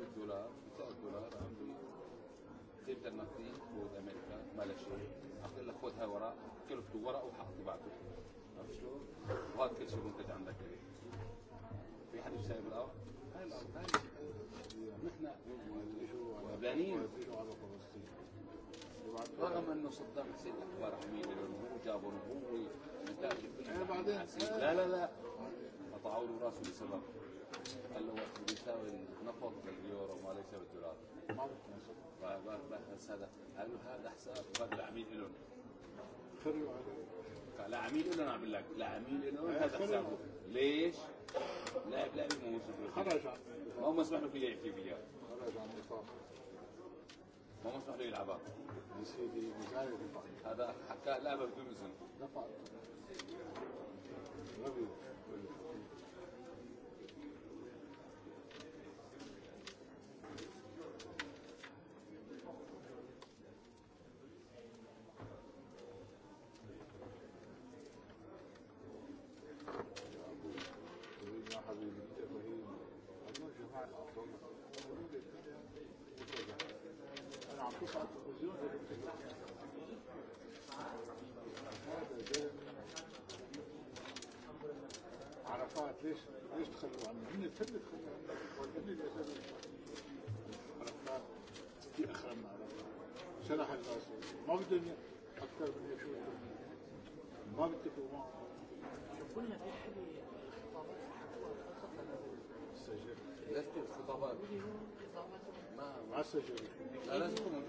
3 دولار 9 دولار عمي زبدة النقدية خذ أمريكا ما لا شيء أقول لك خذها وراء كلفته وراء وحط بعده عرفت شلون؟ وهذا كل شيء منتج عندك في حد يشتري بالأرض؟ هاي الأرض هاي نحن وبلانين رغم انه صدام حسين اخبار حميده للنمو جابوا نمو ونتائج لا لا لا قطعوا له راسه لسبب قال له وقت بيساوي النفط باليورو ما ليس بالدولار بحث هذا قال له هذا حساب بدل عميل لهم خلوا عليه لا عميل لهم عم لك لا عميل لهم هذا حسابه ليش؟ لاعب لاعب مو مسموح له خرج ما هو مسموح له فيه يحكي فيها خرج عن النطاق ما مسموح له يلعبها يا سيدي هذا حكى لعبه بدون اذن ليش ليش تخلوا عنه؟ هن السبب تخلوا عنه والنبي اللي خلوا عرفنا في اخر ما عرفنا شرح الناس ما بدهم اكثر من يشوفوا ما بيتفقوا معه قلنا في حلي خطابات السجل لست الخطابات ما ما السجل لا لازم تكون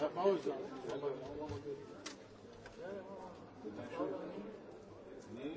لا ما وزع لا لا ما עצמי,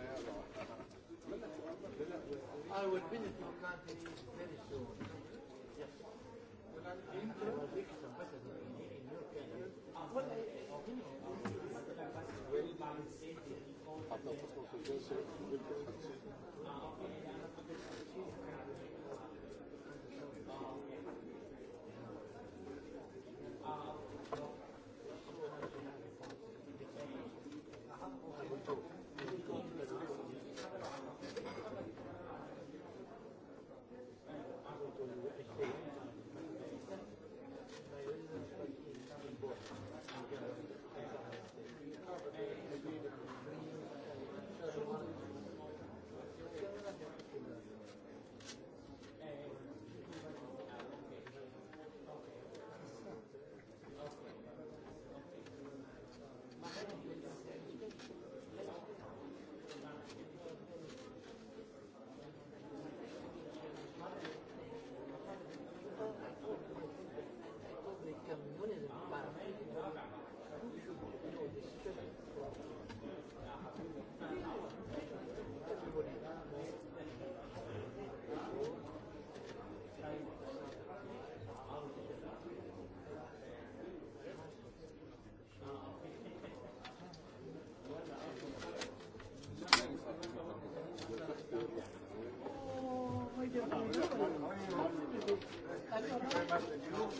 Gracias. I will finish my planting very soon. Yes. When I'm in Well, I,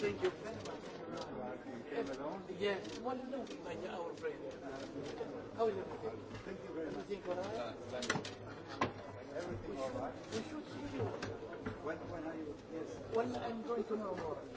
Thank you very much. You came alone? Yes. Well, no, my, our friend. How is everything? Thank you very much. Everything all right? Everything all right? We should see you. When, when are you? Yes. Well, I'm going tomorrow morning.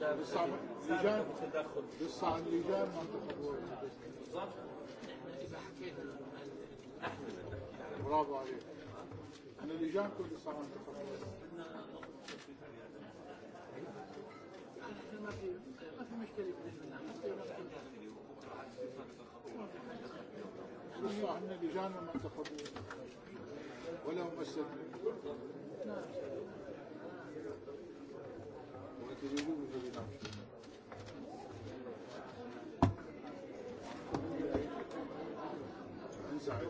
لجان لسه لجان منطقه بالظبط اذا حكيت احنا برافو عليك انا لجان كنت صار منطقه احنا ما في ما في مشكله بالنسبه لنا احنا لجان منطقه ولا ممثل نعم Inside.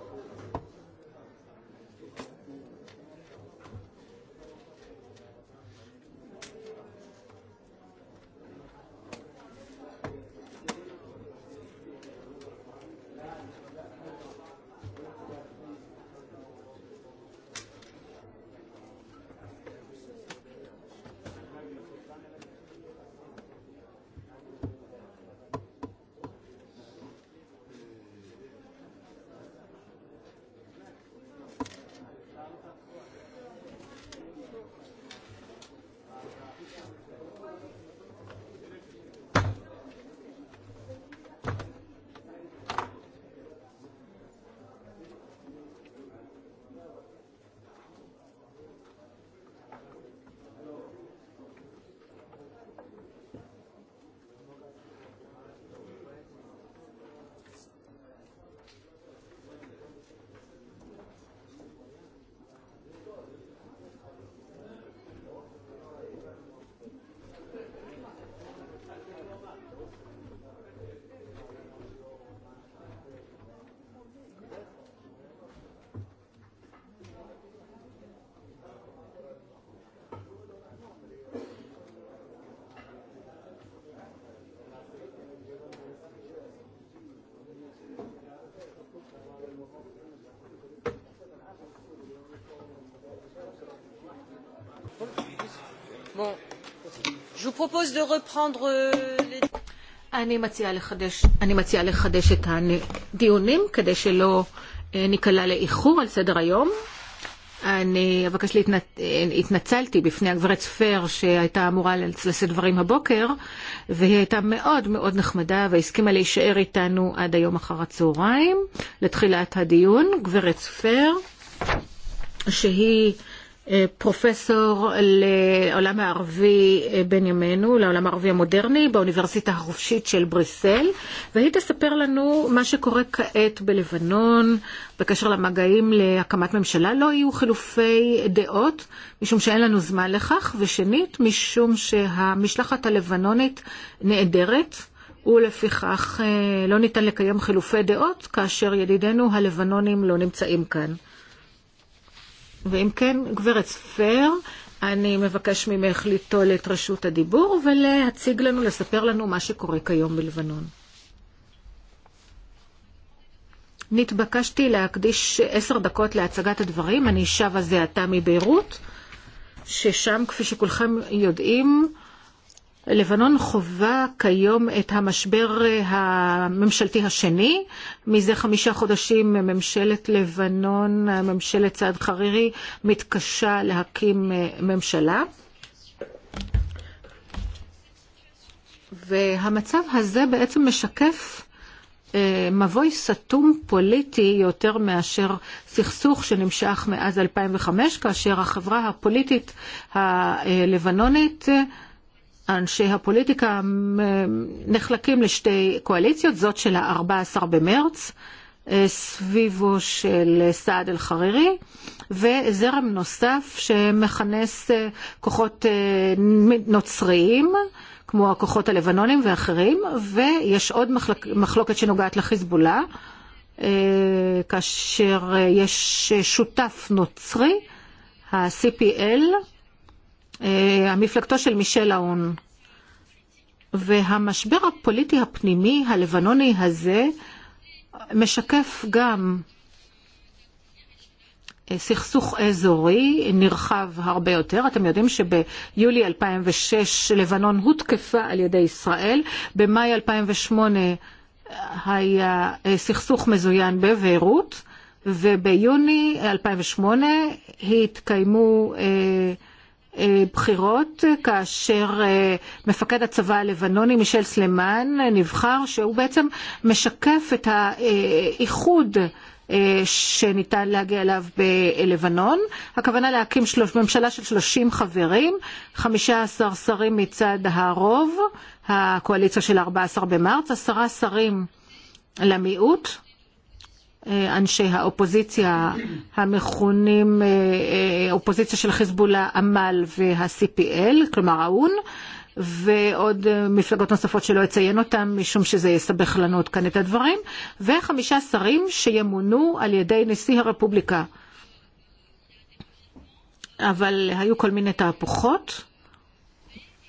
Je vous propose de reprendre אני מציעה לחדש את הדיונים כדי שלא ניקלע לאיחור על סדר היום. אני אבקש להתנצלתי בפני הגברת ספר שהייתה אמורה לשאת דברים הבוקר והיא הייתה מאוד מאוד נחמדה והסכימה להישאר איתנו עד היום אחר הצהריים לתחילת הדיון. גברת ספר שהיא פרופסור לעולם הערבי בן ימינו, לעולם הערבי המודרני, באוניברסיטה החופשית של בריסל, והיא תספר לנו מה שקורה כעת בלבנון בקשר למגעים להקמת ממשלה. לא יהיו חילופי דעות, משום שאין לנו זמן לכך, ושנית, משום שהמשלחת הלבנונית נעדרת. ולפיכך לא ניתן לקיים חילופי דעות כאשר ידידינו הלבנונים לא נמצאים כאן. ואם כן, גברת ספר, אני מבקש ממך ליטול את רשות הדיבור ולהציג לנו, לספר לנו מה שקורה כיום בלבנון. נתבקשתי להקדיש עשר דקות להצגת הדברים. אני שבה זה עתה מביירות, ששם, כפי שכולכם יודעים, לבנון חווה כיום את המשבר הממשלתי השני. מזה חמישה חודשים ממשלת לבנון, ממשלת סעד חרירי, מתקשה להקים ממשלה. והמצב הזה בעצם משקף מבוי סתום פוליטי יותר מאשר סכסוך שנמשך מאז 2005, כאשר החברה הפוליטית הלבנונית אנשי הפוליטיקה נחלקים לשתי קואליציות, זאת של ה-14 במרץ, סביבו של סעד אל-חרירי, וזרם נוסף שמכנס כוחות נוצריים, כמו הכוחות הלבנונים ואחרים, ויש עוד מחלק, מחלוקת שנוגעת לחיזבאללה, כאשר יש שותף נוצרי, ה-CPL, המפלגתו של מישל האון. והמשבר הפוליטי הפנימי הלבנוני הזה משקף גם סכסוך אזורי נרחב הרבה יותר. אתם יודעים שביולי 2006 לבנון הותקפה על ידי ישראל, במאי 2008 היה סכסוך מזוין בביירות, וביוני 2008 התקיימו אה, בחירות כאשר מפקד הצבא הלבנוני מישל סלימן נבחר שהוא בעצם משקף את האיחוד שניתן להגיע אליו בלבנון. הכוונה להקים שלוש, ממשלה של 30 חברים, 15 שרים מצד הרוב, הקואליציה של 14 במרץ, עשרה שרים למיעוט, אנשי האופוזיציה המכונים אופוזיציה של חיזבאללה, אמל וה-CPL, כלומר האו"ן, ועוד מפלגות נוספות שלא אציין אותן, משום שזה יסבך לנו עוד כאן את הדברים, וחמישה שרים שימונו על ידי נשיא הרפובליקה. אבל היו כל מיני תהפוכות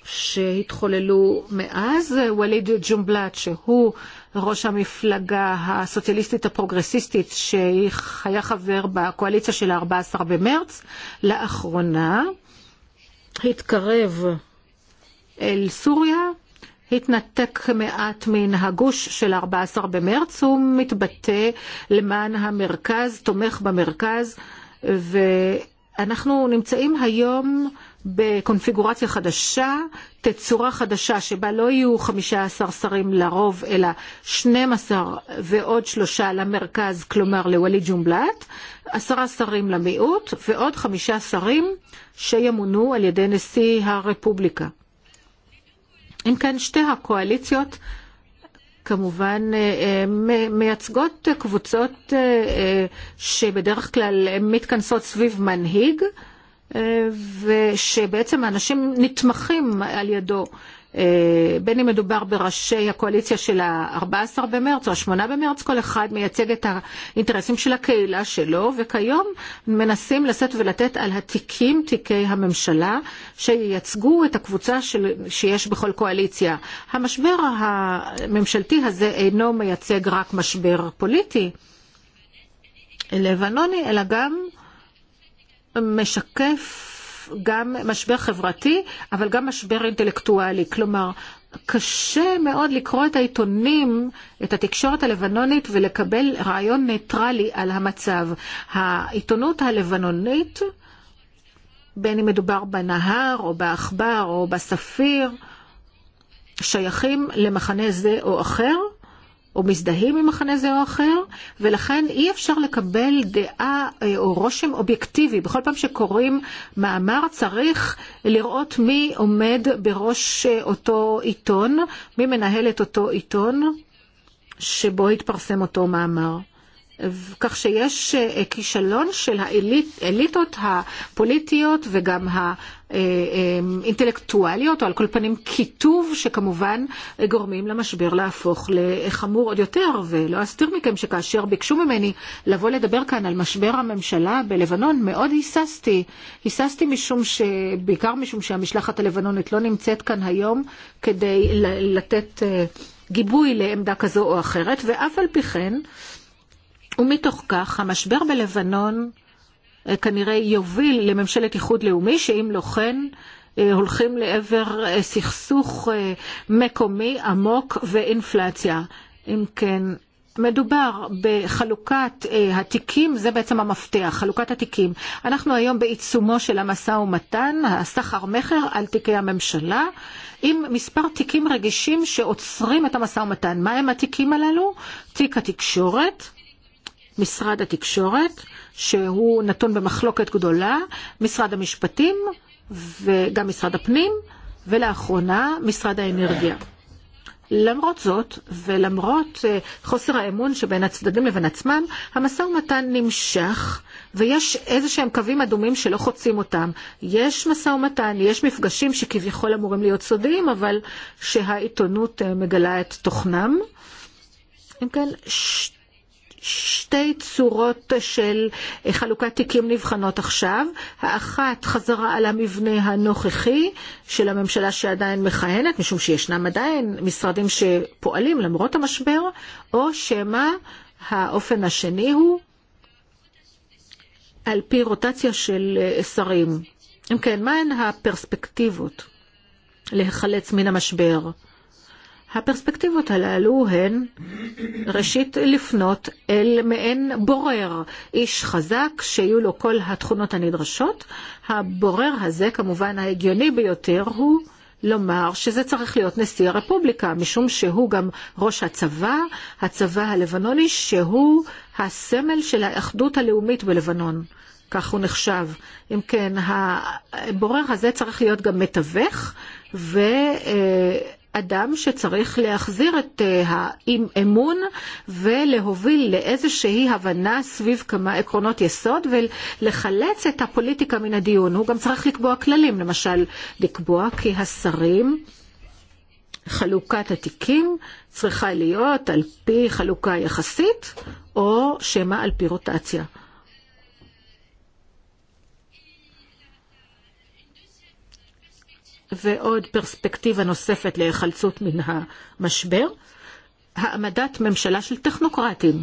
שהתחוללו מאז. ווליד ג'ומבלאט, שהוא ראש המפלגה הסוציאליסטית הפרוגרסיסטית שהיה חבר בקואליציה של ה-14 במרץ, לאחרונה התקרב אל סוריה, התנתק מעט מן הגוש של 14 במרץ, הוא מתבטא למען המרכז, תומך במרכז, ואנחנו נמצאים היום בקונפיגורציה חדשה, תצורה חדשה שבה לא יהיו 15 שרים לרוב אלא 12 ועוד שלושה למרכז, כלומר לווליד ג'ומבלט, עשרה שרים למיעוט ועוד חמישה שרים שימונו על ידי נשיא הרפובליקה. אם כן, שתי הקואליציות כמובן מייצגות קבוצות שבדרך כלל מתכנסות סביב מנהיג, ושבעצם אנשים נתמכים על ידו, בין אם מדובר בראשי הקואליציה של ה-14 במרץ או ה-8 במרץ, כל אחד מייצג את האינטרסים של הקהילה שלו, וכיום מנסים לשאת ולתת על התיקים, תיקי הממשלה, שייצגו את הקבוצה של, שיש בכל קואליציה. המשבר הממשלתי הזה אינו מייצג רק משבר פוליטי לבנוני, אלא גם משקף גם משבר חברתי, אבל גם משבר אינטלקטואלי. כלומר, קשה מאוד לקרוא את העיתונים, את התקשורת הלבנונית, ולקבל רעיון ניטרלי על המצב. העיתונות הלבנונית, בין אם מדובר בנהר, או בעכבר, או בספיר, שייכים למחנה זה או אחר, או מזדהים עם מחנה זה או אחר, ולכן אי אפשר לקבל דעה או רושם אובייקטיבי. בכל פעם שקוראים מאמר צריך לראות מי עומד בראש אותו עיתון, מי מנהל את אותו עיתון שבו התפרסם אותו מאמר. כך שיש כישלון של האליטות הפוליטיות וגם האינטלקטואליות, או על כל פנים קיטוב, שכמובן גורמים למשבר להפוך לחמור עוד יותר, ולא אסתיר מכם שכאשר ביקשו ממני לבוא לדבר כאן על משבר הממשלה בלבנון, מאוד היססתי. היססתי משום ש... בעיקר משום שהמשלחת הלבנונית לא נמצאת כאן היום כדי לתת גיבוי לעמדה כזו או אחרת, ואף על פי כן, ומתוך כך המשבר בלבנון כנראה יוביל לממשלת איחוד לאומי, שאם לא כן הולכים לעבר סכסוך מקומי עמוק ואינפלציה. אם כן, מדובר בחלוקת התיקים, זה בעצם המפתח, חלוקת התיקים. אנחנו היום בעיצומו של המשא ומתן, הסחר מכר על תיקי הממשלה, עם מספר תיקים רגישים שעוצרים את המשא ומתן. מהם התיקים הללו? תיק התקשורת, משרד התקשורת, שהוא נתון במחלוקת גדולה, משרד המשפטים וגם משרד הפנים, ולאחרונה משרד האנרגיה. למרות זאת, ולמרות חוסר האמון שבין הצדדים לבין עצמם, המשא ומתן נמשך, ויש איזה שהם קווים אדומים שלא חוצים אותם. יש משא ומתן, יש מפגשים שכביכול אמורים להיות סודיים, אבל שהעיתונות מגלה את תוכנם. אם כן, שתי שתי צורות של חלוקת תיקים נבחנות עכשיו. האחת, חזרה על המבנה הנוכחי של הממשלה שעדיין מכהנת, משום שישנם עדיין משרדים שפועלים למרות המשבר, או שמא האופן השני הוא על פי רוטציה של שרים. אם כן, מהן הפרספקטיבות להיחלץ מן המשבר? הפרספקטיבות הללו הן ראשית לפנות אל מעין בורר, איש חזק שיהיו לו כל התכונות הנדרשות. הבורר הזה, כמובן ההגיוני ביותר, הוא לומר שזה צריך להיות נשיא הרפובליקה, משום שהוא גם ראש הצבא, הצבא הלבנוני, שהוא הסמל של האחדות הלאומית בלבנון. כך הוא נחשב. אם כן, הבורר הזה צריך להיות גם מתווך, ו... אה, אדם שצריך להחזיר את האמון ולהוביל לאיזושהי הבנה סביב כמה עקרונות יסוד ולחלץ את הפוליטיקה מן הדיון. הוא גם צריך לקבוע כללים, למשל לקבוע כי השרים חלוקת התיקים צריכה להיות על פי חלוקה יחסית או שמא על פי רוטציה. ועוד פרספקטיבה נוספת להיחלצות מן המשבר, העמדת ממשלה של טכנוקרטים,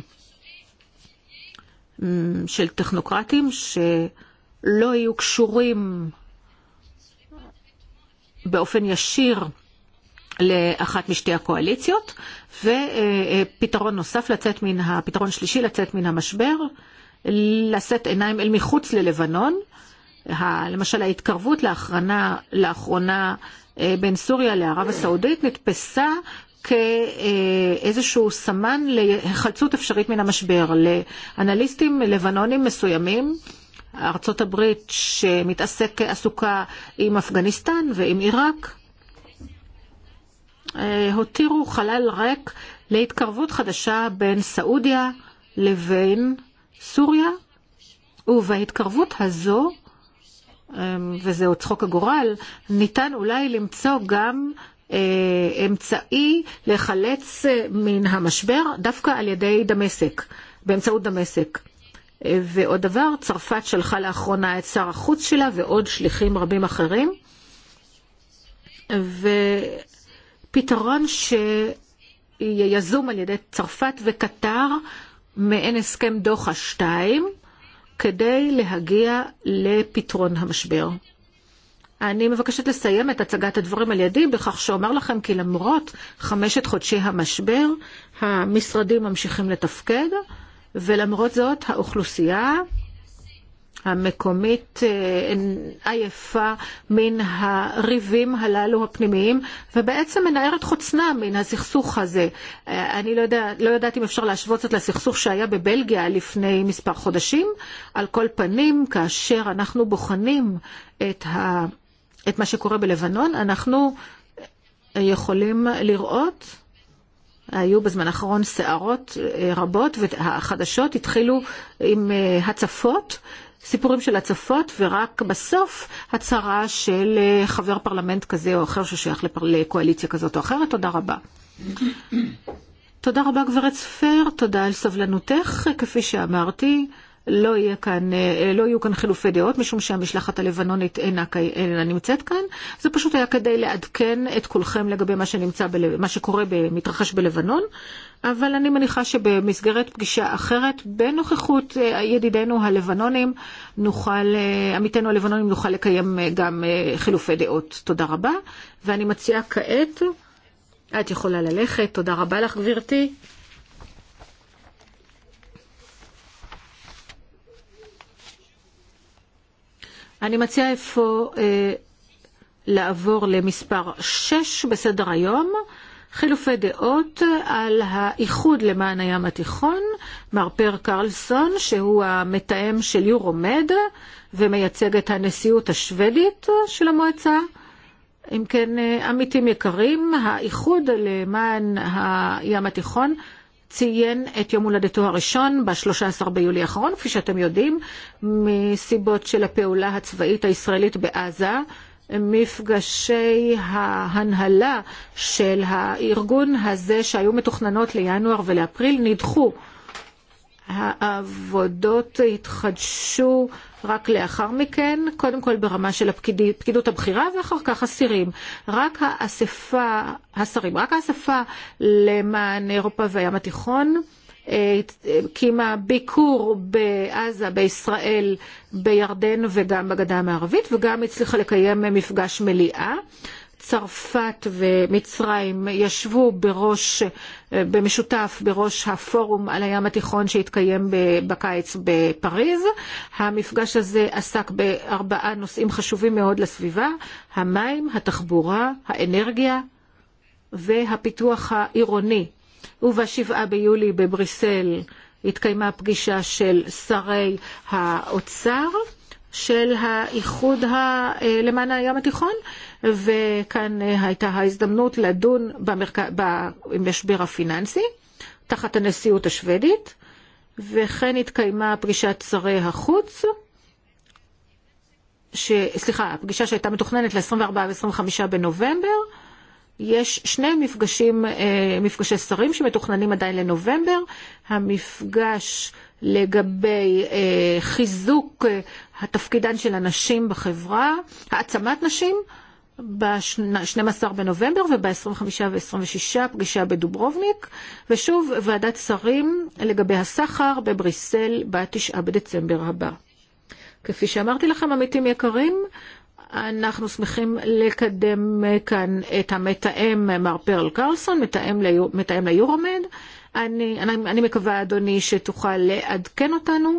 של טכנוקרטים שלא יהיו קשורים באופן ישיר לאחת משתי הקואליציות, ופתרון נוסף לצאת מן, הפתרון שלישי לצאת מן המשבר, לשאת עיניים אל מחוץ ללבנון, למשל ההתקרבות לאחרונה, לאחרונה בין סוריה לערב הסעודית נתפסה כאיזשהו סמן להיחלצות אפשרית מן המשבר. לאנליסטים לבנונים מסוימים, ארצות הברית שמתעסק, עסוקה עם אפגניסטן ועם עיראק, הותירו חלל ריק להתקרבות חדשה בין סעודיה לבין סוריה, ובהתקרבות הזו וזהו צחוק הגורל, ניתן אולי למצוא גם אמצעי להיחלץ מן המשבר דווקא על ידי דמשק, באמצעות דמשק. ועוד דבר, צרפת שלחה לאחרונה את שר החוץ שלה ועוד שליחים רבים אחרים, ופתרון שיזום על ידי צרפת וקטר מעין הסכם דוחה 2, כדי להגיע לפתרון המשבר. אני מבקשת לסיים את הצגת הדברים על ידי בכך שאומר לכם כי למרות חמשת חודשי המשבר, המשרדים ממשיכים לתפקד, ולמרות זאת האוכלוסייה המקומית עייפה מן הריבים הללו הפנימיים ובעצם מנערת חוצנה מן הסכסוך הזה. אני לא, יודע, לא יודעת אם אפשר להשוות זאת לסכסוך שהיה בבלגיה לפני מספר חודשים. על כל פנים, כאשר אנחנו בוחנים את, ה, את מה שקורה בלבנון, אנחנו יכולים לראות היו בזמן האחרון סערות רבות והחדשות התחילו עם הצפות סיפורים של הצפות, ורק בסוף הצהרה של חבר פרלמנט כזה או אחר ששייך לקואליציה כזאת או אחרת. תודה רבה. תודה רבה גברת ספר, תודה על סבלנותך, כפי שאמרתי. לא, כאן, לא יהיו כאן חילופי דעות, משום שהמשלחת הלבנונית אינה, אינה נמצאת כאן. זה פשוט היה כדי לעדכן את כולכם לגבי מה, בלב, מה שקורה, מתרחש בלבנון. אבל אני מניחה שבמסגרת פגישה אחרת, בנוכחות ידידינו הלבנונים, נוכל, עמיתינו הלבנונים, נוכל לקיים גם חילופי דעות. תודה רבה. ואני מציעה כעת, את יכולה ללכת, תודה רבה לך גברתי. אני מציעה איפה אה, לעבור למספר 6 בסדר היום. חילופי דעות על האיחוד למען הים התיכון, מר פר קרלסון, שהוא המתאם של יורומד ומייצג את הנשיאות השוודית של המועצה. אם כן, עמיתים יקרים, האיחוד למען הים התיכון ציין את יום הולדתו הראשון ב-13 ביולי האחרון, כפי שאתם יודעים, מסיבות של הפעולה הצבאית הישראלית בעזה, מפגשי ההנהלה של הארגון הזה שהיו מתוכננות לינואר ולאפריל נדחו. העבודות התחדשו רק לאחר מכן, קודם כל ברמה של הפקידות הבכירה ואחר כך הסירים. רק האספה, השרים, רק האספה למען אירופה והים התיכון קיימה ביקור בעזה, בישראל, בירדן וגם בגדה המערבית, וגם הצליחה לקיים מפגש מליאה. צרפת ומצרים ישבו בראש, במשותף בראש הפורום על הים התיכון שהתקיים בקיץ בפריז. המפגש הזה עסק בארבעה נושאים חשובים מאוד לסביבה, המים, התחבורה, האנרגיה והפיתוח העירוני. וב-7 ביולי בבריסל התקיימה פגישה של שרי האוצר של האיחוד ה... למען הים התיכון, וכאן הייתה ההזדמנות לדון במרק... במשבר הפיננסי תחת הנשיאות השוודית, וכן התקיימה פגישת שרי החוץ. ש... סליחה, הפגישה שהייתה מתוכננת ל-24 ו-25 בנובמבר, יש שני מפגשים, מפגשי שרים שמתוכננים עדיין לנובמבר. המפגש לגבי חיזוק התפקידן של הנשים בחברה, העצמת נשים, ב-12 בנובמבר וב-25 ו-26 פגישה בדוברובניק, ושוב ועדת שרים לגבי הסחר בבריסל ב-9 בדצמבר הבא. כפי שאמרתי לכם, עמיתים יקרים, אנחנו שמחים לקדם כאן את המתאם מר פרל קרלסון, מתאם, ליור, מתאם ליורומד. אני, אני, אני מקווה, אדוני, שתוכל לעדכן אותנו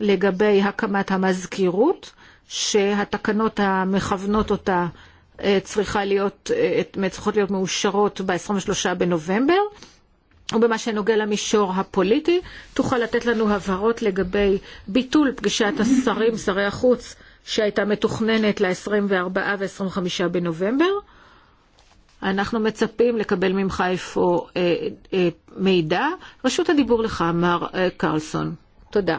לגבי הקמת המזכירות, שהתקנות המכוונות אותה צריכה להיות, צריכות להיות מאושרות ב-23 בנובמבר. ובמה שנוגע למישור הפוליטי, תוכל לתת לנו הבהרות לגבי ביטול פגישת השרים, שרי החוץ, שהייתה מתוכננת ל-24 ו-25 בנובמבר. אנחנו מצפים לקבל ממך איפה אה, אה, מידע. רשות הדיבור לך, מר אה, קרלסון. תודה.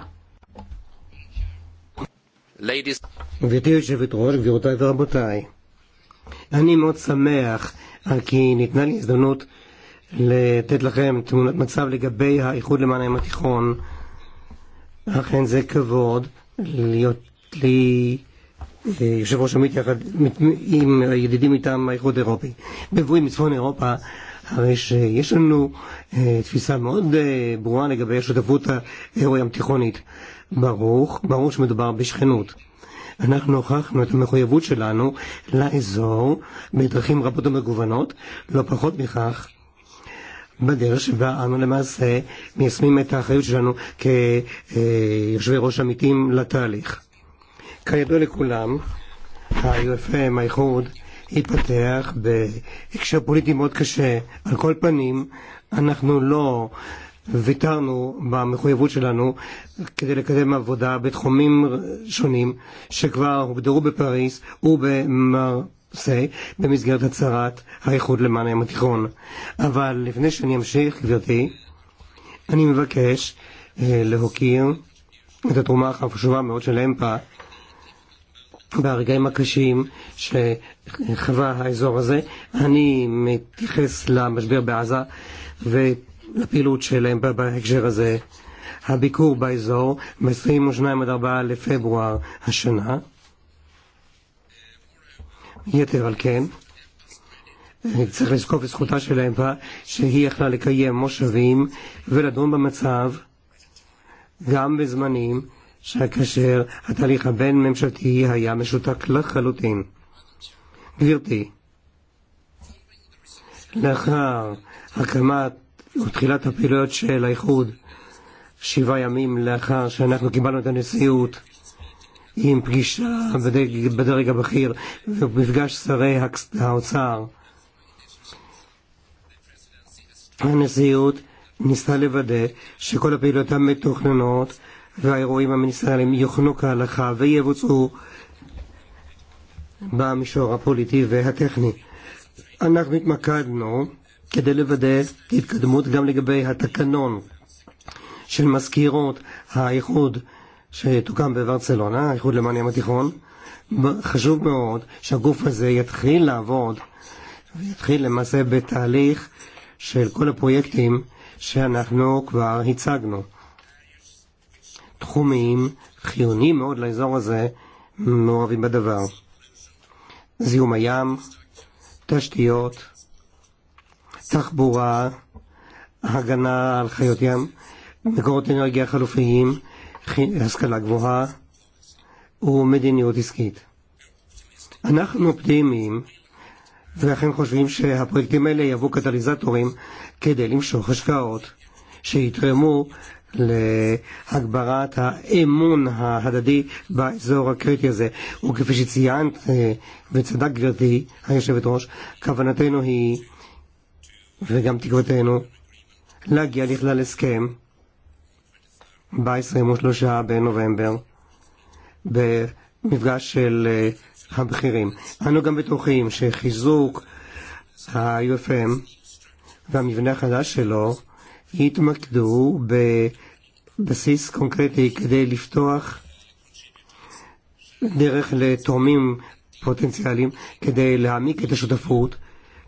גברתי היושבת-ראש, גבירותיי ורבותיי, אני מאוד שמח כי ניתנה לי הזדמנות לתת לכם תמונת מצב לגבי האיחוד למען הים התיכון. אכן זה כבוד להיות לי יושב ראש עמית יחד עם ידידים מטעם האיחוד האירופי. בבואי מצפון אירופה, הרי שיש לנו תפיסה מאוד ברורה לגבי השותפות האירו-ים תיכונית. ברוך, ברור שמדובר בשכנות. אנחנו הוכחנו את המחויבות שלנו לאזור בדרכים רבות ומגוונות, לא פחות מכך. בדרך שבה אנו למעשה מיישמים את האחריות שלנו כיושבי ראש עמיתים לתהליך. כידוע לכולם, ה-UFM, האיחוד, התפתח בהקשר פוליטי מאוד קשה. על כל פנים, אנחנו לא ויתרנו במחויבות שלנו כדי לקדם עבודה בתחומים שונים שכבר הוגדרו בפריס ובמר... במסגרת הצהרת האיחוד למען הים התיכון. אבל לפני שאני אמשיך, גברתי, אני מבקש להוקיר את התרומה החשובה מאוד של אמפה ברגעים הקשים שחווה האזור הזה. אני מתייחס למשבר בעזה ולפעילות שלהם בהקשר הזה. הביקור באזור מ-22 עד 4 לפברואר השנה. יתר על כן, צריך לזכור בזכותה שלהם בה שהיא יכלה לקיים מושבים ולדון במצב גם בזמנים שכאשר התהליך הבין-ממשלתי היה משותק לחלוטין. גברתי, לאחר הקמת ותחילת הפעילויות של האיחוד, שבעה ימים לאחר שאנחנו קיבלנו את הנשיאות עם פגישה בדרג, בדרג הבכיר ומפגש שרי האוצר, הנשיאות ניסתה לוודא שכל הפעילויות המתוכננות והאירועים המיניסטריאליים יוכנו כהלכה ויבוצעו במישור הפוליטי והטכני. אנחנו התמקדנו כדי לוודא התקדמות גם לגבי התקנון של מזכירות האיחוד שתוקם בברצלונה, האיחוד למען ים התיכון. חשוב מאוד שהגוף הזה יתחיל לעבוד ויתחיל למעשה בתהליך של כל הפרויקטים שאנחנו כבר הצגנו. תחומים חיוניים מאוד לאזור הזה מעורבים בדבר. זיהום הים, תשתיות, תחבורה, הגנה על חיות ים, מקורות אנרגיה חלופיים, השכלה גבוהה ומדיניות עסקית. אנחנו אופטימיים ולכן חושבים שהפרויקטים האלה יהוו קטליזטורים כדי למשוך השקעות שיתרמו להגברת האמון ההדדי באזור הקריטי הזה. וכפי שציינת, וצדק גברתי היושבת ראש, כוונתנו היא, וגם תקוותנו, להגיע לכלל הסכם ב-23 בנובמבר, במפגש של הבכירים. אנו גם בטוחים שחיזוק ה-UFM והמבנה החדש שלו יתמקדו ב... בסיס קונקרטי כדי לפתוח דרך לתורמים פוטנציאליים כדי להעמיק את השותפות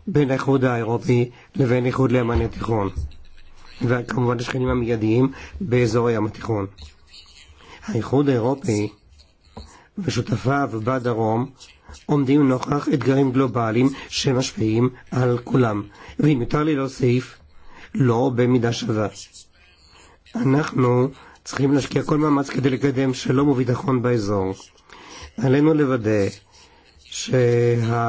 בין האיחוד האירופי לבין איחוד לימן התיכון וכמובן השכנים המיידיים באזור הים התיכון. האיחוד האירופי ושותפיו בדרום עומדים נוכח אתגרים גלובליים שמשפיעים על כולם ואם יותר לי להוסיף לא במידה שווה. אנחנו צריכים להשקיע כל מאמץ כדי לקדם שלום וביטחון באזור. עלינו לוודא שההשפעה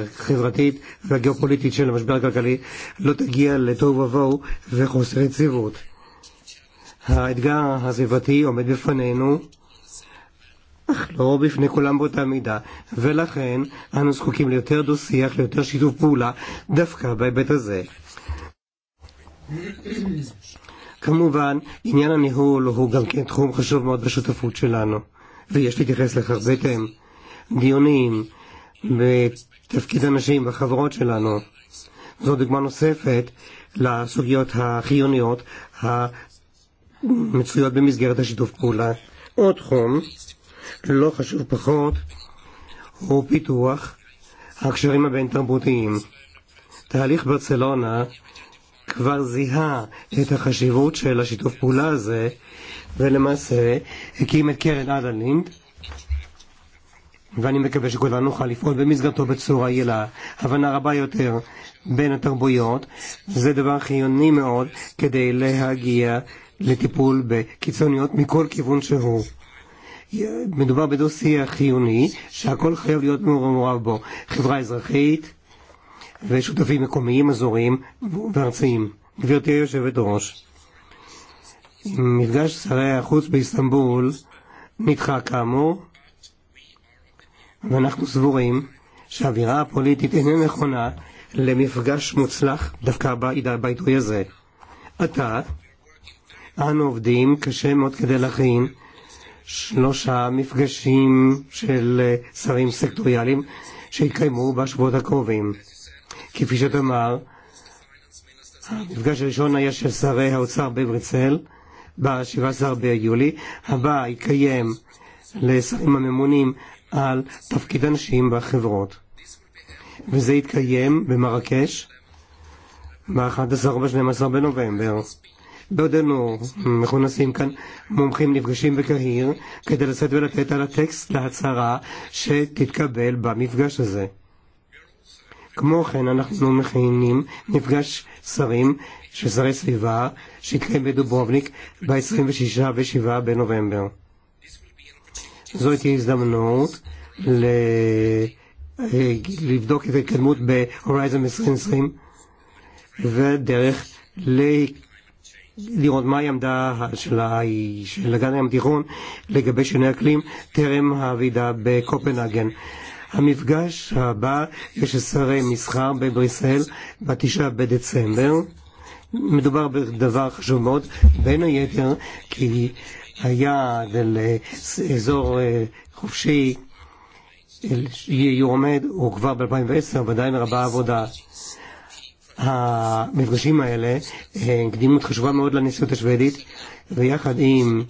החברתית והגיאופוליטית של המשבר הכלכלי לא תגיע לתוהו ובוהו וחוסר יציבות. האתגר הסביבתי עומד בפנינו, אך לא בפני כולם באותה מידה, ולכן אנו זקוקים ליותר דו-שיח, ליותר שיתוף פעולה, דווקא בהיבט הזה. כמובן, עניין הניהול הוא גם כן תחום חשוב מאוד בשותפות שלנו, ויש להתייחס לכך זה אתם. דיונים בתפקיד הנשים בחברות שלנו. זו דוגמה נוספת לסוגיות החיוניות המצויות במסגרת השיתוף פעולה. עוד תחום, לא חשוב פחות, הוא פיתוח הקשרים הבין-תרבותיים. תהליך ברצלונה כבר זיהה את החשיבות של השיתוף פעולה הזה, ולמעשה הקים את קרן אדה לינד, ואני מקווה שכולנו נוכל לפעול במסגרתו בצורה יעילה, הבנה רבה יותר בין התרבויות, זה דבר חיוני מאוד כדי להגיע לטיפול בקיצוניות מכל כיוון שהוא. מדובר בדו-שיח חיוני שהכל חייב להיות מעורב בו, חברה אזרחית, ושותפים מקומיים, אזוריים וארציים. גברתי היושבת ראש, מפגש שרי החוץ באיסטנבול נדחה כאמור, ואנחנו סבורים שהאווירה הפוליטית איננה נכונה למפגש מוצלח דווקא בעיד הביטוי הזה. עתה, אנו עובדים קשה מאוד כדי להכין שלושה מפגשים של שרים סקטוריאליים שיתקיימו בשבועות הקרובים. כפי שאת אמר, המפגש הראשון היה של שרי האוצר בברצל, ב-17 ביולי, הבא יקיים לשרים הממונים על תפקיד הנשים בחברות. וזה יתקיים במרקש ב-11 ב 12 בנובמבר. בעודנו מכונסים כאן, מומחים נפגשים בקהיר כדי לשאת ולתת על הטקסט להצהרה שתתקבל במפגש הזה. כמו כן אנחנו מכינים מפגש שרים של שרי סביבה שהתקיים בדוברובניק ב-26 ו-7 בנובמבר. זו תהיה הזדמנות ל... לבדוק את ההתקדמות ב-Horizon 2020 ודרך ל... לראות מהי העמדה של, ה... של הגן הים התיכון לגבי שינוי אקלים טרם הוועידה בקופנהגן. המפגש הבא, יש שרי מסחר בבריסל, בתשעה בדצמבר. מדובר בדבר חשוב מאוד, בין היתר כי היעד לאזור חופשי יועמד, הוא כבר ב-2010, ועדיין רבה עבודה. המפגשים האלה הם קדימות חשובה מאוד לנשיאות השוודית, ויחד עם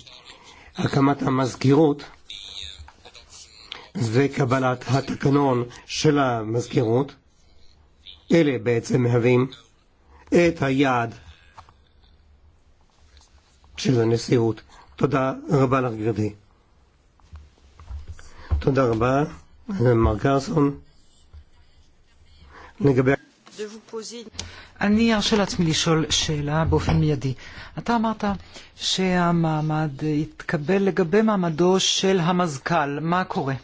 הקמת המזכירות, וקבלת התקנון של המזכירות, אלה בעצם מהווים את היעד של הנשיאות. תודה רבה לך, גברתי. תודה רבה, מר גרסון. לגבי... אני ארשה לעצמי לשאול שאלה באופן מיידי. אתה אמרת שהמעמד התקבל לגבי מעמדו של המזכ"ל. מה קורה?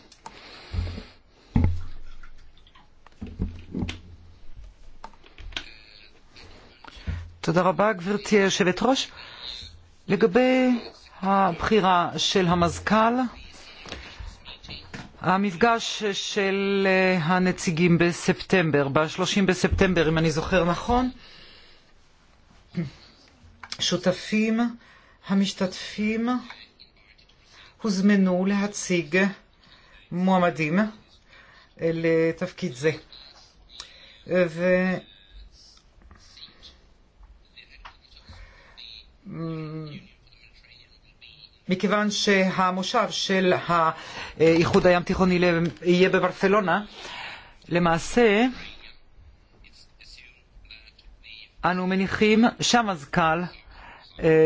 תודה רבה, גברתי היושבת-ראש. לגבי הבחירה של המזכ"ל, המפגש של הנציגים בספטמבר, ב-30 בספטמבר, אם אני זוכר נכון, שותפים המשתתפים הוזמנו להציג מועמדים לתפקיד זה. ו... מכיוון שהמושב של האיחוד הים תיכוני יהיה בברסלונה, למעשה אנו מניחים שהמזכ"ל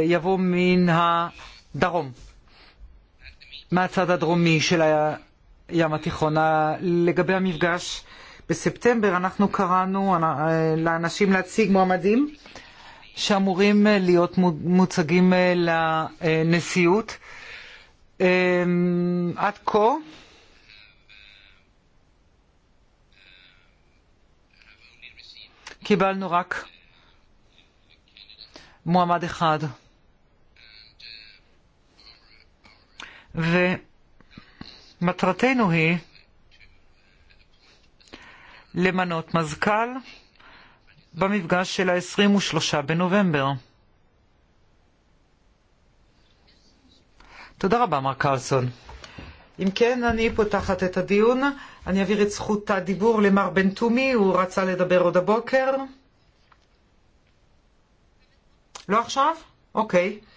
יבוא מן הדרום, מהצד הדרומי של הים התיכונה. לגבי המפגש בספטמבר, אנחנו קראנו לאנשים להציג מועמדים שאמורים להיות מוצגים לנשיאות. עד כה קיבלנו רק מועמד אחד. ו... מטרתנו היא למנות מזכ"ל במפגש של ה-23 בנובמבר. תודה רבה, מר קרלסון. אם כן, אני פותחת את הדיון. אני אעביר את זכות הדיבור למר בן תומי, הוא רצה לדבר עוד הבוקר. לא עכשיו? אוקיי. Okay.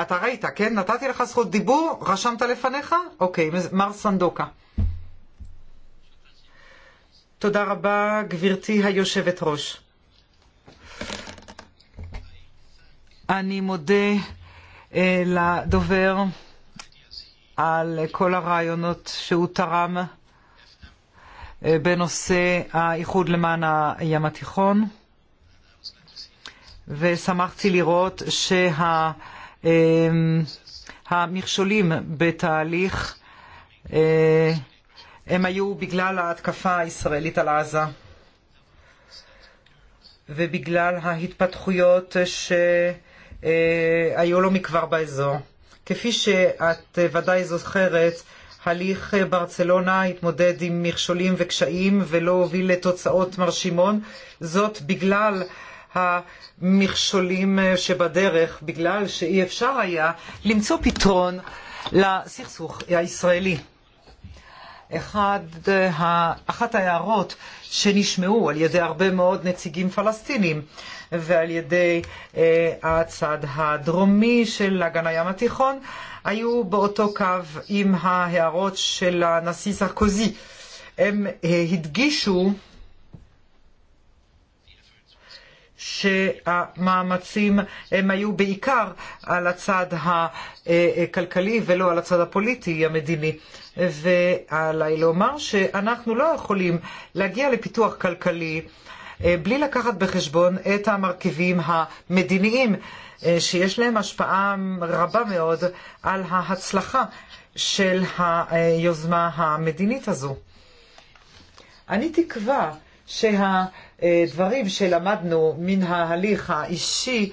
אתה ראית, כן? נתתי לך זכות דיבור, רשמת לפניך? אוקיי, מר סנדוקה. תודה רבה, גברתי היושבת ראש. אני מודה לדובר על כל הרעיונות שהוא תרם בנושא האיחוד למען הים התיכון, ושמחתי לראות שה... המכשולים בתהליך הם היו בגלל ההתקפה הישראלית על עזה ובגלל ההתפתחויות שהיו לא מכבר באזור. כפי שאת ודאי זוכרת, הליך ברצלונה התמודד עם מכשולים וקשיים ולא הוביל לתוצאות מרשימות, זאת בגלל המכשולים שבדרך בגלל שאי אפשר היה למצוא פתרון לסכסוך הישראלי. אחד, אחת ההערות שנשמעו על ידי הרבה מאוד נציגים פלסטינים ועל ידי אה, הצד הדרומי של אגן הים התיכון היו באותו קו עם ההערות של הנשיא סרקוזי. הם אה, הדגישו שהמאמצים הם היו בעיקר על הצד הכלכלי ולא על הצד הפוליטי המדיני. ועליי לומר שאנחנו לא יכולים להגיע לפיתוח כלכלי בלי לקחת בחשבון את המרכיבים המדיניים שיש להם השפעה רבה מאוד על ההצלחה של היוזמה המדינית הזו. אני תקווה שה... הדברים שלמדנו מן ההליך האישי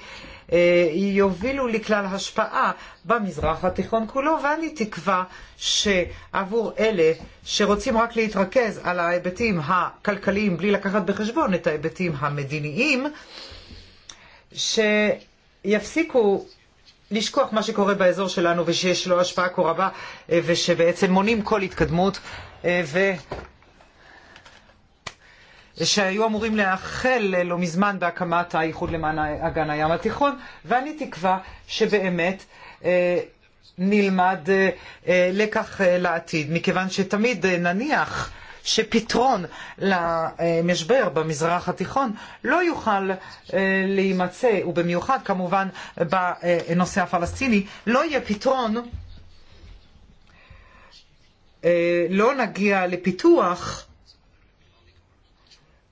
יובילו לכלל השפעה במזרח התיכון כולו, ואני תקווה שעבור אלה שרוצים רק להתרכז על ההיבטים הכלכליים בלי לקחת בחשבון את ההיבטים המדיניים, שיפסיקו לשכוח מה שקורה באזור שלנו ושיש לו השפעה כה רבה ושבעצם מונעים כל התקדמות שהיו אמורים להחל לא מזמן בהקמת האיחוד למען אגן הים התיכון, ואני תקווה שבאמת נלמד לקח לעתיד, מכיוון שתמיד נניח שפתרון למשבר במזרח התיכון לא יוכל להימצא, ובמיוחד כמובן בנושא הפלסטיני, לא יהיה פתרון, לא נגיע לפיתוח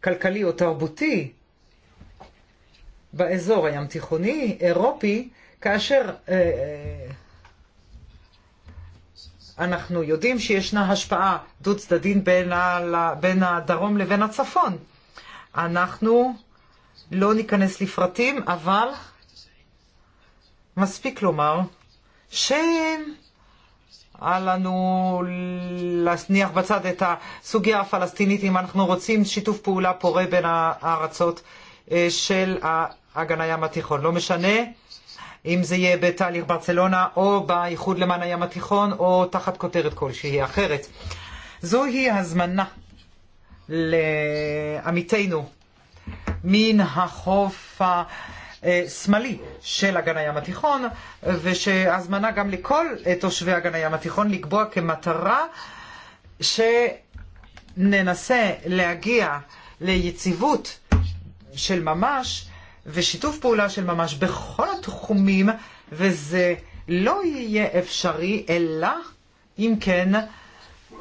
כלכלי או תרבותי באזור הים תיכוני, אירופי, כאשר אה, אנחנו יודעים שישנה השפעה דו צדדית בין, בין הדרום לבין הצפון. אנחנו לא ניכנס לפרטים, אבל מספיק לומר שהם לנו להניח בצד את הסוגיה הפלסטינית אם אנחנו רוצים שיתוף פעולה פורה בין הארצות של אגן הים התיכון. לא משנה אם זה יהיה בתהליך ברצלונה או באיחוד למען הים התיכון או תחת כותרת כלשהי אחרת. זוהי הזמנה לעמיתינו מן החוף ה... שמאלי של אגן הים התיכון, ושהזמנה גם לכל תושבי אגן הים התיכון לקבוע כמטרה שננסה להגיע ליציבות של ממש ושיתוף פעולה של ממש בכל התחומים, וזה לא יהיה אפשרי, אלא אם כן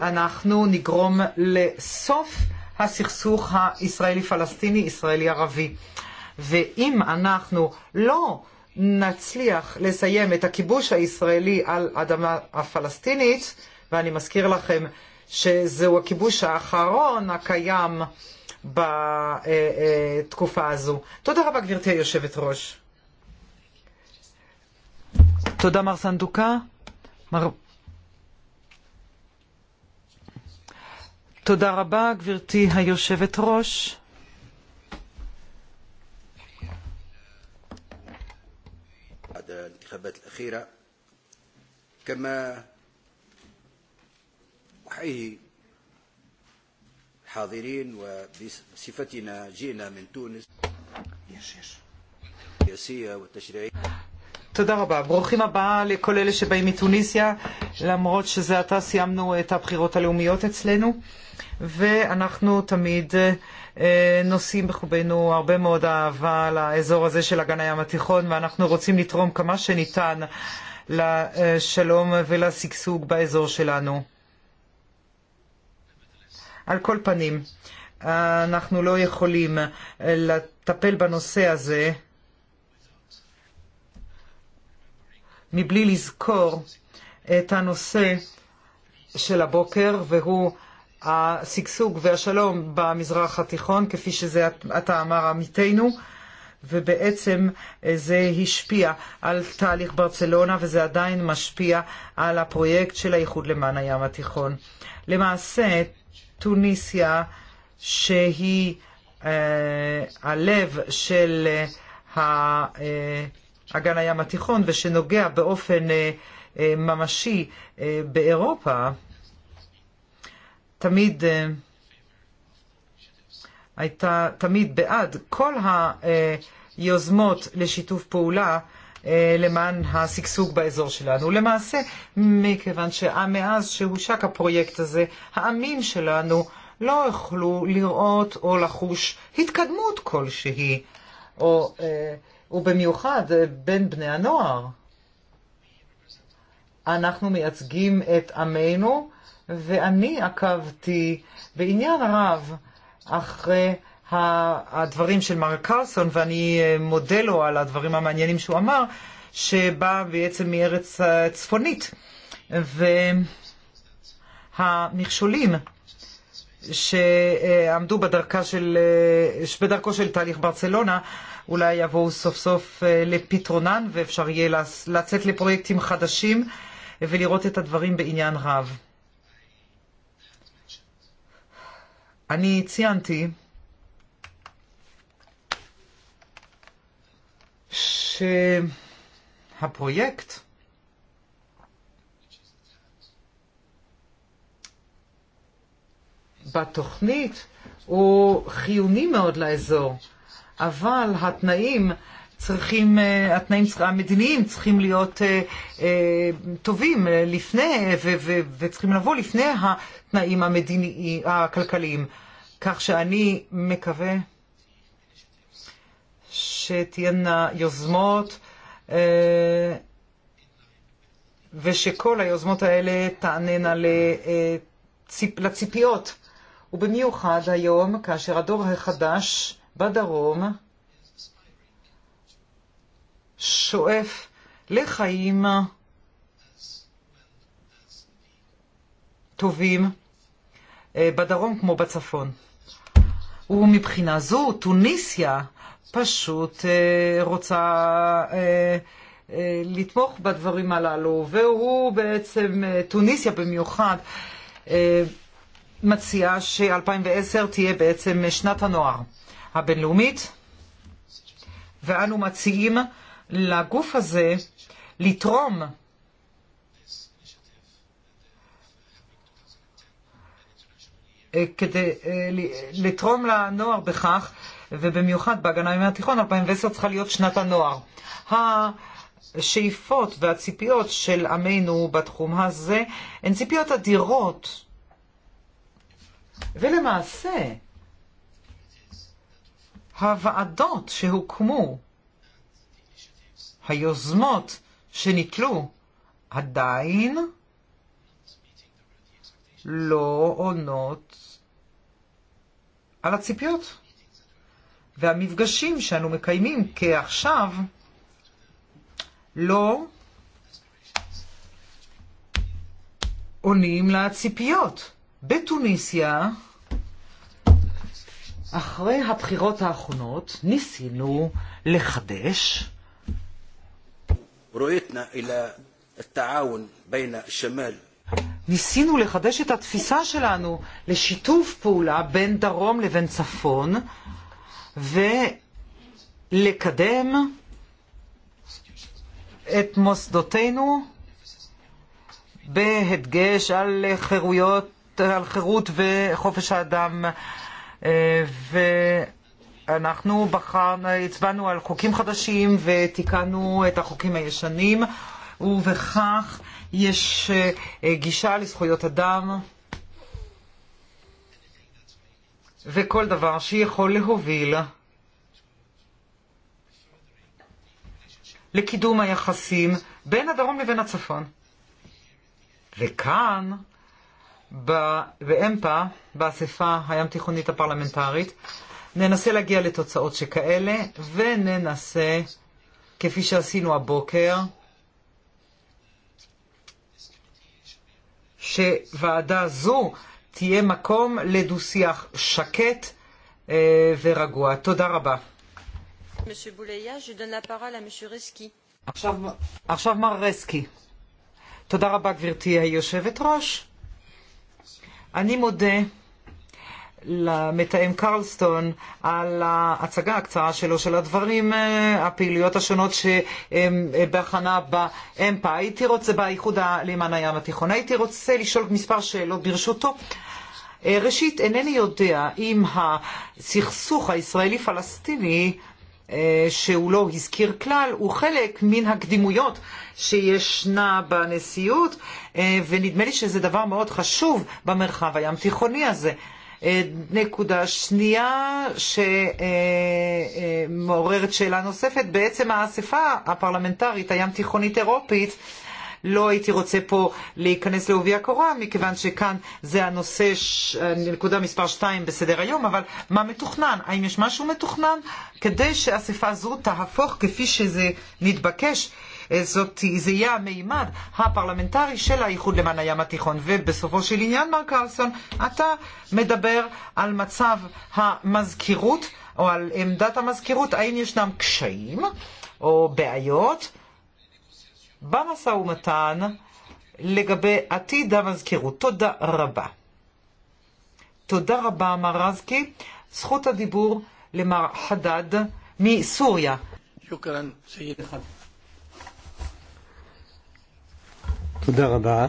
אנחנו נגרום לסוף הסכסוך הישראלי-פלסטיני, ישראלי-ערבי. ואם אנחנו לא נצליח לסיים את הכיבוש הישראלי על אדמה הפלסטינית, ואני מזכיר לכם שזהו הכיבוש האחרון הקיים בתקופה הזו. תודה רבה, גברתי היושבת ראש. תודה, מר סנדוקה. מר... תודה רבה, גברתי היושבת ראש. الانتخابات الأخيرة كما أحيي الحاضرين وبصفتنا جئنا من تونس السياسية والتشريعية תודה רבה. ברוכים הבאה לכל אלה שבאים מתוניסיה, למרות שזה עתה סיימנו את הבחירות הלאומיות אצלנו, ואנחנו תמיד נושאים בחובנו הרבה מאוד אהבה לאזור הזה של אגן הים התיכון, ואנחנו רוצים לתרום כמה שניתן לשלום ולשגשוג באזור שלנו. על כל פנים, אנחנו לא יכולים לטפל בנושא הזה מבלי לזכור את הנושא של הבוקר, והוא השגשוג והשלום במזרח התיכון, כפי שזה אתה אמר עמיתנו, ובעצם זה השפיע על תהליך ברצלונה וזה עדיין משפיע על הפרויקט של האיחוד למען הים התיכון. למעשה, טוניסיה, שהיא אה, הלב של אה, אגן הים התיכון ושנוגע באופן אה, אה, ממשי אה, באירופה, תמיד הייתה תמיד בעד כל היוזמות לשיתוף פעולה למען השגשוג באזור שלנו. למעשה, מכיוון שמאז שהושק הפרויקט הזה, העמים שלנו לא יכלו לראות או לחוש התקדמות כלשהי, או, ובמיוחד בין בני הנוער. אנחנו מייצגים את עמנו ואני עקבתי בעניין רב אחרי הדברים של מר קרסון, ואני מודה לו על הדברים המעניינים שהוא אמר, שבא בעצם מארץ צפונית. והמכשולים שעמדו בדרכה של, בדרכו של תהליך ברצלונה, אולי יבואו סוף סוף לפתרונן ואפשר יהיה לצאת לפרויקטים חדשים ולראות את הדברים בעניין רב. אני ציינתי שהפרויקט בתוכנית הוא חיוני מאוד לאזור, אבל התנאים צריכים, התנאים המדיניים צריכים להיות טובים לפני, וצריכים לבוא לפני התנאים המדיניים, הכלכליים. כך שאני מקווה שתהיינה יוזמות ושכל היוזמות האלה תעננה לציפיות. ובמיוחד היום, כאשר הדור החדש בדרום שואף לחיים טובים בדרום כמו בצפון. ומבחינה זו טוניסיה פשוט רוצה לתמוך בדברים הללו, והוא בעצם, טוניסיה במיוחד, מציעה ש-2010 תהיה בעצם שנת הנוער הבינלאומית, ואנו מציעים לגוף הזה לתרום כדי לתרום לנוער בכך, ובמיוחד בהגנה ימי התיכון, 2010 צריכה להיות שנת הנוער. השאיפות והציפיות של עמנו בתחום הזה הן ציפיות אדירות. ולמעשה, הוועדות שהוקמו היוזמות שניטלו עדיין לא עונות על הציפיות. והמפגשים שאנו מקיימים כעכשיו לא עונים לציפיות. בתוניסיה, אחרי הבחירות האחרונות, ניסינו לחדש رؤيتنا إلى التعاون بين الشمال ניסינו לחדש את התפיסה שלנו לשיתוף פעולה בין דרום לבין צפון ולקדם את מוסדותינו בהדגש על חירויות, על חירות וחופש האדם ו... אנחנו הצבענו על חוקים חדשים ותיקנו את החוקים הישנים, ובכך יש גישה לזכויות אדם וכל דבר שיכול להוביל לקידום היחסים בין הדרום לבין הצפון. וכאן, באמפה, באספה הים-תיכונית הפרלמנטרית, ננסה להגיע לתוצאות שכאלה, וננסה, כפי שעשינו הבוקר, שוועדה זו תהיה מקום לדו-שיח שקט ורגוע. תודה רבה. עכשיו, עכשיו מר רסקי. תודה רבה גברתי היושבת ראש. אני מודה למתאם קרלסטון על ההצגה הקצרה שלו של הדברים, הפעילויות השונות שהם בהכנה באמפה. הייתי רוצה, באיחוד למען הים התיכון, הייתי רוצה לשאול מספר שאלות ברשותו. ראשית, אינני יודע אם הסכסוך הישראלי-פלסטיני שהוא לא הזכיר כלל, הוא חלק מן הקדימויות שישנה בנשיאות, ונדמה לי שזה דבר מאוד חשוב במרחב הים תיכוני הזה. נקודה שנייה שמעוררת שאלה נוספת, בעצם האספה הפרלמנטרית הים תיכונית אירופית לא הייתי רוצה פה להיכנס לעובי הקורה, מכיוון שכאן זה הנושא, ש... נקודה מספר 2 בסדר היום, אבל מה מתוכנן? האם יש משהו מתוכנן כדי שאספה זו תהפוך, כפי שזה נתבקש, זו יהיה המימד הפרלמנטרי של האיחוד למען הים התיכון. ובסופו של עניין, מר קרלסון, אתה מדבר על מצב המזכירות או על עמדת המזכירות, האם ישנם קשיים או בעיות במשא ומתן לגבי עתיד המזכירות. תודה רבה. תודה רבה, מר רזקי. זכות הדיבור למר חדד מסוריה. שוכרן, סייד אחד. תודה רבה.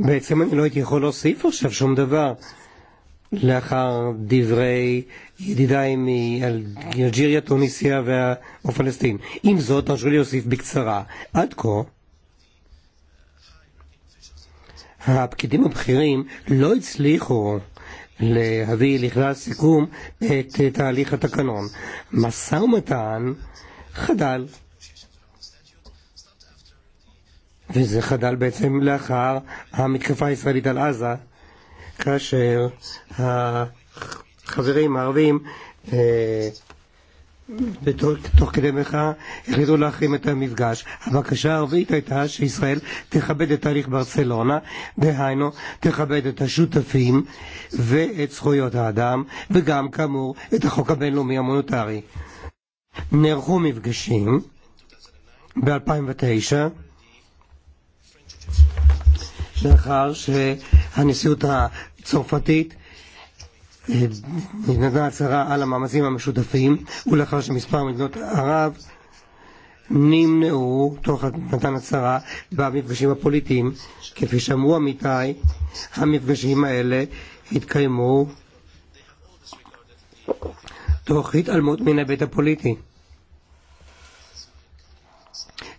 בעצם אני לא הייתי יכול להוסיף עכשיו שום דבר. לאחר דברי ידידיי מאלג'יריה, טוניסיה והפלסטין. עם זאת, תרשו לי להוסיף בקצרה. עד כה, הפקידים הבכירים לא הצליחו להביא לכלל סיכום את תהליך התקנון. משא ומתן חדל. וזה חדל בעצם לאחר המתקפה הישראלית על עזה, כאשר החברים הערבים בתוך, תוך כדי מחאה החליטו להחרים את המפגש. הבקשה הערבית הייתה שישראל תכבד את תהליך ברצלונה, דהיינו תכבד את השותפים ואת זכויות האדם, וגם כאמור את החוק הבינלאומי המוניטרי. נערכו מפגשים ב-2009 לאחר שהנשיאות הצרפתית נתנה הצהרה על המאמצים המשותפים ולאחר שמספר מדינות ערב נמנעו תוך מתן הצהרה במפגשים הפוליטיים. כפי שאמרו עמיתי המפגשים האלה התקיימו תוך התעלמות מן ההיבט הפוליטי.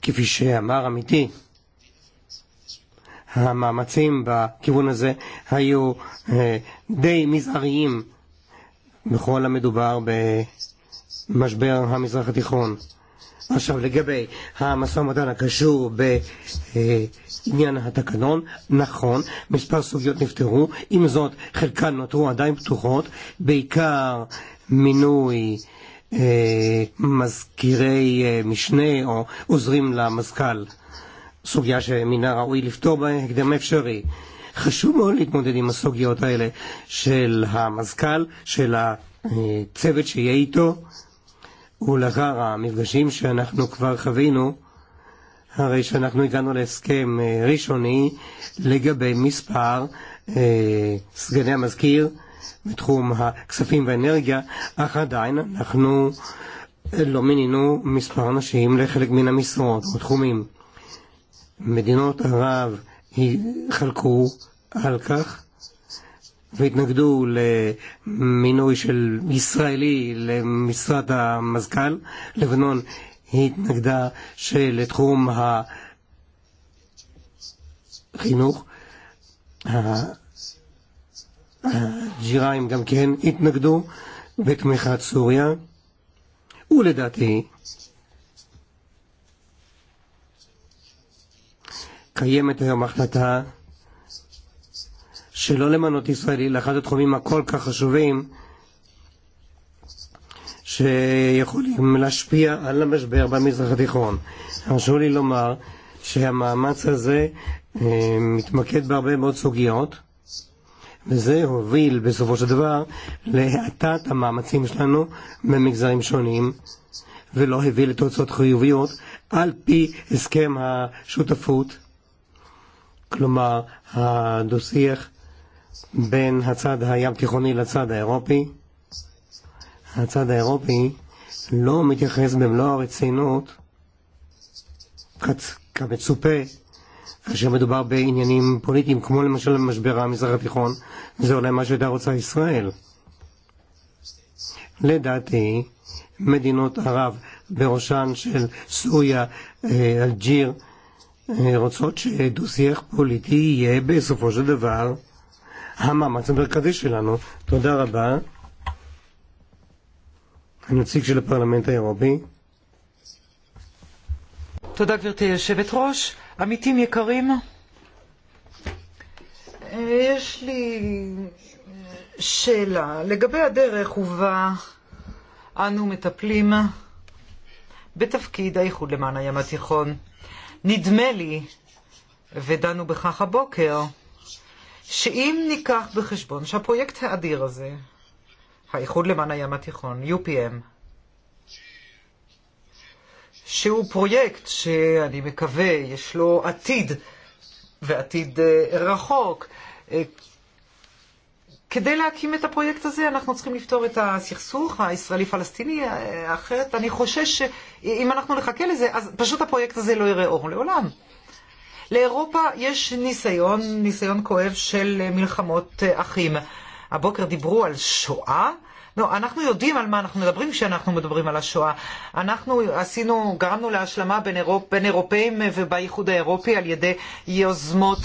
כפי שאמר עמיתי, המאמצים בכיוון הזה היו די מזעריים בכל המדובר במשבר המזרח התיכון. עכשיו לגבי המשא ומתן הקשור בעניין התקנון, נכון, מספר סוגיות נפתרו, עם זאת חלקן נותרו עדיין פתוחות, בעיקר מינוי אה, מזכירי אה, משנה או עוזרים למזכ"ל. סוגיה שמן הראוי לפתור בהקדם האפשרי. חשוב מאוד להתמודד עם הסוגיות האלה של המזכ"ל, של הצוות שיהיה איתו, ולאחר המפגשים שאנחנו כבר חווינו, הרי שאנחנו הגענו להסכם ראשוני לגבי מספר סגני המזכיר בתחום הכספים והאנרגיה, אך עדיין אנחנו לא מינינו מספר אנשים לחלק מן המשרות או תחומים. מדינות ערב חלקו על כך והתנגדו למינוי של ישראלי למשרד המזכ"ל. לבנון התנגדה שלתחום החינוך הג'יריים גם כן התנגדו בתמיכת סוריה ולדעתי קיימת היום החלטה שלא למנות ישראלי לאחד התחומים הכל כך חשובים שיכולים להשפיע על המשבר במזרח התיכון. הרשו לי לומר שהמאמץ הזה מתמקד בהרבה מאוד סוגיות, וזה הוביל בסופו של דבר להאטת המאמצים שלנו במגזרים שונים, ולא הביא לתוצאות חיוביות על פי הסכם השותפות. כלומר הדו-שיח בין הצד הים תיכוני לצד האירופי. הצד האירופי לא מתייחס במלוא הרצינות כמצופה כאשר מדובר בעניינים פוליטיים, כמו למשל משבר המזרח התיכון, זה אולי מה שהייתה רוצה ישראל. לדעתי, מדינות ערב, בראשן של סוריה, אלג'יר, אה, רוצות שדו-שיח פוליטי יהיה בסופו של דבר המאמץ המרכזי שלנו. תודה רבה. הנציג של הפרלמנט האירופי. תודה גברתי יושבת ראש. עמיתים יקרים, יש לי שאלה לגבי הדרך ובה אנו מטפלים בתפקיד האיחוד למען הים התיכון. נדמה לי, ודנו בכך הבוקר, שאם ניקח בחשבון שהפרויקט האדיר הזה, האיחוד למען הים התיכון, UPM, שהוא פרויקט שאני מקווה יש לו עתיד ועתיד רחוק, כדי להקים את הפרויקט הזה אנחנו צריכים לפתור את הסכסוך הישראלי-פלסטיני, אחרת אני חושש שאם אנחנו נחכה לזה, אז פשוט הפרויקט הזה לא יראה אור לעולם. לאירופה יש ניסיון, ניסיון כואב של מלחמות אחים. הבוקר דיברו על שואה. לא, אנחנו יודעים על מה אנחנו מדברים כשאנחנו מדברים על השואה. אנחנו עשינו, גרמנו להשלמה בין, אירופ, בין אירופאים ובאיחוד האירופי על ידי יוזמות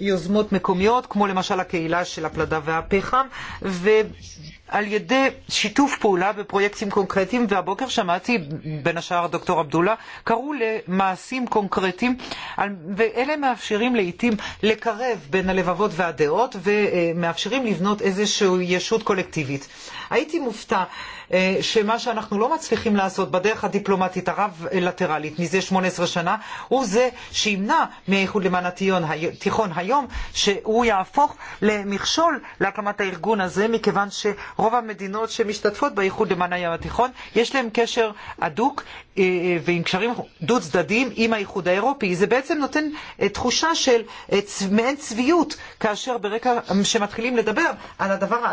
יוזמות מקומיות, כמו למשל הקהילה של הפלדה והפחם, ועל ידי שיתוף פעולה בפרויקטים קונקרטיים, והבוקר שמעתי, בין השאר דוקטור עבדולה, קראו למעשים קונקרטיים, ואלה מאפשרים לעיתים לקרב בין הלבבות והדעות, ומאפשרים לבנות איזושהי ישות קולקטיבית. הייתי מופתע שמה שאנחנו לא מצליחים לעשות בדרך הדיפלומטית הרב-לטרלית מזה 18 שנה, הוא זה שימנע מהאיחוד למען התיכון היום, שהוא יהפוך למכשול להקמת הארגון הזה, מכיוון שרוב המדינות שמשתתפות באיחוד למען הים התיכון, יש להם קשר הדוק ועם קשרים דו צדדיים עם האיחוד האירופי. זה בעצם נותן תחושה של מעין צביעות כאשר ברקע שמתחילים לדבר על הדבר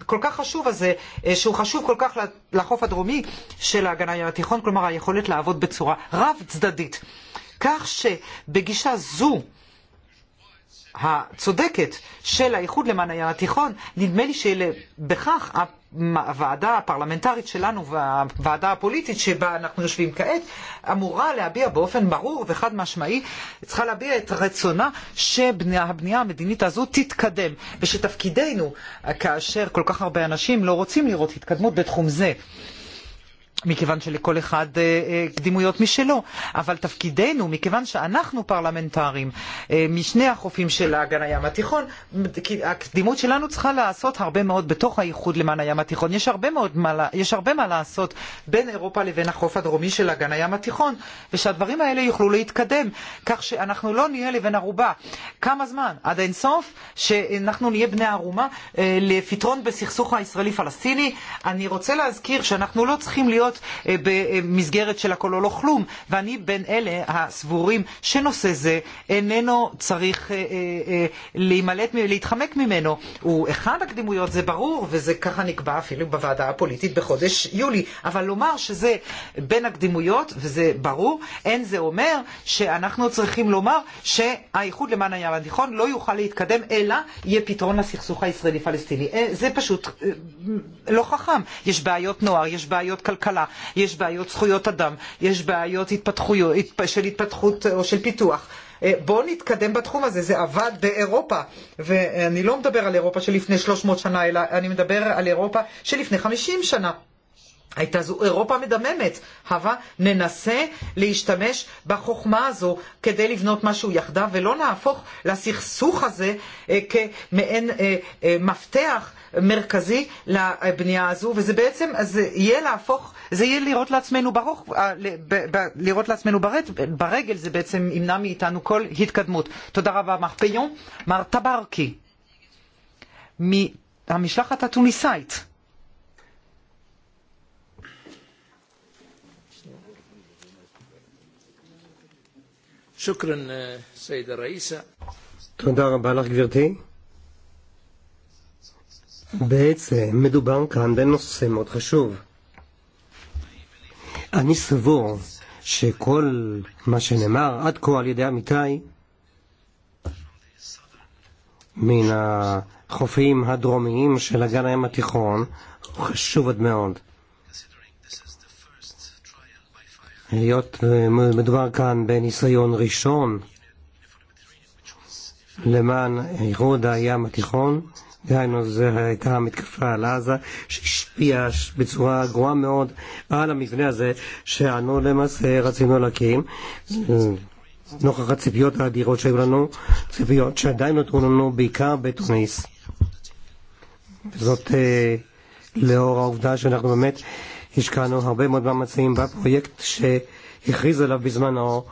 הכל כך חשוב הזה, שהוא חשוב כל כך לחוף הדרומי של ההגנה עם התיכון, כלומר היכולת לעבוד בצורה רב צדדית. כך שבגישה זו הצודקת של האיחוד למען הים התיכון, נדמה לי שבכך הוועדה הפרלמנטרית שלנו והוועדה הפוליטית שבה אנחנו יושבים כעת אמורה להביע באופן ברור וחד משמעי, צריכה להביע את רצונה שהבנייה המדינית הזו תתקדם ושתפקידנו כאשר כל כך הרבה אנשים לא רוצים לראות התקדמות בתחום זה מכיוון שלכל אחד קדימויות משלו, אבל תפקידנו, מכיוון שאנחנו פרלמנטרים משני החופים של אגן הים התיכון, הקדימות שלנו צריכה לעשות הרבה מאוד בתוך האיחוד למען הים התיכון. יש הרבה, מאוד מה, יש הרבה מה לעשות בין אירופה לבין החוף הדרומי של אגן הים התיכון, ושהדברים האלה יוכלו להתקדם, כך שאנחנו לא נהיה לבין ערובה. כמה זמן? עד אינסוף, שאנחנו נהיה בני ערומה לפתרון בסכסוך הישראלי-פלסטיני. אני רוצה להזכיר שאנחנו לא צריכים להיות להיות במסגרת של הכל או לא כלום, ואני בין אלה הסבורים שנושא זה איננו צריך להימלט, להתחמק ממנו. הוא אחד הקדימויות, זה ברור, וזה ככה נקבע אפילו בוועדה הפוליטית בחודש יולי, אבל לומר שזה בין הקדימויות, וזה ברור, אין זה אומר שאנחנו צריכים לומר שהאיחוד למען הים התיכון לא יוכל להתקדם, אלא יהיה פתרון לסכסוך הישראלי-פלסטיני. זה פשוט לא חכם. יש בעיות נוער, יש בעיות כלכלה. בהתחלה. יש בעיות זכויות אדם, יש בעיות התפתחויות, של התפתחות או של פיתוח. בואו נתקדם בתחום הזה, זה עבד באירופה. ואני לא מדבר על אירופה שלפני 300 שנה, אלא אני מדבר על אירופה שלפני 50 שנה. הייתה זו אירופה מדממת, הווה ננסה להשתמש בחוכמה הזו כדי לבנות משהו יחדיו ולא נהפוך לסכסוך הזה כמעין מפתח מרכזי לבנייה הזו, וזה בעצם, זה יהיה להפוך, זה יהיה לראות לעצמנו, ברוך, לראות לעצמנו ברד, ברגל, זה בעצם ימנע מאיתנו כל התקדמות. תודה רבה, מר פיון. מר טברקי, מהמשלחת התוניסאית. תודה רבה לך, גברתי. בעצם מדובר כאן בנושא מאוד חשוב. אני סבור שכל מה שנאמר עד כה על ידי עמיתי מן החופים הדרומיים של אגן הים התיכון הוא חשוב עוד מאוד. היות מדובר כאן בניסיון ראשון למען איחוד הים התיכון, דהיינו זו הייתה המתקפה על עזה שהשפיעה בצורה גרועה מאוד על המבנה הזה שאנו למעשה רצינו להקים נוכח הציפיות האדירות שהיו לנו, ציפיות שעדיין נותרו לנו בעיקר בתוניס וזאת לאור העובדה שאנחנו באמת השקענו הרבה מאוד מאמצים בפרויקט שהכריז עליו בזמנו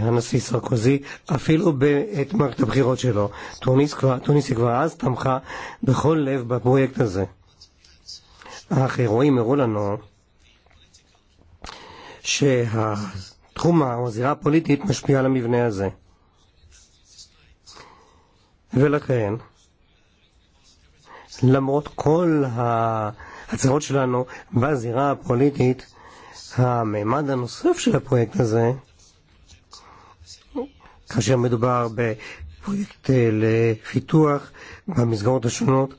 הנשיא סרקוזי, אפילו בעת מערכת הבחירות שלו. תוניס כבר, כבר אז תמכה בכל לב בפרויקט הזה. אך אירועים הראו לנו שהתחום או הזירה הפוליטית משפיעה על המבנה הזה. ולכן, למרות כל ההצהרות שלנו בזירה הפוליטית, הממד הנוסף של הפרויקט הזה, כאשר מדובר בפרויקט לפיתוח במסגרות השונות.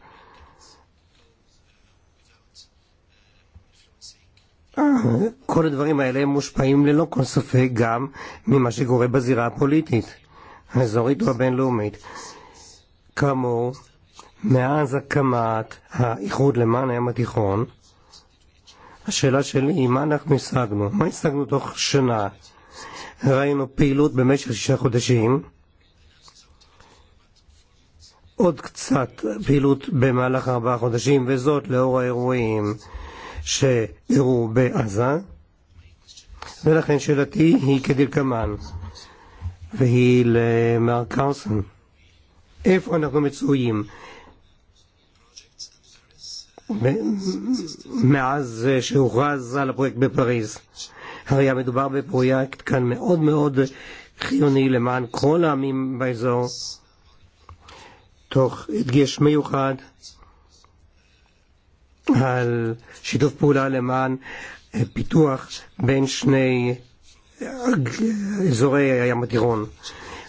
כל הדברים האלה מושפעים ללא כל ספק גם ממה שקורה בזירה הפוליטית, האזורית והבינלאומית. כאמור, מאז הקמת האיחוד למען הים התיכון, השאלה שלי היא מה אנחנו השגנו, מה השגנו תוך שנה ראינו פעילות במשך שישה חודשים, עוד קצת פעילות במהלך ארבעה חודשים, וזאת לאור האירועים שאירעו בעזה. ולכן שאלתי היא כדלקמן, והיא למר קרסון. איפה אנחנו מצויים? מאז שהוכרז על הפרויקט בפריז. היה מדובר בפרויקט כאן מאוד מאוד חיוני למען כל העמים באזור, תוך הדגש מיוחד על שיתוף פעולה למען פיתוח בין שני אזורי הים התיכון.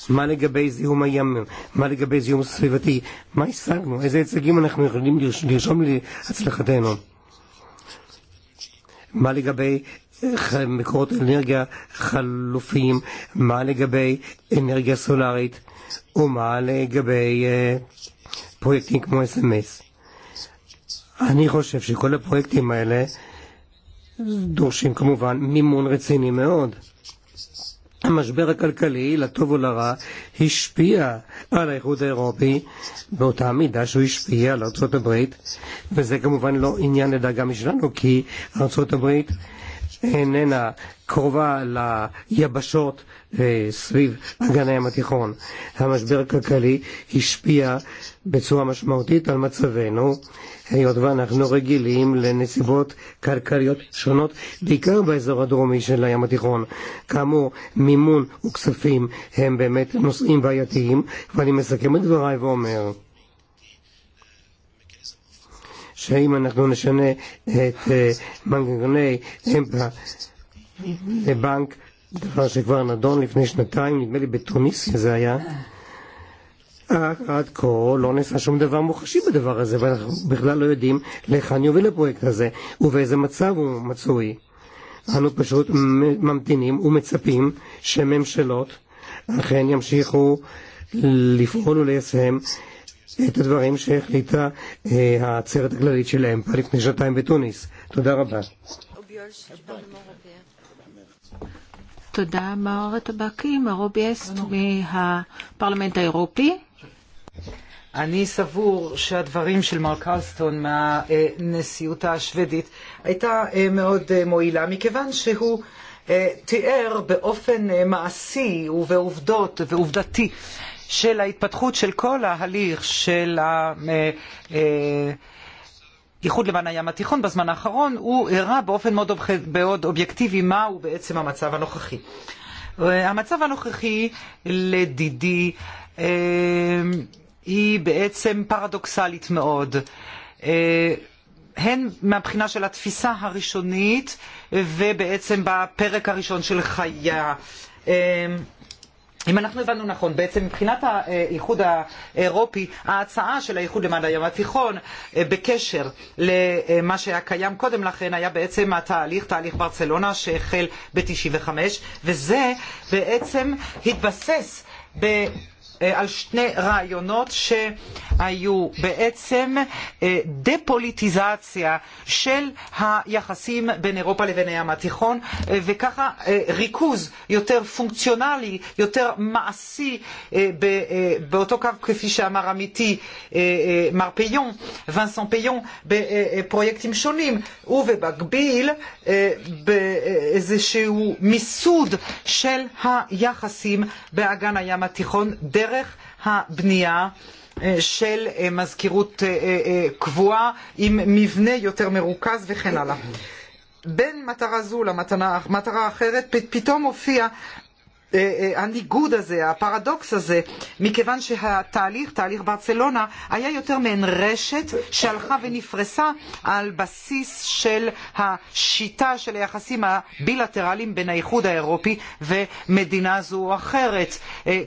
מה לגבי זיהום הים? מה לגבי זיהום סביבתי? מה השגנו? איזה הישגים אנחנו יכולים לרשום להצלחתנו? מה לגבי מקורות אנרגיה חלופיים, מה לגבי אנרגיה סולארית ומה לגבי פרויקטים כמו אס.אם.אס. אני חושב שכל הפרויקטים האלה דורשים כמובן מימון רציני מאוד. המשבר הכלכלי, לטוב או לרע, השפיע על האיחוד האירופי באותה מידה שהוא השפיע על ארצות הברית, וזה כמובן לא עניין לדאגה משלנו, כי ארצות הברית איננה קרובה ליבשות סביב אגן הים התיכון. המשבר הכלכלי השפיע בצורה משמעותית על מצבנו, היות ואנחנו רגילים לנסיבות כלכליות שונות, בעיקר באזור הדרומי של הים התיכון. כאמור, מימון וכספים הם באמת נושאים בעייתיים, ואני מסכם את דבריי ואומר שאם אנחנו נשנה את מנגנוני אמפה לבנק, דבר שכבר נדון לפני שנתיים, נדמה לי בתוניסיה זה היה, עד כה לא נעשה שום דבר מוחשי בדבר הזה, ואנחנו בכלל לא יודעים להיכן יוביל הפרויקט הזה, ובאיזה מצב הוא מצוי. אנו פשוט ממתינים ומצפים שממשלות אכן ימשיכו לפעול וליישם את הדברים שהחליטה העצרת הכללית שלהם כבר לפני שנתיים בתוניס. תודה רבה. תודה, מר טבקי, מר אוביאסט מהפרלמנט האירופי. אני סבור שהדברים של מר קרלסטון מהנשיאות השוודית הייתה מאוד מועילה, מכיוון שהוא תיאר באופן מעשי ובעובדות ועובדתי של ההתפתחות של כל ההליך של ה... איחוד למען הים התיכון בזמן האחרון, הוא הראה באופן מאוד, מאוד אובייקטיבי מהו בעצם המצב הנוכחי. המצב הנוכחי, לדידי, היא בעצם פרדוקסלית מאוד. הן מהבחינה של התפיסה הראשונית ובעצם בפרק הראשון של חייה. אם אנחנו הבנו נכון, בעצם מבחינת האיחוד האירופי, ההצעה של האיחוד למען הים התיכון בקשר למה שהיה קיים קודם לכן, היה בעצם התהליך, תהליך ברצלונה שהחל ב-95, וזה בעצם התבסס ב... על שני רעיונות שהיו בעצם דה-פוליטיזציה של היחסים בין אירופה לבין הים התיכון, וככה ריכוז יותר פונקציונלי, יותר מעשי, באותו קו כפי שאמר עמיתי מר פיון, ונסן פיון, בפרויקטים שונים, ובמקביל באיזשהו מיסוד של היחסים באגן הים התיכון דרך דרך הבנייה של מזכירות קבועה עם מבנה יותר מרוכז וכן הלאה. בין מטרה זו למטרה אחרת פתאום הופיע הניגוד הזה, הפרדוקס הזה, מכיוון שהתהליך, תהליך ברצלונה, היה יותר מעין רשת שהלכה ונפרסה על בסיס של השיטה של היחסים הבילטרליים בין האיחוד האירופי ומדינה זו או אחרת,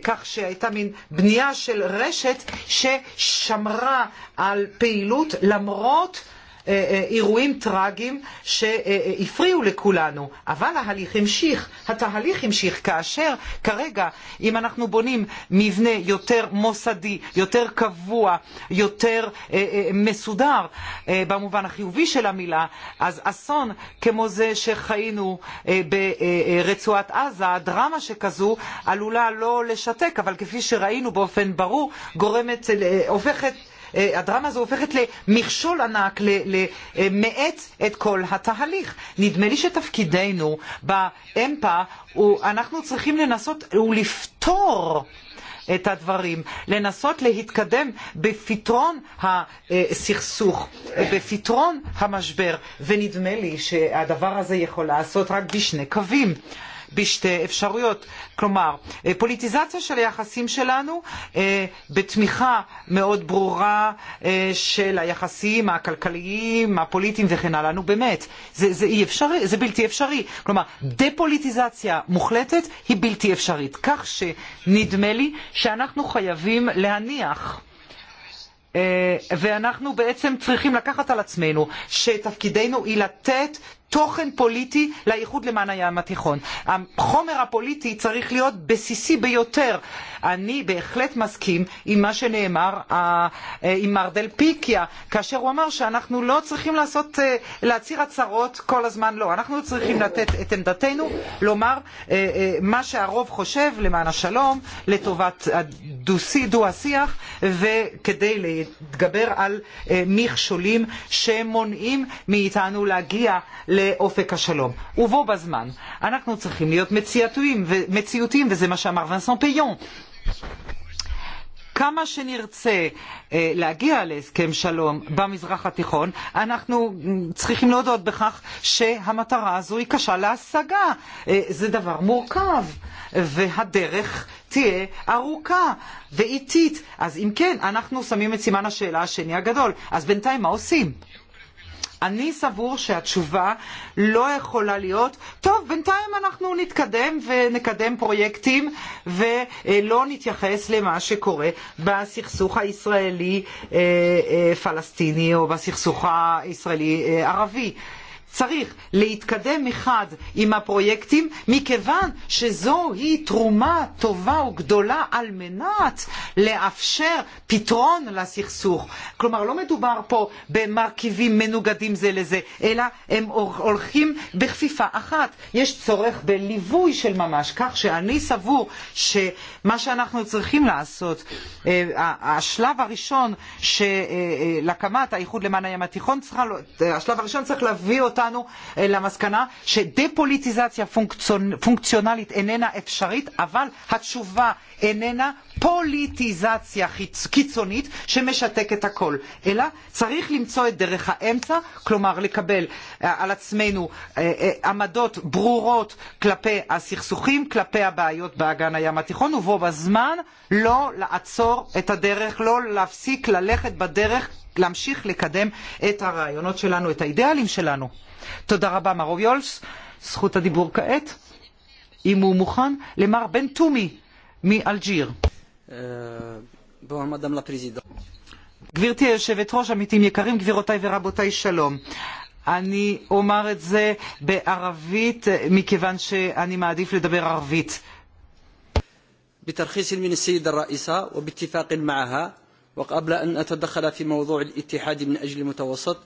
כך שהייתה מין בנייה של רשת ששמרה על פעילות למרות אירועים טרגיים שהפריעו לכולנו. אבל ההליך המשיך, התהליך המשיך, כאשר כרגע אם אנחנו בונים מבנה יותר מוסדי, יותר קבוע, יותר מסודר במובן החיובי של המילה, אז אסון כמו זה שחיינו ברצועת עזה, דרמה שכזו עלולה לא לשתק, אבל כפי שראינו באופן ברור, גורמת, הופכת הדרמה הזו הופכת למכשול ענק, למאץ את כל התהליך. נדמה לי שתפקידנו באמפה, הוא, אנחנו צריכים לנסות ולפתור את הדברים, לנסות להתקדם בפתרון הסכסוך, בפתרון המשבר, ונדמה לי שהדבר הזה יכול לעשות רק בשני קווים. בשתי אפשרויות. כלומר, פוליטיזציה של היחסים שלנו בתמיכה מאוד ברורה של היחסים הכלכליים, הפוליטיים וכן הלאה. נו באמת, זה, זה, אי אפשרי, זה בלתי אפשרי. כלומר, דה-פוליטיזציה מוחלטת היא בלתי אפשרית. כך שנדמה לי שאנחנו חייבים להניח ואנחנו בעצם צריכים לקחת על עצמנו שתפקידנו היא לתת תוכן פוליטי לאיחוד למען הים התיכון. החומר הפוליטי צריך להיות בסיסי ביותר. אני בהחלט מסכים עם מה שנאמר עם מר דל פיקיה, כאשר הוא אמר שאנחנו לא צריכים לעשות, להצהיר הצהרות כל הזמן, לא. אנחנו צריכים לתת את עמדתנו, לומר מה שהרוב חושב למען השלום, לטובת דו-השיח, וכדי להתגבר על מכשולים שמונעים מאיתנו להגיע לאופק השלום, ובו בזמן. אנחנו צריכים להיות מציאותיים, וזה מה שאמר ונסון פיון. כמה שנרצה אה, להגיע להסכם שלום במזרח התיכון, אנחנו צריכים להודות בכך שהמטרה הזו היא קשה להשגה. אה, זה דבר מורכב, והדרך תהיה ארוכה ואיטית. אז אם כן, אנחנו שמים את סימן השאלה השני הגדול. אז בינתיים מה עושים? אני סבור שהתשובה לא יכולה להיות, טוב, בינתיים אנחנו נתקדם ונקדם פרויקטים ולא נתייחס למה שקורה בסכסוך הישראלי-פלסטיני או בסכסוך הישראלי-ערבי. צריך להתקדם מחד עם הפרויקטים, מכיוון שזוהי תרומה טובה וגדולה על מנת לאפשר פתרון לסכסוך. כלומר, לא מדובר פה במרכיבים מנוגדים זה לזה, אלא הם הולכים בכפיפה אחת. יש צורך בליווי של ממש, כך שאני סבור שמה שאנחנו צריכים לעשות, השלב הראשון של הקמת האיחוד למען הים התיכון, השלב הראשון צריך להביא אותה אותנו למסקנה שדה-פוליטיזציה פונקציונלית איננה אפשרית, אבל התשובה איננה פוליטיזציה קיצונית שמשתקת הכל, אלא צריך למצוא את דרך האמצע, כלומר לקבל על עצמנו עמדות ברורות כלפי הסכסוכים, כלפי הבעיות באגן הים התיכון, ובו בזמן לא לעצור את הדרך, לא להפסיק ללכת בדרך להמשיך לקדם את הרעיונות שלנו, את האידיאלים שלנו. תודה רבה, מר אוביולס. זכות הדיבור כעת, אם הוא מוכן, למר בן תומי, גברתי היושבת ראש, עמיתים יקרים, גבירותיי ורבותיי, שלום. אני אומר את זה בערבית, מכיוון שאני מעדיף לדבר ערבית. בתרחיס بترخيص من السيدة الرئيسة وباتفاق معها وقبل أن פי في אל-איתיחד من أجل المتوسط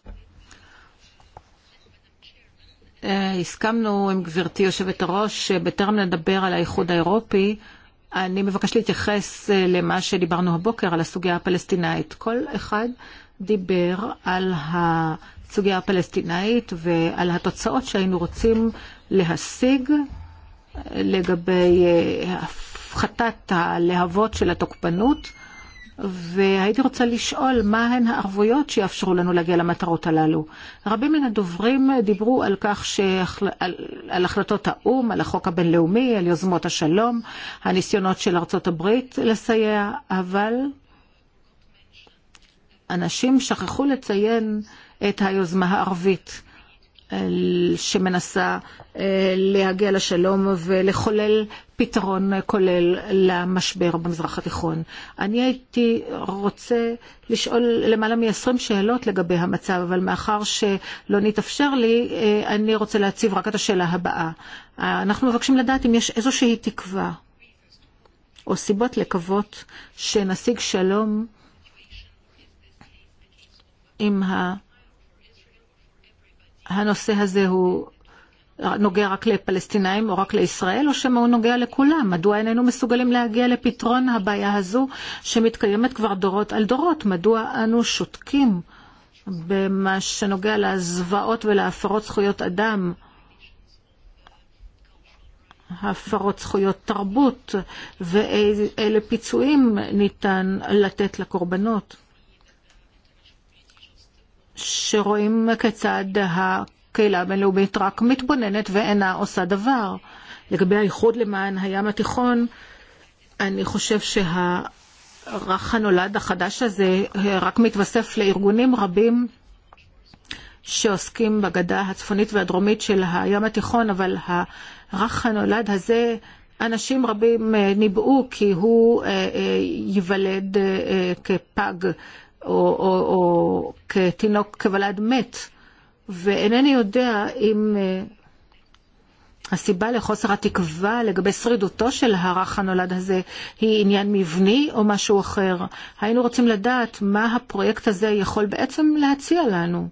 הסכמנו עם גברתי יושבת הראש שבטרם נדבר על האיחוד האירופי, אני מבקש להתייחס למה שדיברנו הבוקר על הסוגיה הפלסטינאית. כל אחד דיבר על הסוגיה הפלסטינאית ועל התוצאות שהיינו רוצים להשיג לגבי הפחתת הלהבות של התוקפנות. והייתי רוצה לשאול מה הן הערבויות שיאפשרו לנו להגיע למטרות הללו. רבים מן הדוברים דיברו על כך, שהחל... על... על החלטות האו"ם, על החוק הבינלאומי, על יוזמות השלום, הניסיונות של ארצות הברית לסייע, אבל אנשים שכחו לציין את היוזמה הערבית. שמנסה להגיע לשלום ולחולל פתרון כולל למשבר במזרח התיכון. אני הייתי רוצה לשאול למעלה מ-20 שאלות לגבי המצב, אבל מאחר שלא נתאפשר לי, אני רוצה להציב רק את השאלה הבאה. אנחנו מבקשים לדעת אם יש איזושהי תקווה או סיבות לקוות שנשיג שלום עם ה... הנושא הזה הוא נוגע רק לפלסטינאים או רק לישראל, או שמה הוא נוגע לכולם? מדוע איננו מסוגלים להגיע לפתרון הבעיה הזו שמתקיימת כבר דורות על דורות? מדוע אנו שותקים במה שנוגע לזוועות ולהפרות זכויות אדם? הפרות זכויות תרבות ואילו פיצויים ניתן לתת לקורבנות שרואים כיצד הקהילה הבינלאומית רק מתבוננת ואינה עושה דבר. לגבי האיחוד למען הים התיכון, אני חושב שהרך הנולד החדש הזה רק מתווסף לארגונים רבים שעוסקים בגדה הצפונית והדרומית של הים התיכון, אבל הרך הנולד הזה, אנשים רבים ניבאו כי הוא ייוולד כפג או, או, או כתינוק, כוולד מת. ואינני יודע אם הסיבה לחוסר התקווה לגבי שרידותו של הרך הנולד הזה היא עניין מבני או משהו אחר. היינו רוצים לדעת מה הפרויקט הזה יכול בעצם להציע לנו.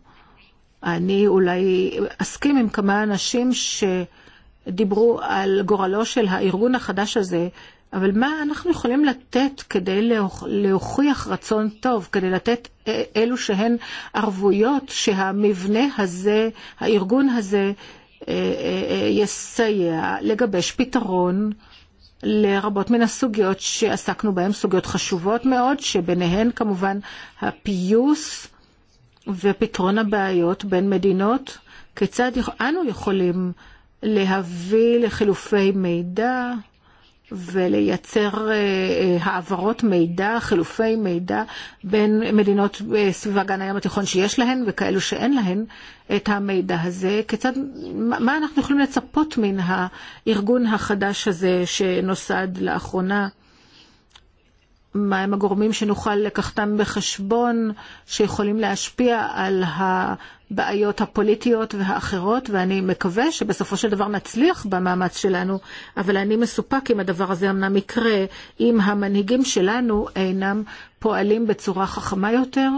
אני אולי אסכים עם כמה אנשים שדיברו על גורלו של הארגון החדש הזה אבל מה אנחנו יכולים לתת כדי להוכיח רצון טוב, כדי לתת אלו שהן ערבויות שהמבנה הזה, הארגון הזה, יסייע לגבש פתרון לרבות מן הסוגיות שעסקנו בהן, סוגיות חשובות מאוד, שביניהן כמובן הפיוס ופתרון הבעיות בין מדינות, כיצד אנו יכולים להביא לחילופי מידע, ולייצר העברות מידע, חילופי מידע בין מדינות סביב אגן הים התיכון שיש להן וכאלו שאין להן את המידע הזה. כיצד, מה אנחנו יכולים לצפות מן הארגון החדש הזה שנוסד לאחרונה? מהם הגורמים שנוכל לקחתם בחשבון שיכולים להשפיע על ה... הבעיות הפוליטיות והאחרות, ואני מקווה שבסופו של דבר נצליח במאמץ שלנו, אבל אני מסופק אם הדבר הזה אמנם יקרה, אם המנהיגים שלנו אינם פועלים בצורה חכמה יותר,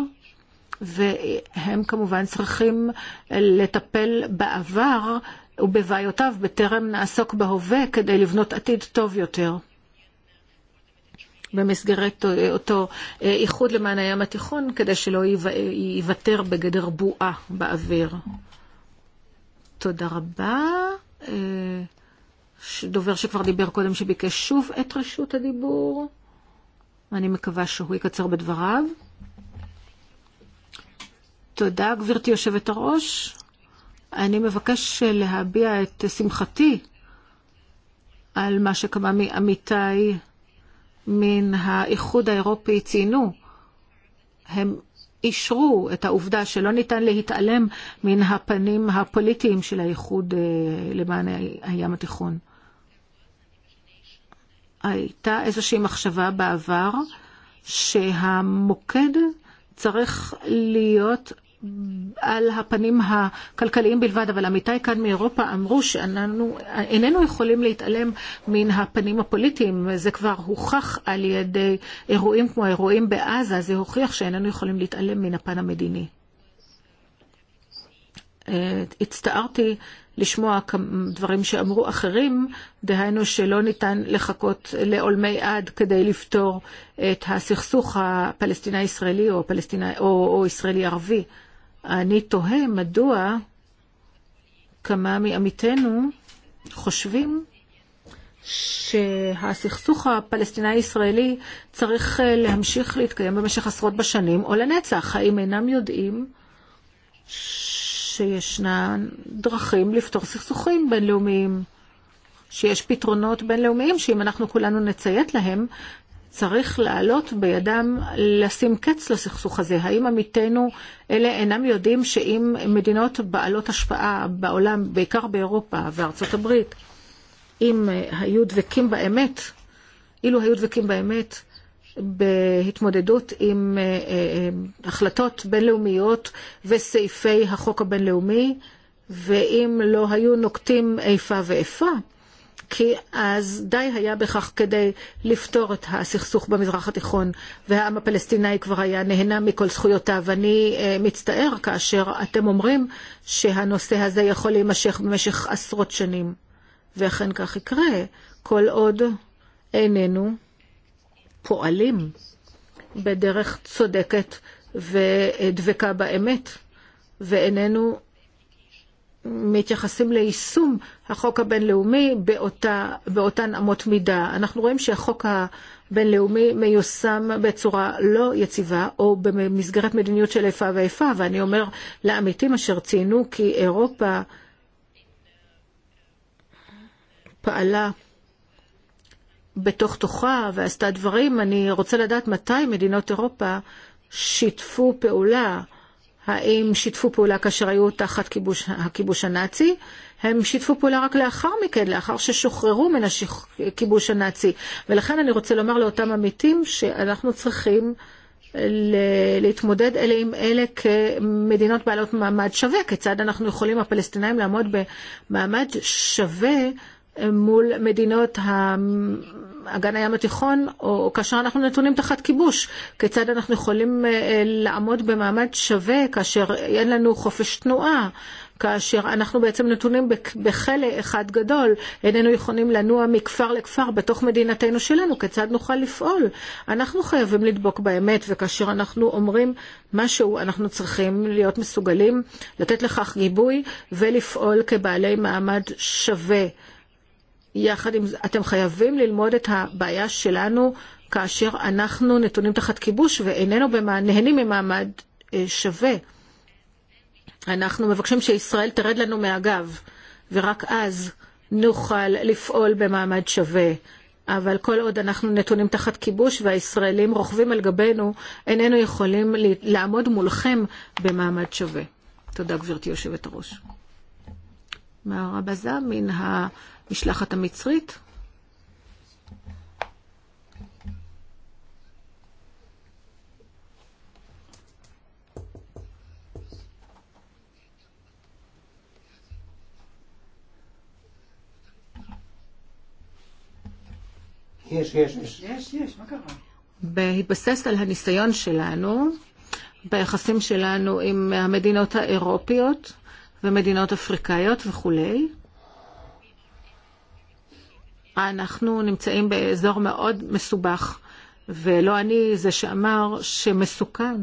והם כמובן צריכים לטפל בעבר ובבעיותיו בטרם נעסוק בהווה כדי לבנות עתיד טוב יותר. במסגרת אותו איחוד למען הים התיכון, כדי שלא ייוותר בגדר בועה באוויר. תודה רבה. דובר שכבר דיבר קודם שביקש שוב את רשות הדיבור. אני מקווה שהוא יקצר בדבריו. תודה, גברתי יושבת הראש. אני מבקש להביע את שמחתי על מה שכמה מעמיתיי מן האיחוד האירופי ציינו, הם אישרו את העובדה שלא ניתן להתעלם מן הפנים הפוליטיים של האיחוד למען הים התיכון. הייתה איזושהי מחשבה בעבר שהמוקד צריך להיות על הפנים הכלכליים בלבד, אבל עמיתיי כאן מאירופה אמרו שאנחנו איננו יכולים להתעלם מן הפנים הפוליטיים. זה כבר הוכח על ידי אירועים כמו האירועים בעזה, זה הוכיח שאיננו יכולים להתעלם מן הפן המדיני. הצטערתי לשמוע דברים שאמרו אחרים, דהיינו שלא ניתן לחכות לעולמי עד כדי לפתור את הסכסוך הפלסטיני-ישראלי או, פלסטיני, או, או ישראלי-ערבי. אני תוהה מדוע כמה מעמיתינו חושבים שהסכסוך הפלסטיני-ישראלי צריך להמשיך להתקיים במשך עשרות בשנים או לנצח. האם אינם יודעים שישנן דרכים לפתור סכסוכים בינלאומיים, שיש פתרונות בינלאומיים שאם אנחנו כולנו נציית להם, צריך לעלות בידם לשים קץ לסכסוך הזה. האם עמיתינו אלה אינם יודעים שאם מדינות בעלות השפעה בעולם, בעיקר באירופה וארצות הברית, אם היו דבקים באמת, אילו היו דבקים באמת בהתמודדות עם החלטות בינלאומיות וסעיפי החוק הבינלאומי, ואם לא היו נוקטים איפה ואיפה, כי אז די היה בכך כדי לפתור את הסכסוך במזרח התיכון, והעם הפלסטיני כבר היה נהנה מכל זכויותיו. אני מצטער כאשר אתם אומרים שהנושא הזה יכול להימשך במשך עשרות שנים, ואכן כך יקרה, כל עוד איננו פועלים בדרך צודקת ודבקה באמת, ואיננו מתייחסים ליישום החוק הבינלאומי באותה, באותן אמות מידה. אנחנו רואים שהחוק הבינלאומי מיושם בצורה לא יציבה או במסגרת מדיניות של איפה ואיפה, ואני אומר לעמיתים אשר ציינו כי אירופה פעלה בתוך תוכה ועשתה דברים, אני רוצה לדעת מתי מדינות אירופה שיתפו פעולה האם שיתפו פעולה כאשר היו תחת כיבוש, הכיבוש הנאצי? הם שיתפו פעולה רק לאחר מכן, לאחר ששוחררו מן הכיבוש הנאצי. ולכן אני רוצה לומר לאותם עמיתים שאנחנו צריכים ל... להתמודד אלה עם אלה כמדינות בעלות מעמד שווה, כיצד אנחנו יכולים הפלסטינאים לעמוד במעמד שווה מול מדינות המ... אגן הים התיכון, או כאשר אנחנו נתונים תחת כיבוש, כיצד אנחנו יכולים לעמוד במעמד שווה כאשר אין לנו חופש תנועה, כאשר אנחנו בעצם נתונים בכלא אחד גדול, איננו יכולים לנוע מכפר לכפר בתוך מדינתנו שלנו, כיצד נוכל לפעול? אנחנו חייבים לדבוק באמת, וכאשר אנחנו אומרים משהו, אנחנו צריכים להיות מסוגלים לתת לכך גיבוי ולפעול כבעלי מעמד שווה. יחד עם זה, אתם חייבים ללמוד את הבעיה שלנו כאשר אנחנו נתונים תחת כיבוש ואיננו במה, נהנים ממעמד אה, שווה. אנחנו מבקשים שישראל תרד לנו מהגב, ורק אז נוכל לפעול במעמד שווה. אבל כל עוד אנחנו נתונים תחת כיבוש והישראלים רוכבים על גבינו, איננו יכולים לעמוד מולכם במעמד שווה. תודה, גברתי יושבת הראש. מהרבזה מן ה... המשלחת המצרית? יש, יש, יש. יש, יש, מה קרה? בהתבסס על הניסיון שלנו, ביחסים שלנו עם המדינות האירופיות ומדינות אפריקאיות וכולי, אנחנו נמצאים באזור מאוד מסובך, ולא אני זה שאמר שמסוכן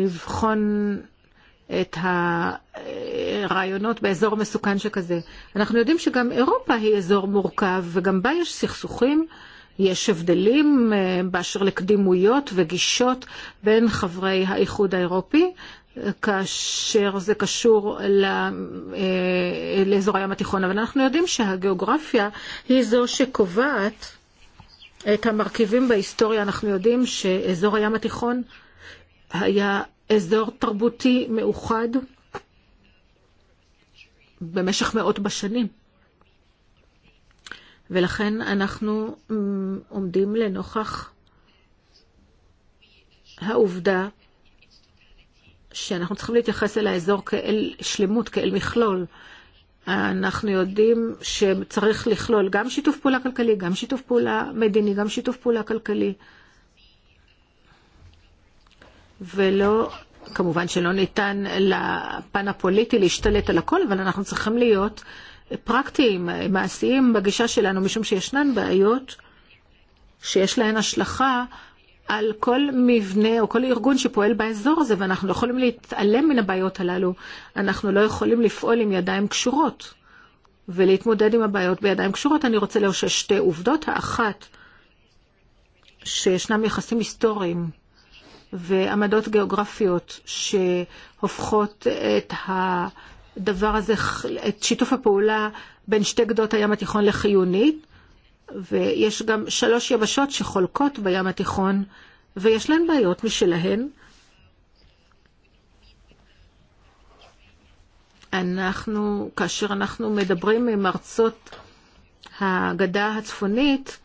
לבחון את הרעיונות באזור מסוכן שכזה. אנחנו יודעים שגם אירופה היא אזור מורכב, וגם בה יש סכסוכים. יש הבדלים באשר לקדימויות וגישות בין חברי האיחוד האירופי, כאשר זה קשור לאזור הים התיכון, אבל אנחנו יודעים שהגיאוגרפיה היא זו שקובעת את המרכיבים בהיסטוריה. אנחנו יודעים שאזור הים התיכון היה אזור תרבותי מאוחד במשך מאות בשנים. ולכן אנחנו עומדים לנוכח העובדה שאנחנו צריכים להתייחס אל האזור כאל שלמות, כאל מכלול. אנחנו יודעים שצריך לכלול גם שיתוף פעולה כלכלי, גם שיתוף פעולה מדיני, גם שיתוף פעולה כלכלי. ולא, כמובן שלא ניתן לפן הפוליטי להשתלט על הכל, אבל אנחנו צריכים להיות פרקטיים, מעשיים בגישה שלנו, משום שישנן בעיות שיש להן השלכה על כל מבנה או כל ארגון שפועל באזור הזה, ואנחנו לא יכולים להתעלם מן הבעיות הללו. אנחנו לא יכולים לפעול עם ידיים קשורות ולהתמודד עם הבעיות בידיים קשורות. אני רוצה לאושש שתי עובדות. האחת, שישנם יחסים היסטוריים ועמדות גיאוגרפיות שהופכות את הדבר הזה, את שיתוף הפעולה בין שתי גדות הים התיכון לחיונית. ויש גם שלוש יבשות שחולקות בים התיכון, ויש להן בעיות משלהן. אנחנו, כאשר אנחנו מדברים עם ארצות הגדה הצפונית,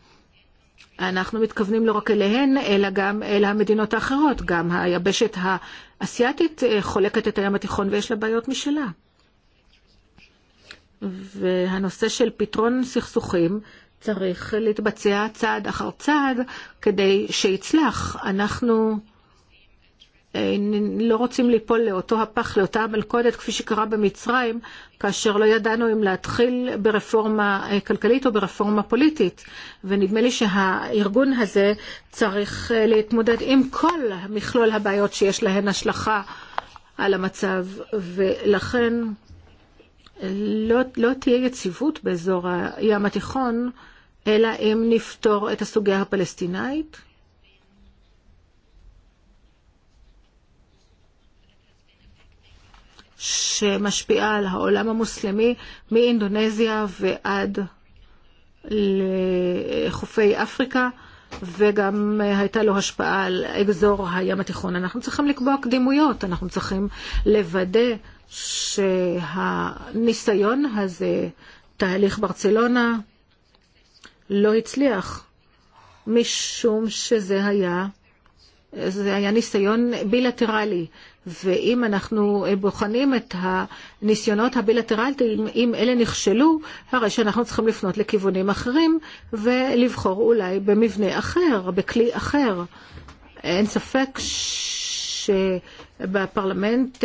אנחנו מתכוונים לא רק אליהן, אלא גם אל המדינות האחרות. גם היבשת האסייתית חולקת את הים התיכון ויש לה בעיות משלה. והנושא של פתרון סכסוכים צריך להתבצע צעד אחר צעד כדי שיצלח. אנחנו לא רוצים ליפול לאותו הפח, לאותה המלכודת, כפי שקרה במצרים, כאשר לא ידענו אם להתחיל ברפורמה כלכלית או ברפורמה פוליטית. ונדמה לי שהארגון הזה צריך להתמודד עם כל מכלול הבעיות שיש להן השלכה על המצב, ולכן לא, לא תהיה יציבות באזור הים התיכון. אלא אם נפתור את הסוגיה הפלסטינאית. שמשפיעה על העולם המוסלמי מאינדונזיה ועד לחופי אפריקה וגם הייתה לו השפעה על אזור הים התיכון. אנחנו צריכים לקבוע קדימויות, אנחנו צריכים לוודא שהניסיון הזה, תהליך ברצלונה, לא הצליח, משום שזה היה, זה היה ניסיון בילטרלי. ואם אנחנו בוחנים את הניסיונות הבילטרליים, אם אלה נכשלו, הרי שאנחנו צריכים לפנות לכיוונים אחרים ולבחור אולי במבנה אחר, בכלי אחר. אין ספק שבפרלמנט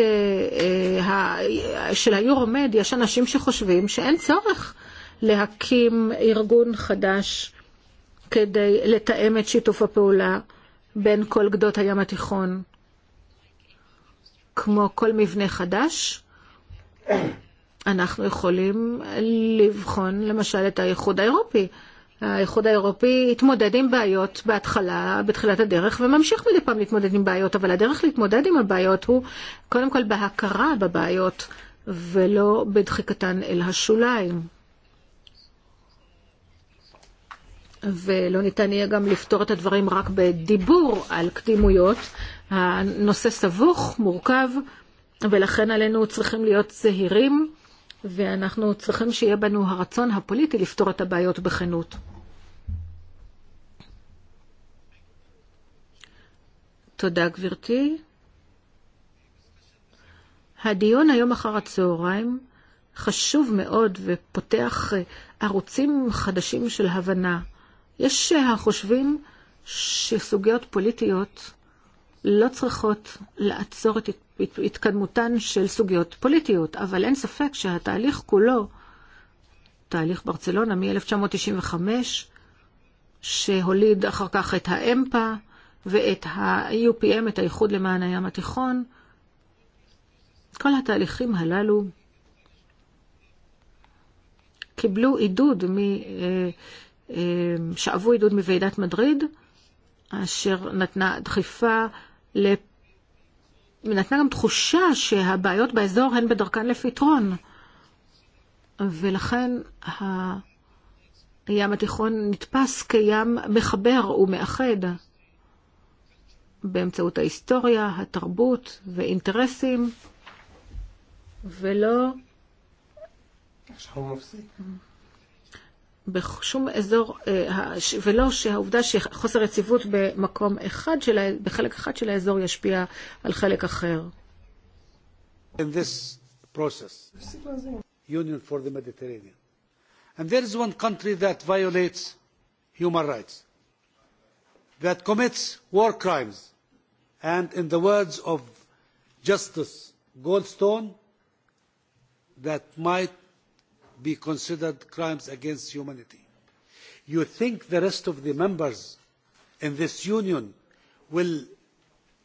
של היורומד יש אנשים שחושבים שאין צורך להקים ארגון חדש כדי לתאם את שיתוף הפעולה בין כל גדות הים התיכון. כמו כל מבנה חדש, אנחנו יכולים לבחון למשל את האיחוד האירופי. האיחוד האירופי התמודד עם בעיות בהתחלה, בתחילת הדרך, וממשיך מדי פעם להתמודד עם בעיות, אבל הדרך להתמודד עם הבעיות הוא קודם כל בהכרה בבעיות, ולא בדחיקתן אל השוליים. ולא ניתן יהיה גם לפתור את הדברים רק בדיבור על קדימויות. הנושא סבוך, מורכב, ולכן עלינו צריכים להיות זהירים, ואנחנו צריכים שיהיה בנו הרצון הפוליטי לפתור את הבעיות בכנות. תודה, גברתי. הדיון היום אחר הצהריים חשוב מאוד ופותח ערוצים חדשים של הבנה. יש החושבים שסוגיות פוליטיות לא צריכות לעצור את התקדמותן של סוגיות פוליטיות, אבל אין ספק שהתהליך כולו, תהליך ברצלונה מ-1995, שהוליד אחר כך את האמפה ואת ה-UPM, את האיחוד למען הים התיכון, כל התהליכים הללו קיבלו עידוד שאבו עידוד מוועידת מדריד, אשר נתנה דחיפה לפ... נתנה גם תחושה שהבעיות באזור הן בדרכן לפתרון. ולכן ה... הים התיכון נתפס כים מחבר ומאחד באמצעות ההיסטוריה, התרבות ואינטרסים, ולא... עכשיו הוא מפסיק. בשום אזור, ולא שהעובדה שחוסר יציבות במקום אחד, של, בחלק אחד של האזור ישפיע על חלק אחר. In this process, Union for the Mediterranean. And there is one country that violates human rights, that commits war crimes, and in the words of Justice Goldstone, that might be considered crimes against humanity. You think the rest of the members in this union will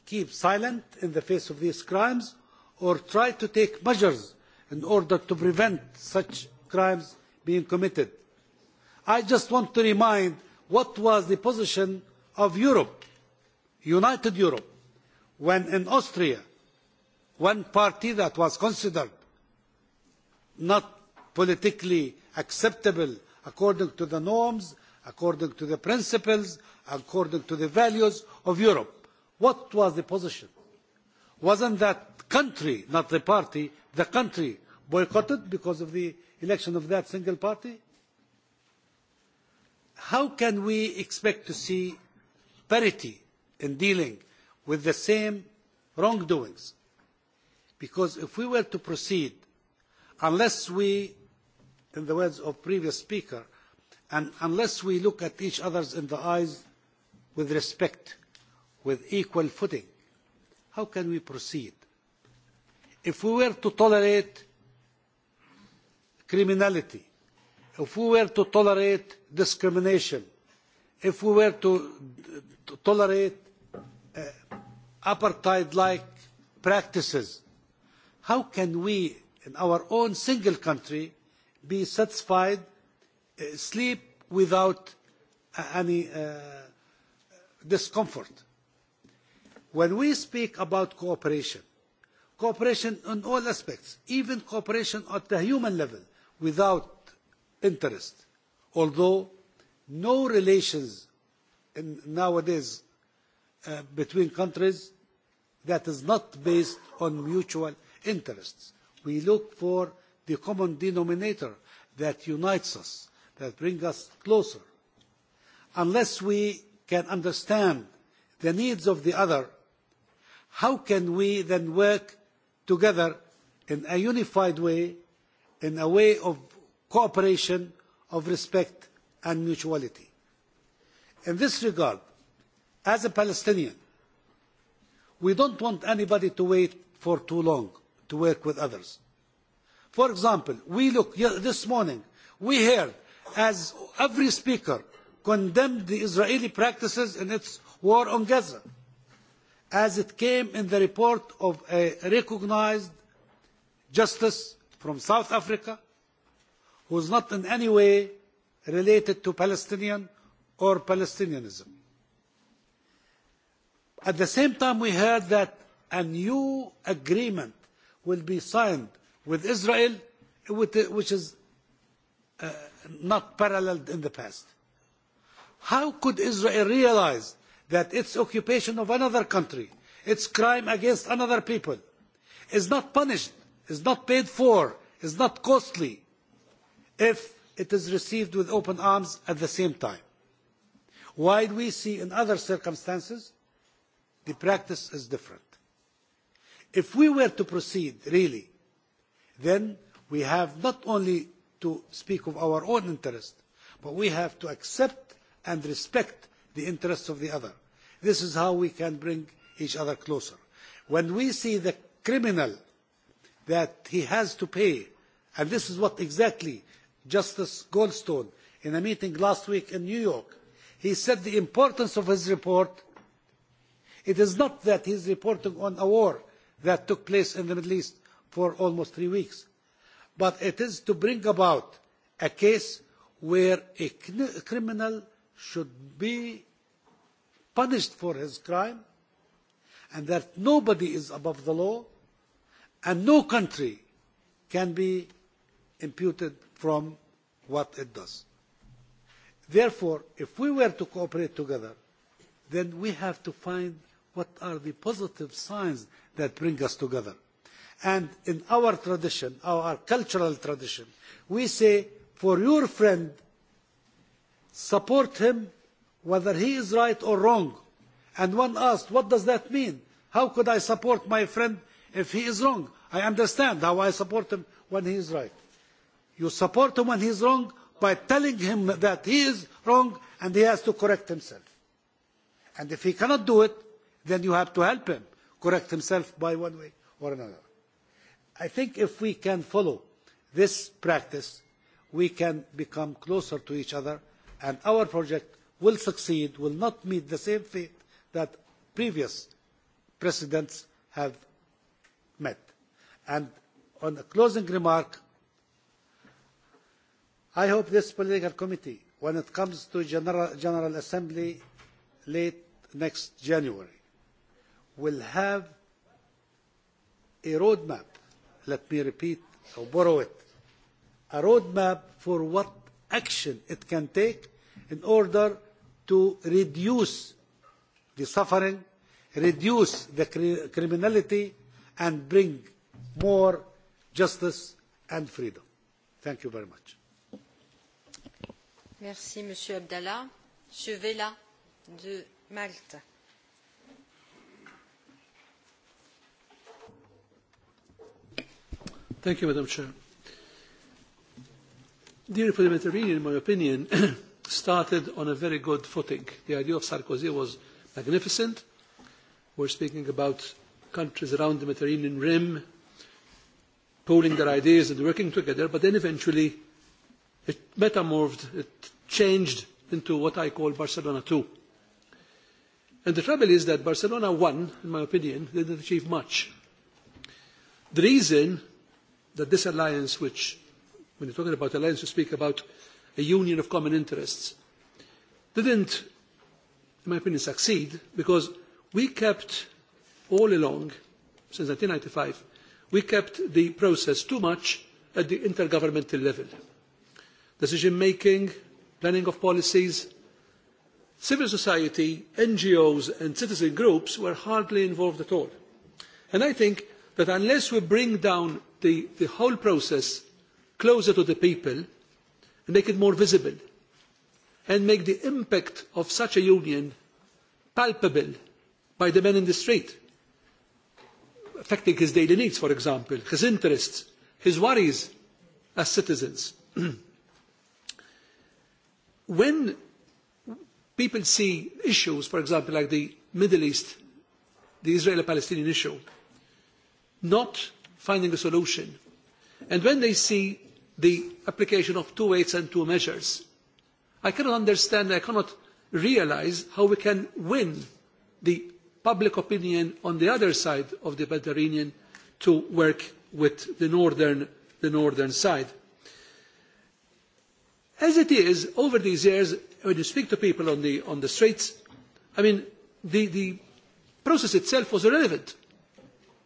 keep silent in the face of these crimes or try to take measures in order to prevent such crimes being committed. I just want to remind what was the position of Europe, United Europe, when in Austria, one party that was considered not politically acceptable according to the norms, according to the principles, according to the values of Europe. What was the position? Wasn't that country, not the party, the country boycotted because of the election of that single party? How can we expect to see parity in dealing with the same wrongdoings? Because if we were to proceed, unless we in the words of previous speaker, and unless we look at each other in the eyes with respect, with equal footing, how can we proceed? If we were to tolerate criminality, if we were to tolerate discrimination, if we were to, to tolerate uh, apartheid-like practices, how can we, in our own single country, be satisfied, uh, sleep without uh, any uh, discomfort. When we speak about cooperation, cooperation on all aspects, even cooperation at the human level, without interest, although no relations in nowadays uh, between countries that is not based on mutual interests. We look for the common denominator that unites us, that brings us closer. Unless we can understand the needs of the other, how can we then work together in a unified way, in a way of cooperation, of respect and mutuality? In this regard, as a Palestinian, we don't want anybody to wait for too long to work with others. For example, we look this morning, we heard as every speaker condemned the Israeli practices in its war on Gaza, as it came in the report of a recognized justice from South Africa, who is not in any way related to Palestinian or Palestinianism. At the same time, we heard that a new agreement will be signed with Israel, which is uh, not paralleled in the past. How could Israel realize that its occupation of another country, its crime against another people, is not punished, is not paid for, is not costly, if it is received with open arms at the same time? Why do we see in other circumstances the practice is different? If we were to proceed, really, then we have not only to speak of our own interest, but we have to accept and respect the interests of the other. This is how we can bring each other closer. When we see the criminal that he has to pay, and this is what exactly Justice Goldstone, in a meeting last week in New York, he said the importance of his report. It is not that he is reporting on a war that took place in the Middle East for almost three weeks. But it is to bring about a case where a criminal should be punished for his crime and that nobody is above the law and no country can be imputed from what it does. Therefore, if we were to cooperate together, then we have to find what are the positive signs that bring us together. And in our tradition, our cultural tradition, we say, for your friend, support him whether he is right or wrong. And one asked, what does that mean? How could I support my friend if he is wrong? I understand how I support him when he is right. You support him when he is wrong by telling him that he is wrong and he has to correct himself. And if he cannot do it, then you have to help him correct himself by one way or another. I think if we can follow this practice, we can become closer to each other, and our project will succeed, will not meet the same fate that previous presidents have met. And on a closing remark, I hope this political committee, when it comes to General, General Assembly late next January, will have a roadmap let me repeat or borrow it, a roadmap for what action it can take in order to reduce the suffering, reduce the cr criminality, and bring more justice and freedom. Thank you very much. Merci, Monsieur Abdallah. Monsieur Vela de Malte. Madam Chair. The European Mediterranean, in my opinion, started on a very good footing. The idea of Sarkozy was magnificent. we are speaking about countries around the Mediterranean rim pooling their ideas and working together, but then eventually it metamorphed, it changed into what I call Barcelona 2. And the trouble is that Barcelona 1, in my opinion, didn't achieve much. The reason that this alliance, which, when you're talking about alliance, you speak about a union of common interests, didn't, in my opinion, succeed because we kept all along, since 1995, we kept the process too much at the intergovernmental level. Decision making, planning of policies, civil society, NGOs and citizen groups were hardly involved at all. And I think that unless we bring down the, the whole process closer to the people and make it more visible and make the impact of such a union palpable by the man in the street, affecting his daily needs, for example, his interests, his worries as citizens. when people see issues, for example, like the Middle East, the Israeli-Palestinian issue, not finding a solution. And when they see the application of two weights and two measures, I cannot understand, I cannot realise how we can win the public opinion on the other side of the Mediterranean to work with the northern, the northern side. As it is, over these years, when you speak to people on the, on the streets, I mean, the, the process itself was irrelevant.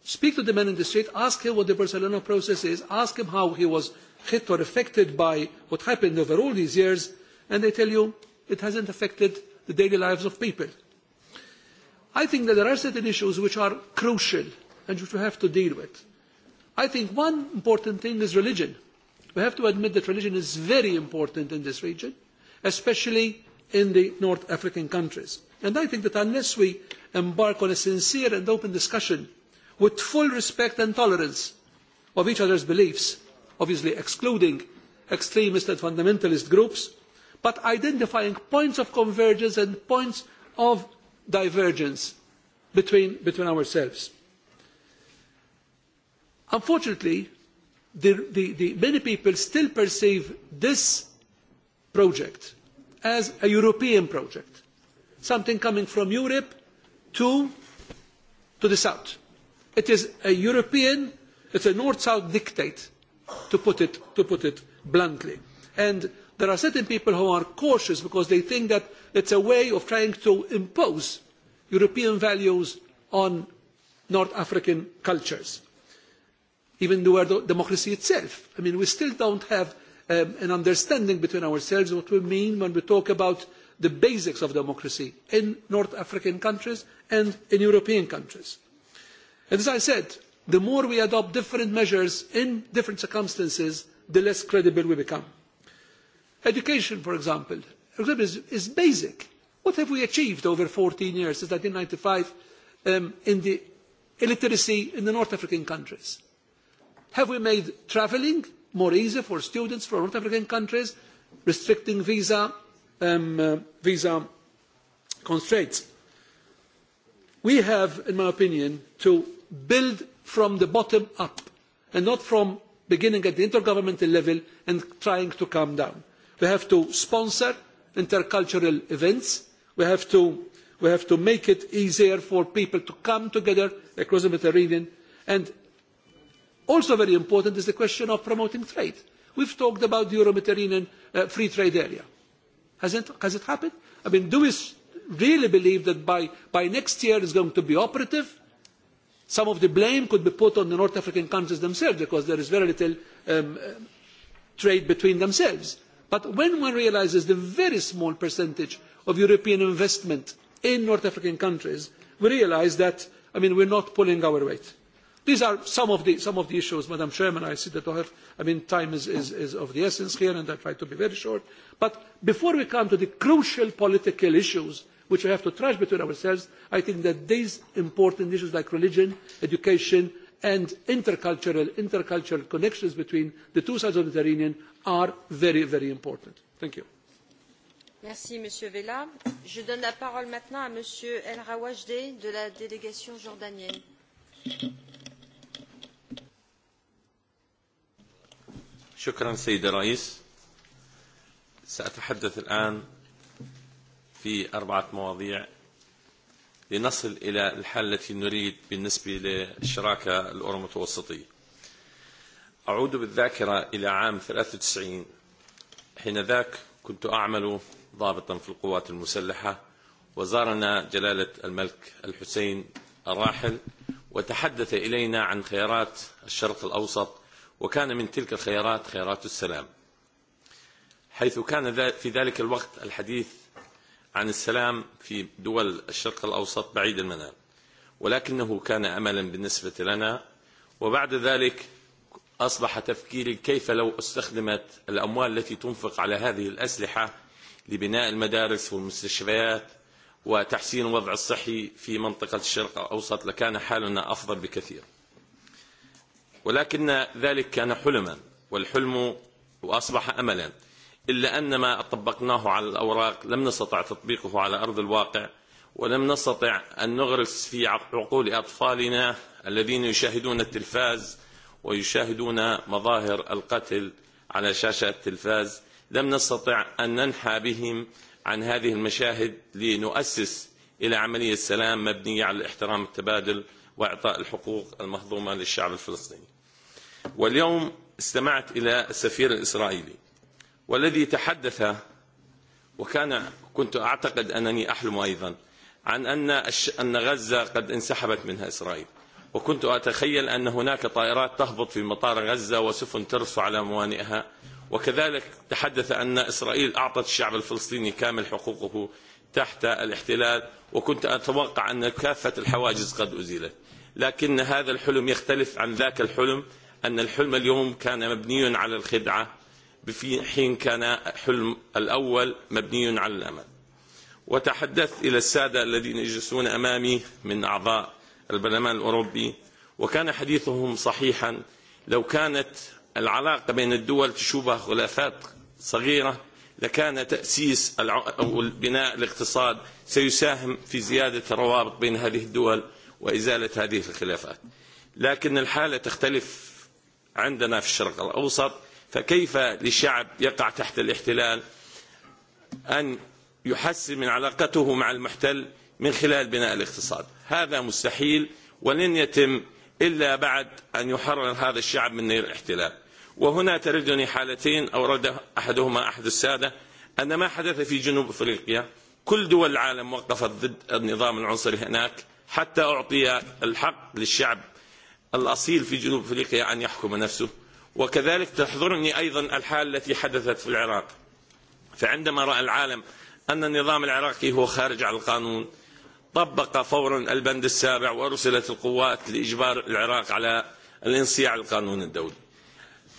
Speak to the man in the street, ask him what the Barcelona process is, ask him how he was hit or affected by what happened over all these years, and they tell you it hasn't affected the daily lives of people. I think that there are certain issues which are crucial and which we have to deal with. I think one important thing is religion. We have to admit that religion is very important in this region, especially in the North African countries. And I think that unless we embark on a sincere and open discussion with full respect and tolerance of each other's beliefs, obviously excluding extremist and fundamentalist groups, but identifying points of convergence and points of divergence between, between ourselves. Unfortunately, the, the, the many people still perceive this project as a European project, something coming from Europe to, to the south It is a European, it's a North-South dictate, to put, it, to put it bluntly. And there are certain people who are cautious because they think that it's a way of trying to impose European values on North African cultures. Even the word democracy itself. I mean, we still don't have um, an understanding between ourselves what we mean when we talk about the basics of democracy in North African countries and in European countries. And as I said, the more we adopt different measures in different circumstances, the less credible we become. Education, for example, is, is basic. What have we achieved over 14 years since 1995 um, in the illiteracy in the North African countries? Have we made travelling more easy for students from North African countries, restricting visa, um, uh, visa constraints? we have, in my opinion, to build from the bottom up and not from beginning at the intergovernmental level and trying to come down. We have to sponsor intercultural events. We have to, we have to make it easier for people to come together across the Mediterranean. And also very important is the question of promoting trade. We've talked about the Euro-Mediterranean uh, free trade area. Has it, has it happened? I mean, do we really believe that by, by next year it's going to be operative, some of the blame could be put on the North African countries themselves because there is very little um, uh, trade between themselves. But when one realises the very small percentage of European investment in North African countries, we realise that, I mean, we're not pulling our weight. These are some of the, some of the issues, Madam Chairman. I see that I, have, I mean, time is, is, is of the essence here, and I try to be very short. But before we come to the crucial political issues which we have to trash between ourselves, I think that these important issues like religion, education, and intercultural, intercultural connections between the two sides of the Mediterranean are very, very important. Thank you. Merci, Monsieur Vella. Je donne la parole maintenant à Monsieur El Rawajde de la délégation jordanienne. شكرا سيد الرئيس سأتحدث الآن في أربعة مواضيع لنصل إلى الحل التي نريد بالنسبة للشراكة الأورو متوسطية أعود بالذاكرة إلى عام 93 حين ذاك كنت أعمل ضابطا في القوات المسلحة وزارنا جلالة الملك الحسين الراحل وتحدث إلينا عن خيارات الشرق الأوسط وكان من تلك الخيارات خيارات السلام حيث كان في ذلك الوقت الحديث عن السلام في دول الشرق الأوسط بعيد المنام ولكنه كان أملا بالنسبة لنا وبعد ذلك أصبح تفكيري كيف لو استخدمت الأموال التي تنفق على هذه الأسلحة لبناء المدارس والمستشفيات وتحسين الوضع الصحي في منطقة الشرق الأوسط لكان حالنا أفضل بكثير ولكن ذلك كان حلما والحلم وأصبح أملا إلا أن ما طبقناه على الأوراق لم نستطع تطبيقه على أرض الواقع ولم نستطع أن نغرس في عقول أطفالنا الذين يشاهدون التلفاز ويشاهدون مظاهر القتل على شاشة التلفاز لم نستطع أن ننحى بهم عن هذه المشاهد لنؤسس إلى عملية سلام مبنية على الاحترام التبادل وإعطاء الحقوق المهضومة للشعب الفلسطيني واليوم استمعت إلى السفير الإسرائيلي والذي تحدث وكان كنت أعتقد أنني أحلم أيضا عن أن أن غزة قد انسحبت منها إسرائيل وكنت أتخيل أن هناك طائرات تهبط في مطار غزة وسفن ترس على موانئها وكذلك تحدث أن إسرائيل أعطت الشعب الفلسطيني كامل حقوقه تحت الاحتلال وكنت أتوقع أن كافة الحواجز قد أزيلت لكن هذا الحلم يختلف عن ذاك الحلم أن الحلم اليوم كان مبني على الخدعة في حين كان حلم الأول مبني على الأمل وتحدثت إلى السادة الذين يجلسون أمامي من أعضاء البرلمان الأوروبي وكان حديثهم صحيحا لو كانت العلاقة بين الدول تشوبها خلافات صغيرة لكان تأسيس أو بناء الاقتصاد سيساهم في زيادة الروابط بين هذه الدول وإزالة هذه الخلافات لكن الحالة تختلف عندنا في الشرق الأوسط فكيف لشعب يقع تحت الاحتلال أن يحسن من علاقته مع المحتل من خلال بناء الاقتصاد هذا مستحيل ولن يتم إلا بعد أن يحرر هذا الشعب من نير الاحتلال وهنا تردني حالتين أورد أحدهما أحد السادة أن ما حدث في جنوب أفريقيا كل دول العالم وقفت ضد النظام العنصري هناك حتى أعطي الحق للشعب الأصيل في جنوب أفريقيا أن يحكم نفسه وكذلك تحضرني أيضا الحال التي حدثت في العراق فعندما رأى العالم أن النظام العراقي هو خارج عن القانون طبق فورا البند السابع وأرسلت القوات لإجبار العراق على الانصياع القانون الدولي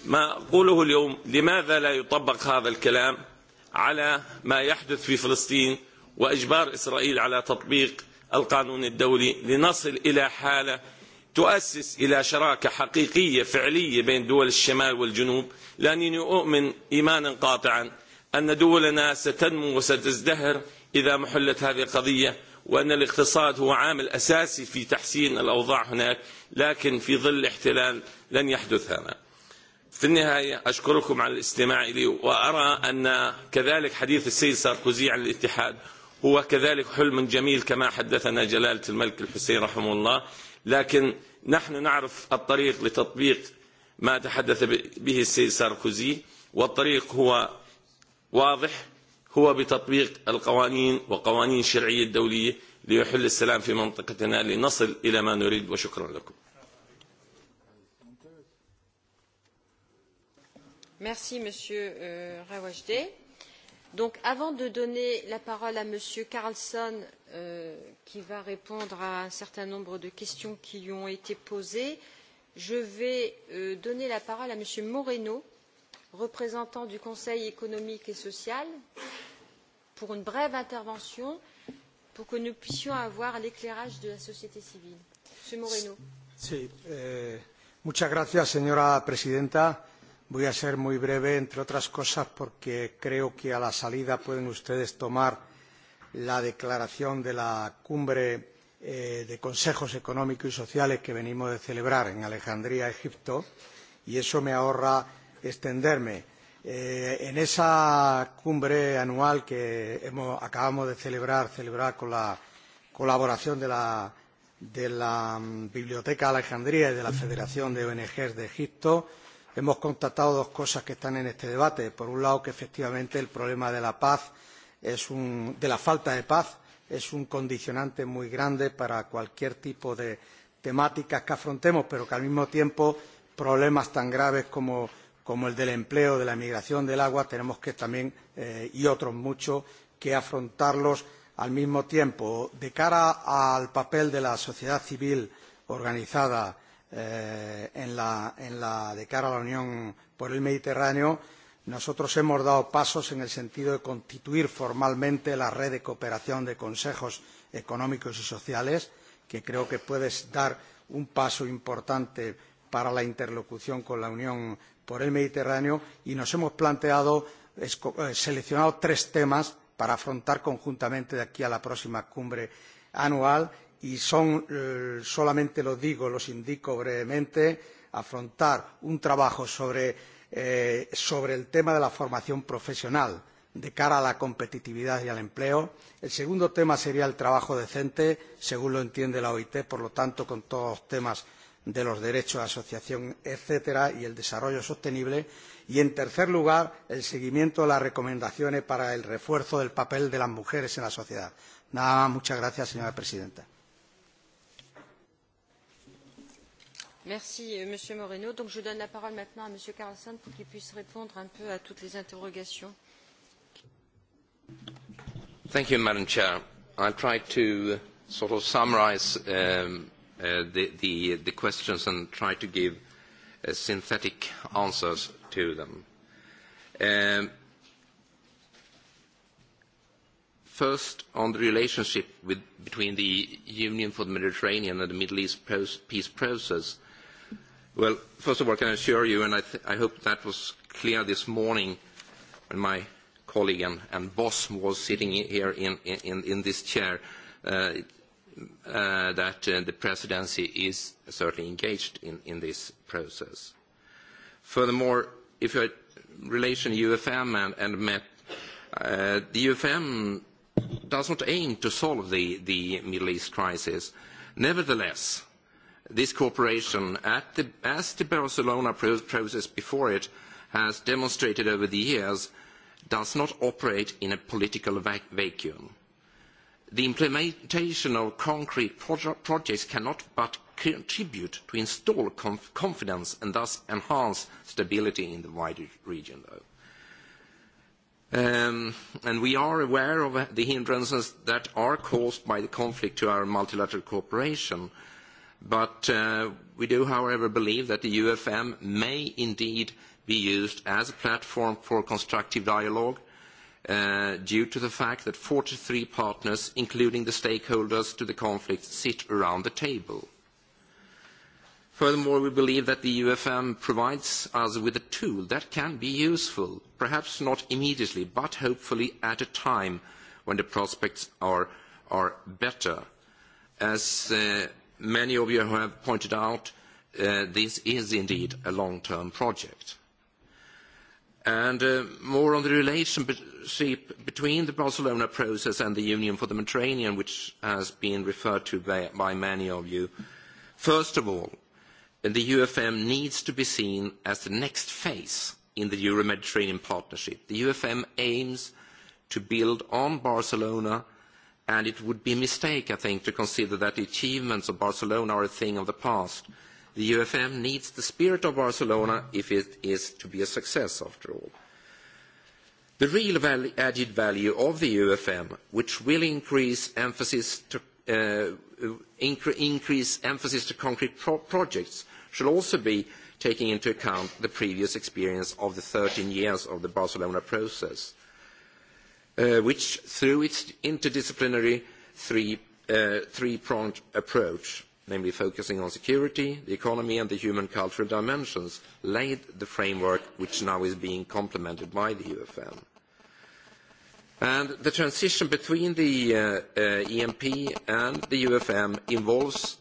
ما أقوله اليوم لماذا لا يطبق هذا الكلام على ما يحدث في فلسطين وإجبار إسرائيل على تطبيق القانون الدولي لنصل إلى حالة تؤسس إلى شراكة حقيقية فعلية بين دول الشمال والجنوب لأنني أؤمن إيمانا قاطعا أن دولنا ستنمو وستزدهر إذا محلت هذه القضية وأن الاقتصاد هو عامل أساسي في تحسين الأوضاع هناك لكن في ظل الاحتلال لن يحدث هذا في النهاية أشكركم على الاستماع لي وأرى أن كذلك حديث السيد ساركوزي عن الاتحاد هو كذلك حلم جميل كما حدثنا جلالة الملك الحسين رحمه الله لكن نحن نعرف الطريق لتطبيق ما تحدث به السيد ساركوزي والطريق هو واضح هو بتطبيق القوانين وقوانين الشرعية الدولية ليحل السلام في منطقتنا لنصل إلى ما نريد وشكرا لكم Merci, Monsieur euh, Rawajde. Donc, avant de donner la parole à Monsieur Carlson Euh, qui va répondre à un certain nombre de questions qui lui ont été posées. Je vais euh, donner la parole à Monsieur Moreno, représentant du Conseil économique et social, pour une brève intervention, pour que nous puissions avoir l'éclairage de la société civile. Monsieur Moreno. Sí, eh, muchas gracias, señora presidenta. Voy a ser muy breve, entre otras cosas, porque creo que a la salida pueden ustedes tomar la declaración de la cumbre eh, de consejos económicos y sociales que venimos de celebrar en Alejandría, Egipto, y eso me ahorra extenderme. Eh, en esa cumbre anual que hemos, acabamos de celebrar, celebrar con la colaboración de la, de la mm, Biblioteca Alejandría y de la Federación de ONG de Egipto, hemos constatado dos cosas que están en este debate. Por un lado, que efectivamente el problema de la paz de la falta de paz es un condicionante muy grande para cualquier tipo de temática que afrontemos, pero que al mismo tiempo problemas tan graves como, como el del empleo, de la migración, del agua, tenemos que también, eh, y otros muchos, que afrontarlos al mismo tiempo. De cara al papel de la sociedad civil organizada eh, en la, en la, de cara a la Unión por el Mediterráneo, eh, Nosotros hemos dado pasos en el sentido de constituir formalmente la red de cooperación de consejos económicos y sociales, que creo que puede dar un paso importante para la interlocución con la Unión por el Mediterráneo, y nos hemos planteado, eh, seleccionado tres temas para afrontar conjuntamente de aquí a la próxima cumbre anual, y son, eh, solamente lo digo, los indico brevemente, afrontar un trabajo sobre Eh, sobre el tema de la formación profesional de cara a la competitividad y al empleo. El segundo tema sería el trabajo decente, según lo entiende la OIT, por lo tanto, con todos los temas de los derechos de asociación, etcétera, y el desarrollo sostenible. Y, en tercer lugar, el seguimiento de las recomendaciones para el refuerzo del papel de las mujeres en la sociedad. Nada más, muchas gracias, señora presidenta. Merci, euh, Monsieur Moreno. Donc, je donne la parole maintenant à Monsieur Carlson pour qu'il puisse répondre un peu à toutes les interrogations. Thank you, Madam Chair. I'll try to uh, sort of summarize um, uh, the, the, the questions and try to give uh, synthetic answers to them. Um, First, on the relationship with, between the Union for the Mediterranean and the Middle East peace process, Well, first of all, can I assure you, and I, th I hope that was clear this morning when my colleague and, and boss was sitting here in, in, in this chair, uh, uh, that uh, the presidency is certainly engaged in, in this process. Furthermore, if you relation UFM and, and MEP, uh, the UFM does not aim to solve the, the Middle East crisis. Nevertheless, this cooperation, as the Barcelona process before it has demonstrated over the years, does not operate in a political vacuum. The implementation of concrete projects cannot but contribute to install confidence and thus enhance stability in the wider region, though. Um, we are aware of the hindrances that are caused by the conflict to our multilateral cooperation, But uh, we do, however, believe that the UFM may indeed be used as a platform for constructive dialogue uh, due to the fact that 43 partners, including the stakeholders to the conflict, sit around the table. Furthermore, we believe that the UFM provides us with a tool that can be useful, perhaps not immediately, but hopefully at a time when the prospects are, better. As uh, many of you have pointed out, uh, this is indeed a long-term project. And uh, more on the relationship between the Barcelona process and the Union for the Mediterranean, which has been referred to by many of you. First of all, the UFM needs to be seen as the next phase in the Euro-Mediterranean partnership. The UFM aims to build on Barcelona and it would be a mistake, I think, to consider that the achievements of Barcelona are a thing of the past. The UFM needs the spirit of Barcelona if it is to be a success, after all. The real value, added value of the UFM, which will increase emphasis to, uh, incre increase emphasis to concrete pro projects, should also be taking into account the previous experience of the 13 years of the Barcelona process uh, which, through its interdisciplinary three, uh, three-pronged approach, namely focusing on security, the economy and the human cultural dimensions, laid the framework which now is being complemented by the UFM. And the transition between the uh, uh, EMP and the UFM involves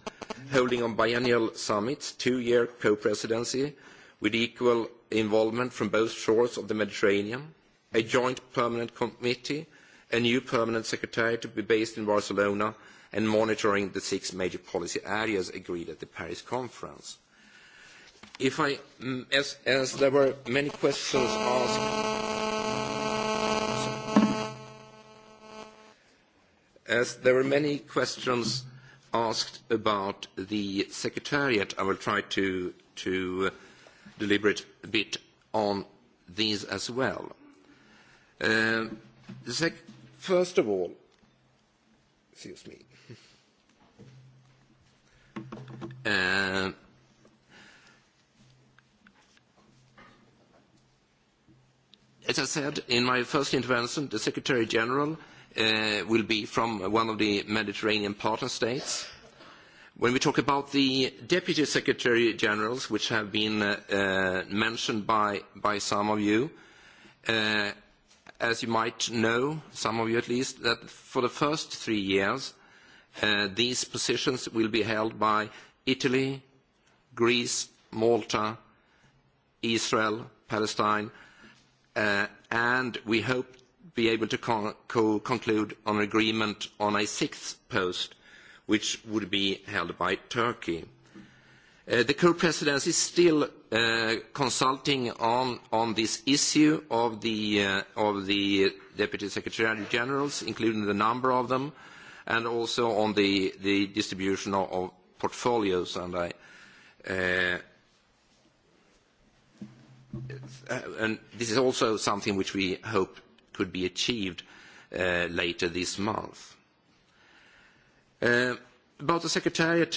holding on biennial summits, two-year co-presidency, with equal involvement from both shores of the Mediterranean, a joint permanent committee, a new permanent secretariat to be based in Barcelona, and monitoring the six major policy areas agreed at the Paris conference. If I, mm, as, as there were many questions asked, as there were many questions asked about the secretariat, I will try to, to deliberate a bit on these as well. Eh, first of all, excuse me. Uh, as I said in my first intervention, the Secretary General uh, will be from one of the Mediterranean partner states. When we talk about the Deputy Secretary Generals, which have been uh, mentioned by, by some of you, as you might know, some of you at least, that for the first three years, uh, these positions will be held by Italy, Greece, Malta, Israel, Palestine, uh, and we hope be able to co conclude an agreement on a sixth post, which would be held by Turkey. Uh, the co-presidency still Uh, consulting on, on this issue of the, uh, of the Deputy Secretary Generals, including the number of them, and also on the, the distribution of, of portfolios. And I, uh, and this is also something which we hope could be achieved uh, later this month. Uh, about the Secretariat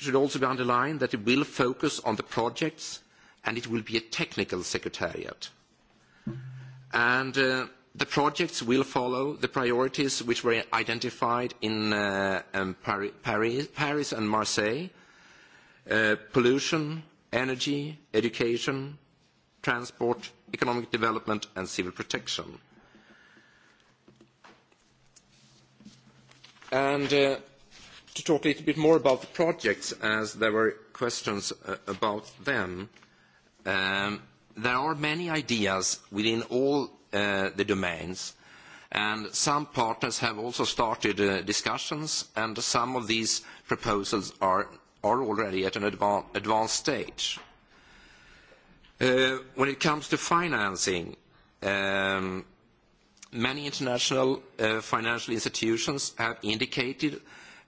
should also be underlined that it will focus on the projects and it will be a technical secretariat. And uh, the projects will follow the priorities which were identified in uh, um, Paris, Paris, Paris and Marseille, uh, pollution, energy, education, transport, economic development and civil protection. And uh, to talk a little bit more about the projects as there were questions uh, about them. Um, there are many ideas within all uh, the domains, and some partners have also started uh, discussions, and some of these proposals are, already at an advanced stage. when it comes to financing, um, many international financial institutions have indicated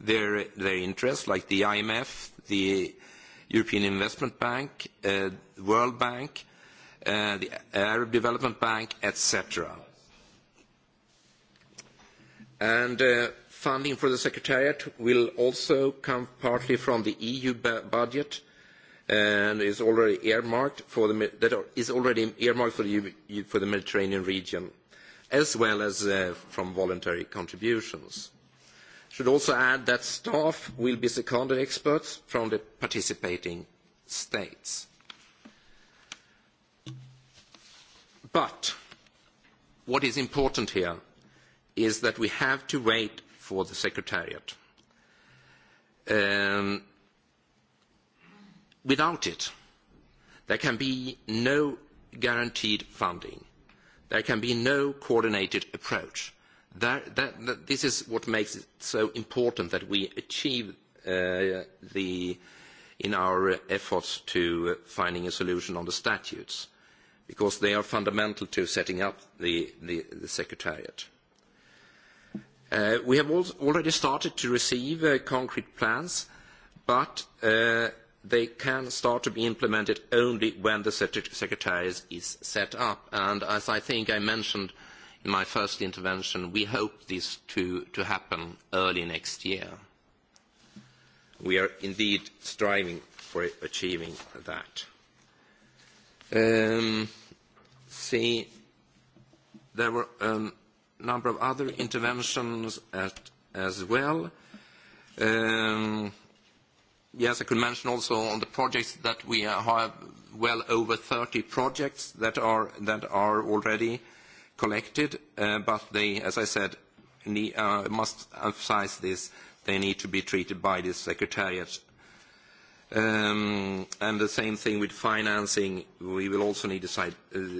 their, interests, like the IMF, the European Investment Bank, uh, World Bank, uh, the Arab Development Bank, etc. And uh, funding for the Secretariat will also come partly from the EU budget and is already earmarked for the, that is already earmarked for the, Mediterranean region, as well as from voluntary contributions. Should also add that staff will be seconded experts from the participating states. But what is important here is that we have to wait for the Secretariat. Um, without it, there can be no guaranteed funding. There can be no coordinated approach That, that, that this is what makes it so important that we achieve uh, the, in our efforts to uh, finding a solution on the statutes, because they are fundamental to setting up the, the, the secretariat. Uh, we have already started to receive uh, concrete plans, but uh, they can start to be implemented only when the secretariat is set up. And as I think I mentioned my first intervention, we hope this to, to happen early next year. We are indeed striving for achieving that. Um, see, there were a um, number of other interventions at, as well. Um, yes, I could mention also on the projects that we have well over 30 projects that are, that are already uh, collected, uh, but they, as I said, need, uh, must emphasize this, they need to be treated by the Secretariat. Um, and the same thing with financing, we will also need a uh,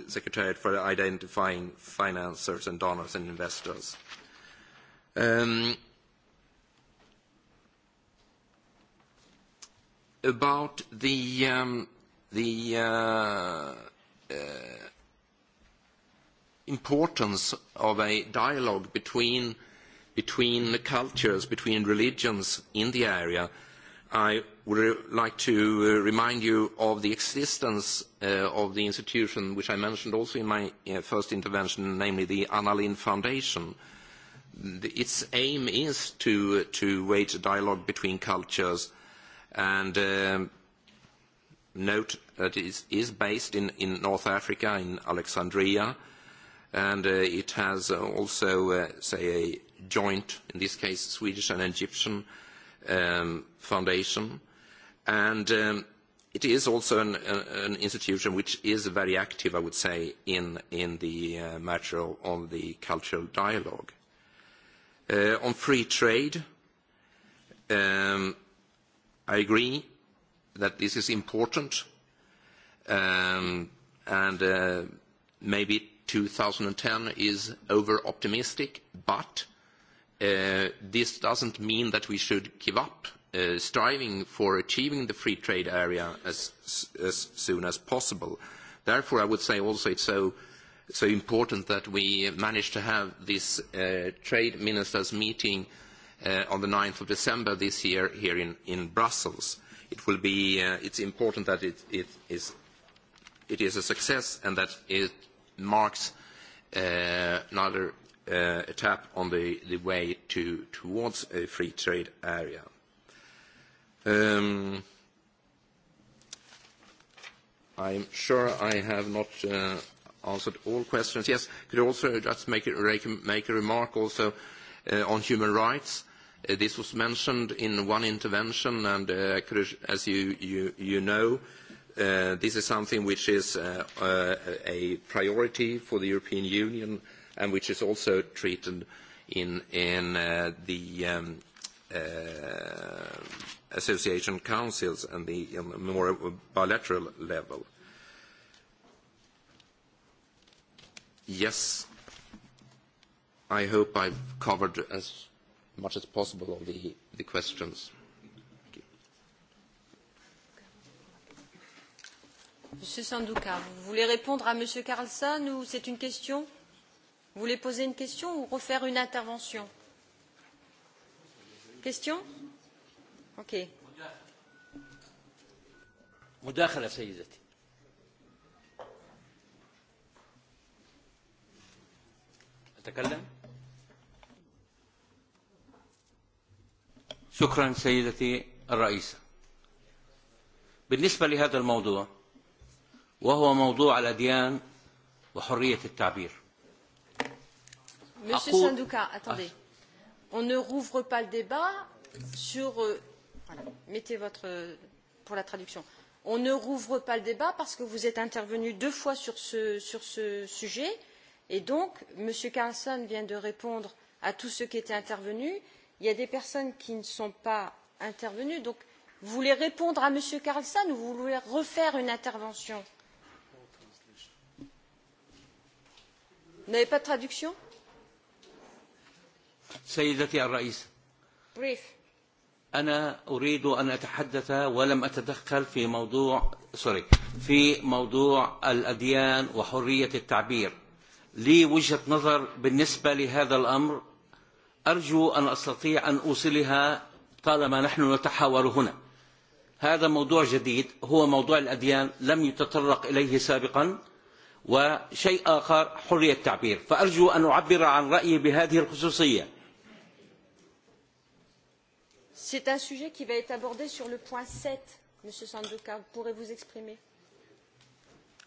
Secretariat for identifying financiers and donors and investors. Um, about the, um, the uh, uh, importance of a dialogue between, between the cultures, between religions in the area, I would like to uh, remind you of the existence uh, of the institution which I mentioned also in my uh, first intervention, namely the Anna Lindh Foundation. The, its aim is to, to wage a dialogue between cultures and um, note that it is, is based in, in North Africa, in Alexandria, and uh, it has uh, also, uh, say, a joint, in this case, Swedish and Egyptian um, foundation. And um, it is also an, uh, an institution which is very active, I would say, in, in the uh, matter of, the cultural dialogue. Uh, on free trade, um, I agree that this is important, um, and uh, maybe 2010 is over-optimistic, but uh, this doesn't mean that we should give up uh, striving for achieving the free trade area as, soon as possible. Therefore, I would say also it's so, so important that we managed to have this uh, trade ministers meeting uh, on the 9th of December this year here in, Brussels. It will be, it's important that it is a success and that it marks uh, another uh, tap on the, way towards a free trade area. Um, I'm sure I have not uh, answered all questions. Yes, could also just make a, remark also uh, on human rights. this was mentioned in one intervention, and as you know, Uh, this is something which is uh, uh, a priority for the European Union and which is also treated in, in uh, the um, uh, association councils and the more bilateral level. Yes, I hope I've covered as much as possible of the, the questions. Monsieur Sanduka, vous voulez répondre à Monsieur Carlson ou c'est une question Vous voulez poser une question ou refaire une intervention Question Ok. مداخلة سيدتي أتكلم شكرا سيدتي الرئيسة بالنسبة لهذا الموضوع وهو موضوع الأديان وحرية التعبير Monsieur Sanduka, attendez. On ne rouvre pas le débat sur... Euh, voilà, mettez votre... pour la traduction. On ne rouvre pas le débat parce que vous êtes intervenu deux fois sur ce, sur ce sujet. Et donc, M. Carlson vient de répondre à tous ceux qui étaient intervenus. Il y a des personnes qui ne sont pas intervenues. Donc, vous voulez répondre à M. Carlson ou vous voulez refaire une intervention Vous n'avez pas de traduction سيدتي الرئيسة بريف أنا أريد أن أتحدث ولم أتدخل في موضوع سوري في موضوع الأديان وحرية التعبير لي وجهة نظر بالنسبة لهذا الأمر أرجو أن أستطيع أن أوصلها طالما نحن نتحاور هنا هذا موضوع جديد هو موضوع الأديان لم يتطرق إليه سابقا وشيء آخر حرية التعبير فأرجو أن أعبر عن رأيي بهذه الخصوصية C'est un sujet qui va être abordé sur le point 7, M. Sanduka. Vous pourrez vous exprimer.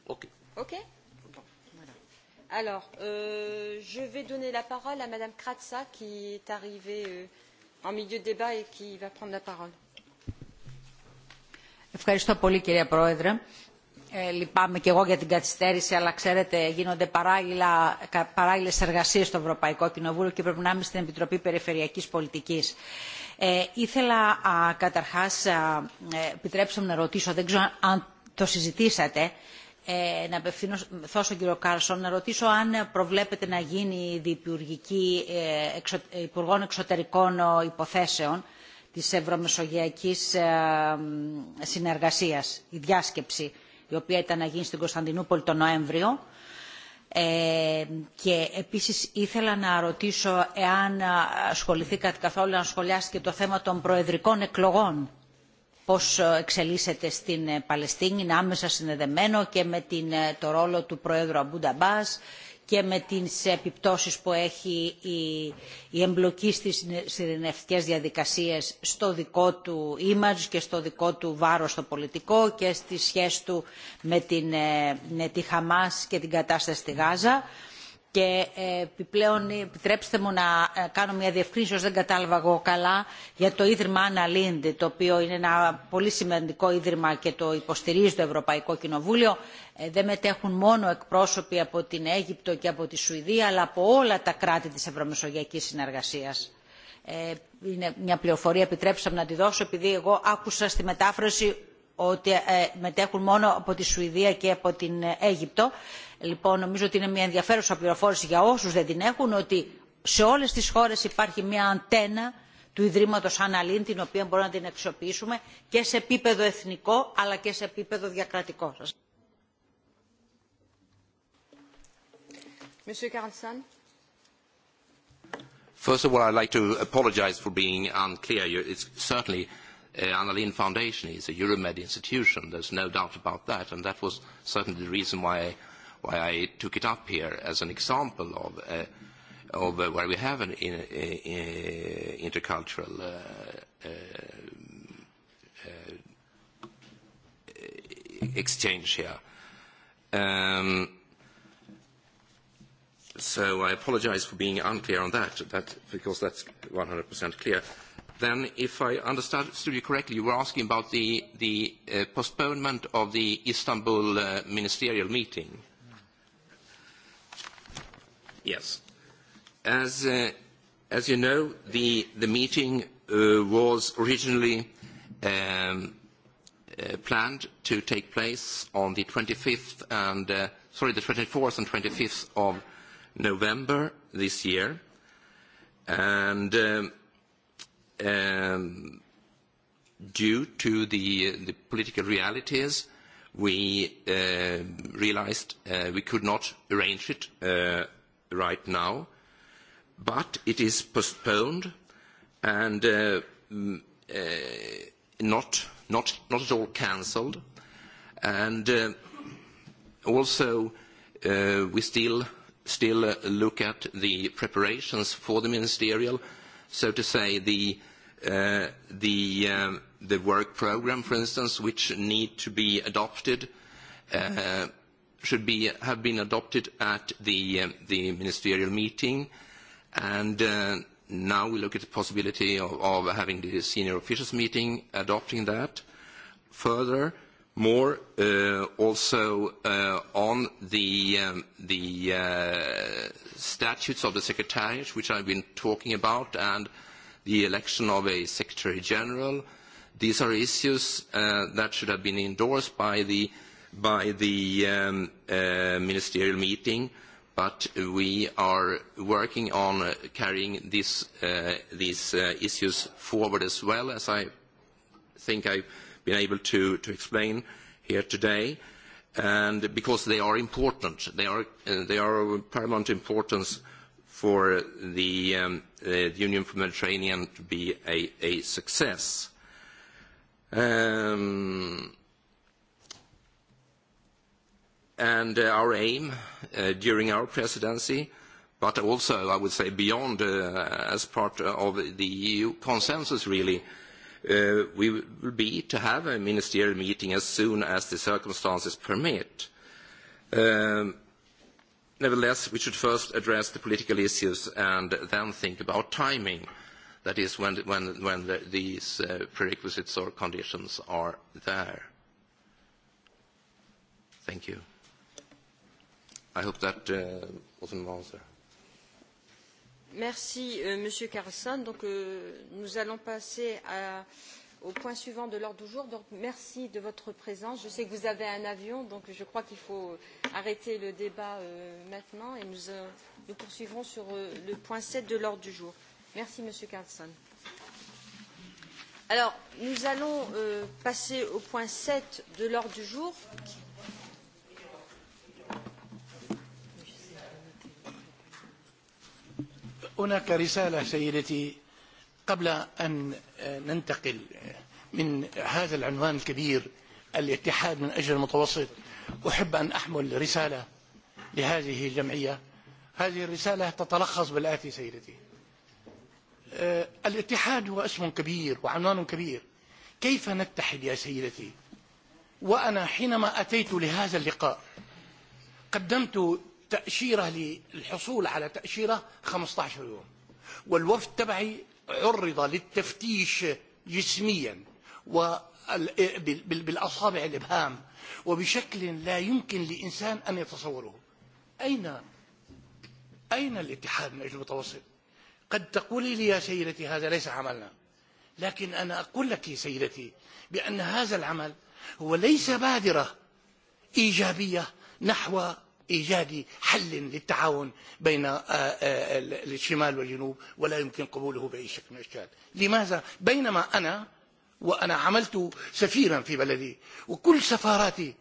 OK. OK bon, voilà. Alors, euh, je vais donner la parole à Mme Kratza, qui est arrivée euh, en milieu de débat et qui va prendre la parole. Merci beaucoup, Mme la Présidente λυπάμαι και εγώ για την καθυστέρηση, αλλά ξέρετε γίνονται παράλληλα, παράλληλες εργασίες στο Ευρωπαϊκό Κοινοβούλιο και πρέπει να είμαι στην Επιτροπή Περιφερειακής Πολιτικής. Ε, ήθελα α, καταρχάς, α, ε, επιτρέψτε μου να ρωτήσω, δεν ξέρω αν το συζητήσατε, ε, να απευθυνθώ στον κύριο Κάρσον, να ρωτήσω αν προβλέπετε να γίνει διπουργική ε, Υπουργών Εξωτερικών Υποθέσεων της Ευρωμεσογειακής ε, Συνεργασίας, η διάσκεψη η οποία ήταν να γίνει στην Κωνσταντινούπολη τον Νοέμβριο. Ε, και επίσης ήθελα να ρωτήσω εάν ασχοληθήκατε καθόλου να σχολιάσετε και το θέμα των προεδρικών εκλογών πώς εξελίσσεται στην Παλαιστίνη, είναι άμεσα συνδεδεμένο και με την, το ρόλο του Προέδρου Αμπούντα Μπάς, και με τις επιπτώσεις που έχει η, η εμπλοκή στις ειρηνευτικές διαδικασίες στο δικό του image και στο δικό του βάρος στο πολιτικό και στη σχέση του με, την, με τη Χαμάς και την κατάσταση στη Γάζα. Mm και επιπλέον επιτρέψτε μου να κάνω μια διευκρίνηση όσο δεν κατάλαβα εγώ καλά για το Ίδρυμα Άννα Λίντ το οποίο είναι ένα πολύ σημαντικό Ίδρυμα και το υποστηρίζει το Ευρωπαϊκό Κοινοβούλιο δεν μετέχουν μόνο εκπρόσωποι από την Αίγυπτο και από τη Σουηδία αλλά από όλα τα κράτη της Ευρωμεσογειακής Συνεργασίας. Είναι μια πληροφορία, επιτρέψτε μου να τη δώσω, επειδή εγώ άκουσα στη μετάφραση ότι μετέχουν μόνο από τη Σουηδία και από την Αίγυπτο. Λοιπόν, νομίζω ότι είναι μια ενδιαφέρουσα πληροφόρηση για όσους δεν την έχουν, ότι σε όλες τις χώρες υπάρχει μια αντένα του Ιδρύματος Αναλύν, την οποία μπορούμε να την αξιοποιήσουμε και σε επίπεδο εθνικό, αλλά και σε επίπεδο διακρατικό. Monsieur Carlson. First of all, I'd like to apologize for being unclear. It's certainly uh, Annalene Foundation is a Euromed institution. There's no doubt about that, and that was certainly the reason why I why I took it up here as an example of, uh, of uh, where we have an in, uh, uh intercultural uh, uh, uh, exchange here. Um, so I apologize for being unclear on that, that because that's 100% clear. Then, if I understood you correctly, you were asking about the, the uh, postponement of the Istanbul uh, ministerial meeting. Yes. As, uh, as you know, the, the meeting uh, was originally um, uh, planned to take place on the 25th and, uh, sorry, the 24th and 25th of November this year. And um, um, due to the, the political realities, we uh, realized uh, we could not arrange it uh, right now, but it is postponed and uh, mm, uh, not, not, not at all cancelled. And uh, also, uh, we still, still uh, look at the preparations for the ministerial, so to say, the, uh, the, um, the work program, for instance, which need to be adopted. Uh, should be, have been adopted at the, um, the ministerial meeting. And uh, now we look at the possibility of, of having the senior officials meeting, adopting that. Further, more uh, also uh, on the, um, the uh, statutes of the secretariat, which I've been talking about, and the election of a secretary general. These are issues uh, that should have been endorsed by the by the um, uh, ministerial meeting, but we are working on carrying uh, these uh, issues forward as well, as I think I've been able to, explain here today. And because they are important, they are, of paramount importance for um, the, Union for Mediterranean to be a, success. Um, and uh, our aim uh, during our presidency, but also, I would say, beyond, uh, as part of the EU consensus, really, uh, we will be to have a ministerial meeting as soon as the circumstances permit. Um, nevertheless, we should first address the political issues and then think about timing. That is, when, when, when the, these uh, prerequisites or conditions are there. Thank you. I hope that uh, was an answer. Merci, euh, Monsieur Carlson. Donc, euh, nous allons passer à, au point suivant de l'ordre du jour. Donc, merci de votre présence. Je sais que vous avez un avion, donc je crois qu'il faut arrêter le débat euh, maintenant et nous, euh, nous poursuivrons sur euh, le point 7 de l'ordre du jour. Merci, Monsieur Carlson. Alors, nous allons euh, passer au point 7 de l'ordre du jour. Qui هناك رسالة سيدتي قبل أن ننتقل من هذا العنوان الكبير الاتحاد من أجل المتوسط أحب أن أحمل رسالة لهذه الجمعية هذه الرسالة تتلخص بالآتي سيدتي الاتحاد هو اسم كبير وعنوان كبير كيف نتحد يا سيدتي وأنا حينما أتيت لهذا اللقاء قدمت تأشيرة للحصول على تأشيرة 15 يوم والوفد تبعي عرض للتفتيش جسميا بالأصابع الإبهام وبشكل لا يمكن لإنسان أن يتصوره أين أين الاتحاد من أجل المتوسط قد تقولي لي يا سيدتي هذا ليس عملنا لكن أنا أقول لك سيدتي بأن هذا العمل هو ليس بادرة إيجابية نحو ايجاد حل للتعاون بين الشمال والجنوب ولا يمكن قبوله باي شكل من الاشكال لماذا بينما انا وانا عملت سفيرا في بلدي وكل سفاراتي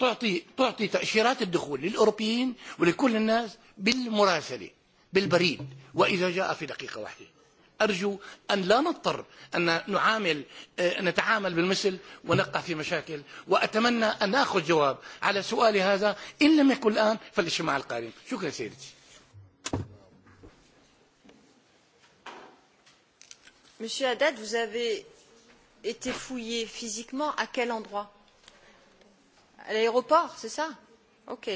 تعطي تعطي تاشيرات الدخول للاوروبيين ولكل الناس بالمراسله بالبريد واذا جاء في دقيقه واحده أرجو أن لا نضطر أن نعامل نتعامل بالمثل ونقع في مشاكل وأتمنى أن أخذ جواب على سؤالي هذا إن لم يكن الآن فالاجتماع القادم شكرا سيدتي Monsieur Haddad, vous avez été fouillé physiquement à quel endroit À l'aéroport, c'est ça Ok.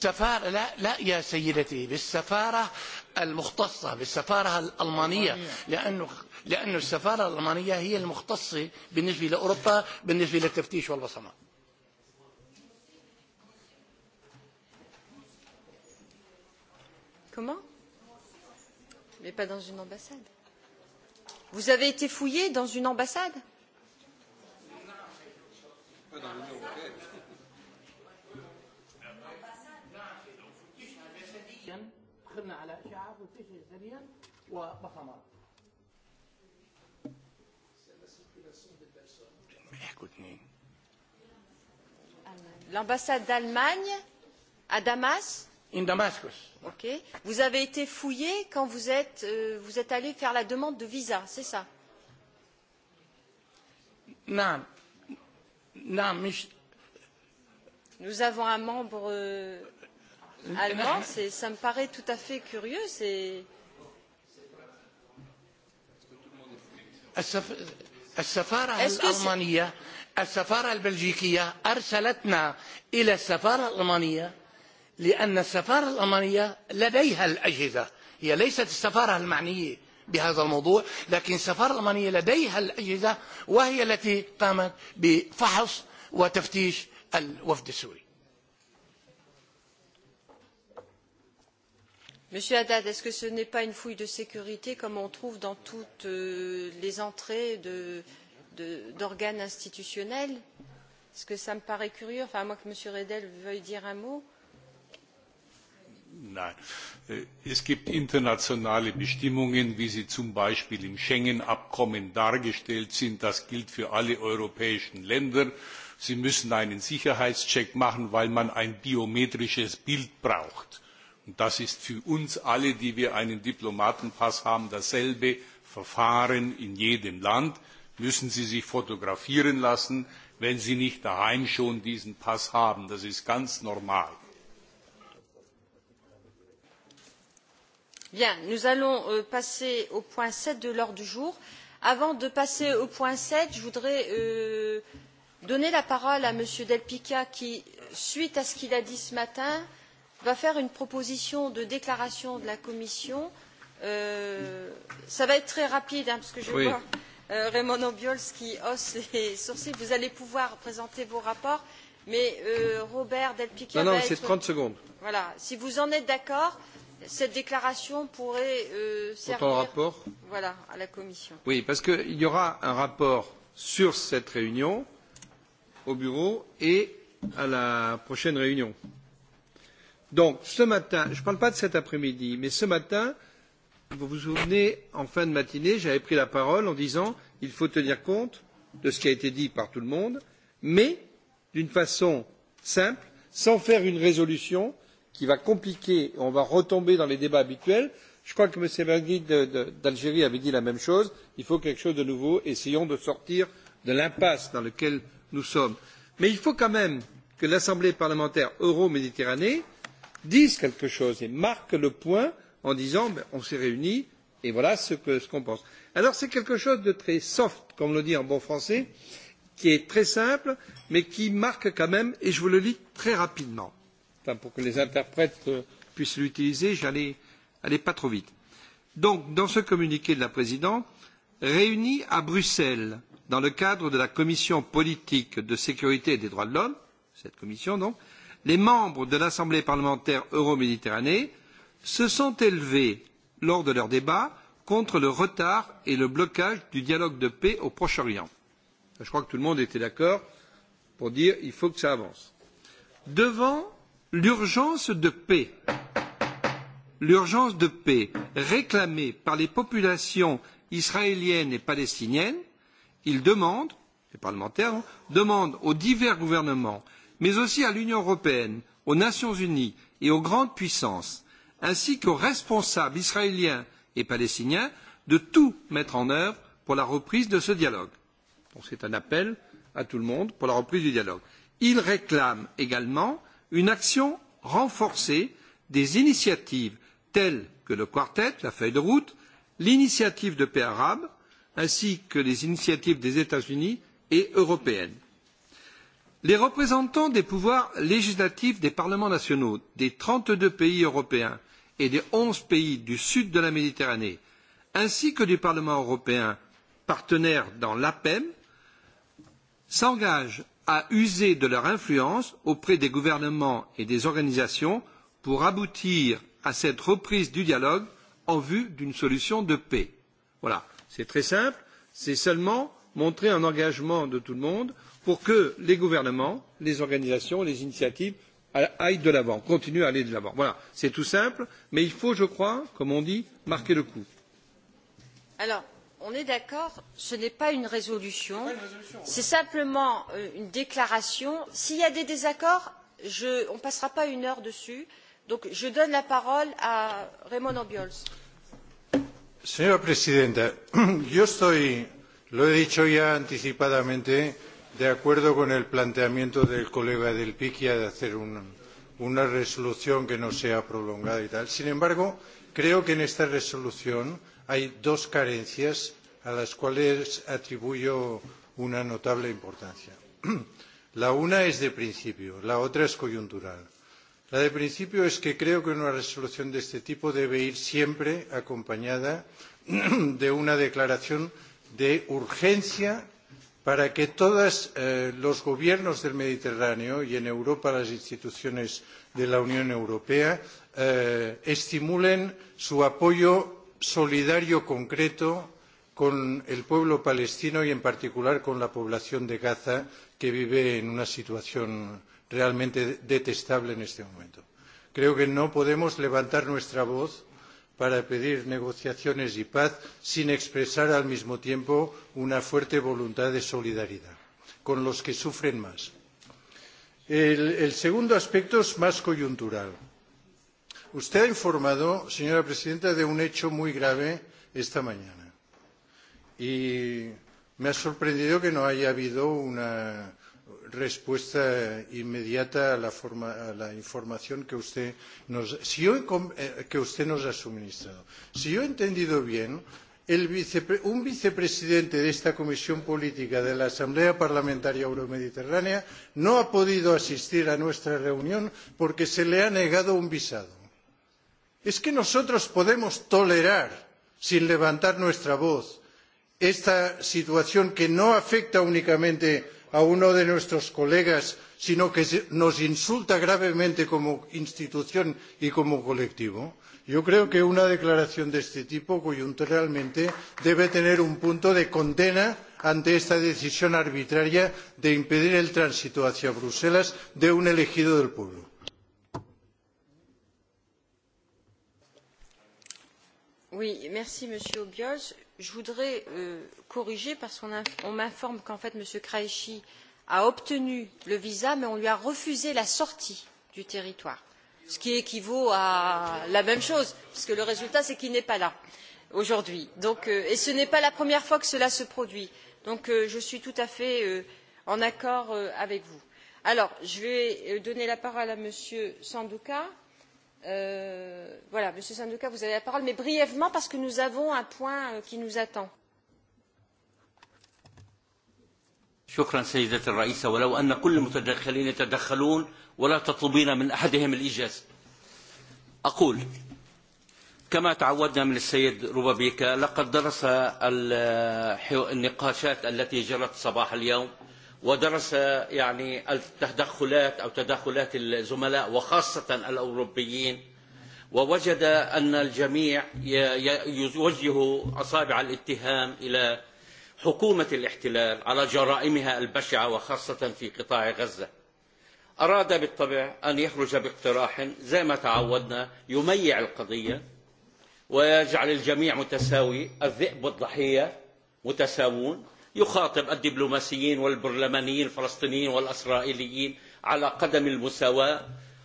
سفارة لا لا يا سيدتي بالسفارة المختصة بالسفارة الألمانية لأنه لأن السفارة الألمانية هي المختصة بالنسبة لأوروبا بالنسبة للتفتيش والبصمة Comment Mais pas dans une ambassade. Vous avez été fouillé dans une ambassade Pas dans l'Union européenne. دخلنا على إشعاعات منتشرة ثانيا وبصمات L'ambassade d'Allemagne à Damas In Damascus. Ok. Vous avez été fouillé quand vous êtes, euh, vous êtes allé faire la demande de visa, c'est ça Non. Non, mais... Nous avons un membre euh, allemand, ça me paraît tout à fait curieux. C'est... السفارة الألمانية السفارة البلجيكية أرسلتنا إلى السفارة الألمانية لأن السفارة الألمانية لديها الأجهزة هي ليست السفارة المعنية بهذا الموضوع لكن السفارة الألمانية لديها الأجهزة وهي التي قامت بفحص وتفتيش الوفد السوري Monsieur Haddad, est-ce que ce n'est pas une fouille de sécurité comme on trouve dans toutes euh, les entrées d'organes institutionnels Parce que ça me paraît curieux, à moins que M. reda veuille dire un mot. Nein. Äh, es gibt internationale Bestimmungen, wie sie zum Beispiel im Schengen-Abkommen dargestellt sind. Das gilt für alle europäischen Länder. Sie müssen einen Sicherheitscheck machen, weil man ein biometrisches Bild braucht und das ist für uns alle, die wir einen Diplomatenpass haben, dasselbe Verfahren in jedem Land, müssen Sie sich fotografieren lassen, wenn Sie nicht daheim schon diesen Pass haben. Das ist ganz normal. Bien, nous allons euh, passer au point 7 de l'ordre du jour. Avant de passer au point 7, je voudrais euh, donner la parole à M. Delpica qui, suite à ce qu'il a dit ce matin, euh, va faire une proposition de déclaration de la Commission. Euh, ça va être très rapide, hein, parce que je oui. vois euh, Raymond Obiols qui hausse les sourcils. Vous allez pouvoir présenter vos rapports, mais euh, Robert Delpique... Non, non, c'est 30 secondes. Voilà. Si vous en êtes d'accord, cette déclaration pourrait euh, servir Pour ton rapport voilà, à la Commission. Oui, parce qu'il y aura un rapport sur cette réunion au bureau et à la prochaine réunion. Donc, ce matin, je ne parle pas de cet après-midi, mais ce matin, vous vous souvenez, en fin de matinée, j'avais pris la parole en disant il faut tenir compte de ce qui a été dit par tout le monde, mais d'une façon simple, sans faire une résolution qui va compliquer, on va retomber dans les débats habituels. Je crois que M. Mergui d'Algérie avait dit la même chose. Il faut quelque chose de nouveau. Essayons de sortir de l'impasse dans laquelle nous sommes. Mais il faut quand même que l'Assemblée parlementaire euro-méditerranée, disent quelque chose et marquent le point en disant ben, on s'est réunis et voilà ce qu'on ce qu pense. Alors c'est quelque chose de très soft, comme on le dit en bon français, qui est très simple, mais qui marque quand même, et je vous le lis très rapidement, enfin, pour que les interprètes euh, puissent l'utiliser, j'allais aller pas trop vite. Donc, dans ce communiqué de la présidente, réuni à Bruxelles, dans le cadre de la commission politique de sécurité et des droits de l'homme, cette commission donc, les membres de l'Assemblée parlementaire euroméditerranée se sont élevés lors de leurs débats contre le retard et le blocage du dialogue de paix au Proche-Orient. Je crois que tout le monde était d'accord pour dire qu'il faut que ça avance. Devant l'urgence de paix, l'urgence de paix réclamée par les populations israéliennes et palestiniennes, ils demandent, les parlementaires, demandent aux divers gouvernements mais aussi à l'Union européenne, aux Nations unies et aux grandes puissances, ainsi qu'aux responsables israéliens et palestiniens de tout mettre en œuvre pour la reprise de ce dialogue. c'est un appel à tout le monde pour la reprise du dialogue. Il réclame également une action renforcée des initiatives telles que le quartet, la feuille de route, l'initiative de paix arabe, ainsi que les initiatives des États-Unis et européennes. Les représentants des pouvoirs législatifs des parlements nationaux des 32 pays européens et des 11 pays du sud de la Méditerranée, ainsi que du Parlement européen, partenaire dans l'APEM, s'engagent à user de leur influence auprès des gouvernements et des organisations pour aboutir à cette reprise du dialogue en vue d'une solution de paix. Voilà, c'est très simple, c'est seulement montrer un engagement de tout le monde pour que les gouvernements, les organisations, les initiatives aillent de l'avant, continuent à aller de l'avant. Voilà, c'est tout simple, mais il faut, je crois, comme on dit, marquer le coup. Alors, on est d'accord, ce n'est pas une résolution, c'est simplement euh, une déclaration. S'il y a des désaccords, je, on ne passera pas une heure dessus. Donc, je donne la parole à Raymond Obiols. Señora Presidenta, yo estoy, lo he dicho ya anticipadamente, de acuerdo con el planteamiento del colega del Piquia de hacer un, una resolución que no sea prolongada y tal. Sin embargo, creo que en esta resolución hay dos carencias a las cuales atribuyo una notable importancia. La una es de principio, la otra es coyuntural. La de principio es que creo que una resolución de este tipo debe ir siempre acompañada de una declaración de urgencia para que todos eh, los gobiernos del Mediterráneo y en Europa las instituciones de la Unión Europea eh, estimulen su apoyo solidario concreto con el pueblo palestino y en particular con la población de Gaza que vive en una situación realmente detestable en este momento. Creo que no podemos levantar nuestra voz para pedir negociaciones y paz sin expresar al mismo tiempo una fuerte voluntad de solidaridad con los que sufren más. El, el segundo aspecto es más coyuntural. Usted ha informado, señora presidenta, de un hecho muy grave esta mañana. Y me ha sorprendido que no haya habido una respuesta inmediata a la, información que usted, nos, si yo, eh, que usted nos ha suministrado. Si yo he entendido bien, el vicepre, un vicepresidente de esta Comisión Política de la Asamblea Parlamentaria Euromediterránea no ha podido asistir a nuestra reunión porque se le ha negado un visado. Es que nosotros podemos tolerar, sin levantar nuestra voz, esta situación que no afecta únicamente a a uno de nuestros colegas, sino que nos insulta gravemente como institución y como colectivo. Yo creo que una declaración de este tipo, coyunturalmente, debe tener un punto de condena ante esta decisión arbitraria de impedir el tránsito hacia Bruselas de un elegido del pueblo. Oui, merci, Monsieur Obiols je voudrais euh, corriger parce qu'on m'informe qu'en fait m. qureshi a obtenu le visa mais on lui a refusé la sortie du territoire ce qui équivaut à la même chose puisque le résultat c'est qu'il n'est pas là aujourd'hui. Euh, et ce n'est pas la première fois que cela se produit donc euh, je suis tout à fait euh, en accord euh, avec vous. Alors, je vais euh, donner la parole à m. sandoka Euh, monsieur sandoka vous avez la parole mais brièvement parce que nous avons un point euh, qui nous attend. أقول كما تعودنا من السيد روبابيكا لقد درس النقاشات التي جرت صباح اليوم ودرس يعني التدخلات أو تدخلات الزملاء وخاصة الأوروبيين ووجد أن الجميع يوجه أصابع الاتهام إلى حكومة الاحتلال على جرائمها البشعة وخاصة في قطاع غزة أراد بالطبع أن يخرج باقتراح زي ما تعودنا يميع القضية ويجعل الجميع متساوي الذئب والضحية متساوون يخاطب الدبلوماسيين والبرلمانيين الفلسطينيين والاسرائيليين على قدم المساواه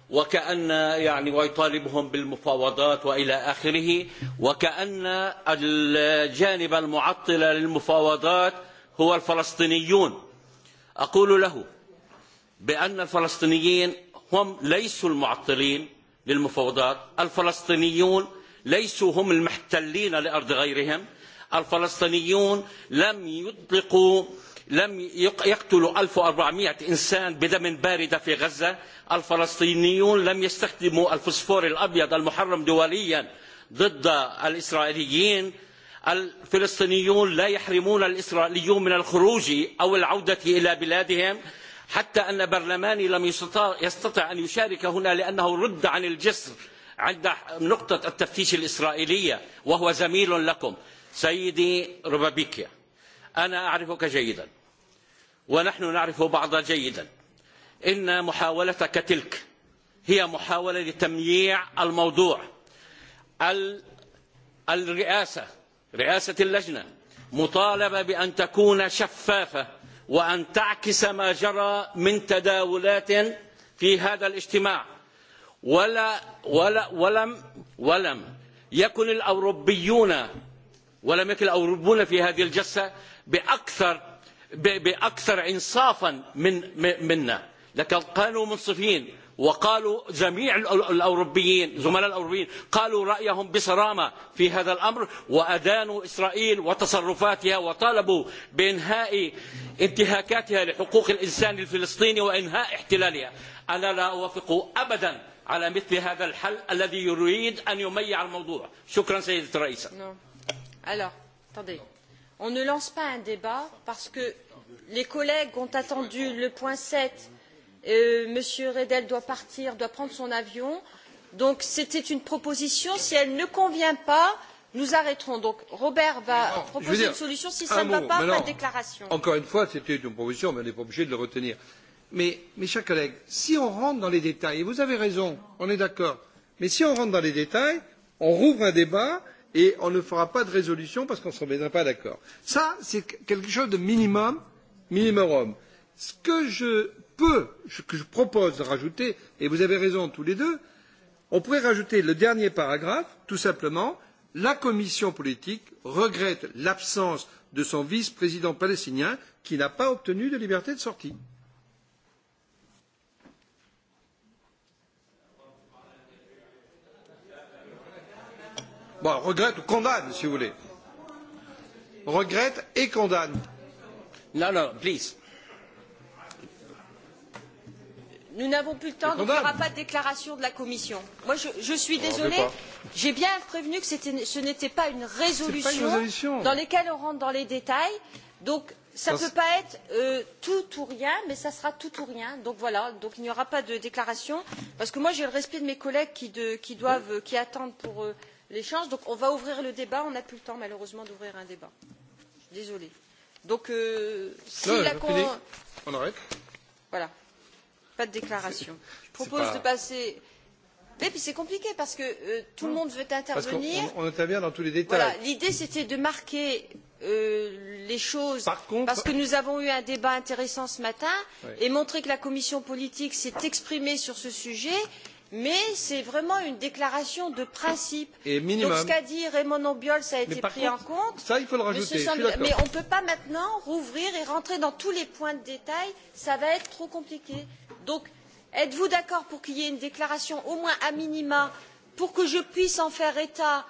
وكان يعني ويطالبهم بالمفاوضات والى اخره وكان الجانب المعطل للمفاوضات هو الفلسطينيون اقول له بان الفلسطينيين هم ليسوا المعطلين للمفاوضات الفلسطينيون ليسوا هم المحتلين لارض غيرهم الفلسطينيون لم يطلقوا لم يقتلوا 1400 إنسان بدم بارد في غزة الفلسطينيون لم يستخدموا الفسفور الأبيض المحرم دوليا ضد الإسرائيليين الفلسطينيون لا يحرمون الإسرائيليون من الخروج أو العودة إلى بلادهم حتى أن برلماني لم يستطع أن يشارك هنا لأنه رد عن الجسر عند نقطة التفتيش الإسرائيلية وهو زميل لكم سيدي روبابيكيا أنا أعرفك جيدا ونحن نعرف بعض جيدا إن محاولتك تلك هي محاولة لتمييع الموضوع الرئاسة رئاسة اللجنة مطالبة بأن تكون شفافة وأن تعكس ما جرى من تداولات في هذا الاجتماع ولا ولا ولم ولم يكن الأوروبيون ولم يكن الأوروبيون في هذه الجلسة بأكثر بأكثر إنصافا من منا لكن كانوا منصفين وقالوا جميع الأوروبيين زملاء الأوروبيين قالوا رأيهم بصرامة في هذا الأمر وأدانوا إسرائيل وتصرفاتها وطالبوا بإنهاء انتهاكاتها لحقوق الإنسان الفلسطيني وإنهاء احتلالها أنا لا أوافق أبدا على مثل هذا الحل الذي يريد أن يميع الموضوع شكرا سيدة الرئيسة no. Alors, attendez. On ne lance pas un débat parce que les collègues ont attendu le point sept Euh, Monsieur Redel doit partir, doit prendre son avion. Donc c'était une proposition. Si elle ne convient pas, nous arrêterons. donc robert va non, proposer dire, une solution si cela ne va pas pas de déclaration. encore une fois c'était une proposition mais on n'est pas obligé de le retenir. mais mes chers collègues si on rentre dans les détails et vous avez raison on est d'accord mais si on rentre dans les détails on rouvre un débat et on ne fera pas de résolution parce qu'on ne se mettra pas d'accord. Ça, c'est quelque chose de minimum, minimum. Ce que je peux, ce que je propose de rajouter, et vous avez raison tous les deux, on pourrait rajouter le dernier paragraphe, tout simplement, la commission politique regrette l'absence de son vice-président palestinien qui n'a pas obtenu de liberté de sortie. bon, regrette ou condamne, si vous voulez. Regrette et condamne. Non, non, please. Nous n'avons plus le temps, donc il n'y aura pas de déclaration de la Commission. Moi, je, je suis désolée. J'ai bien prévenu que ce n'était pas une résolution, pas une résolution dans laquelle on rentre dans les détails. Donc, ça ne peut pas être euh, tout ou rien mais ça sera tout ou rien donc voilà donc il n'y aura pas de déclaration parce que moi j'ai le respect de mes collègues qui, de, qui doivent oui. euh, qui attendent pour euh, l'échange. Donc on va ouvrir le débat. On n'a plus le temps malheureusement d'ouvrir un débat. Désolée. Donc euh, si la con... Voilà. Pas de déclaration. Je propose de passer. Mais puis c'est compliqué parce que euh, tout le monde veut intervenir. on, intervient dans tous les détails. Voilà. L'idée c'était de marquer euh, les choses parce que nous avons eu un débat intéressant ce matin et montrer que la commission politique s'est exprimée sur ce sujet mais c'est vraiment une déclaration de principe. Et minimum. Donc ce qu'a dit Raymond Obiols a été pris contre, en compte. Ça, il faut le rajouter. Semble... mais on ne peut pas maintenant rouvrir et rentrer dans tous les points de détail. Ça va être trop compliqué. Donc, êtes vous d'accord pour qu'il y ait une déclaration au moins a minima pour que je puisse en faire état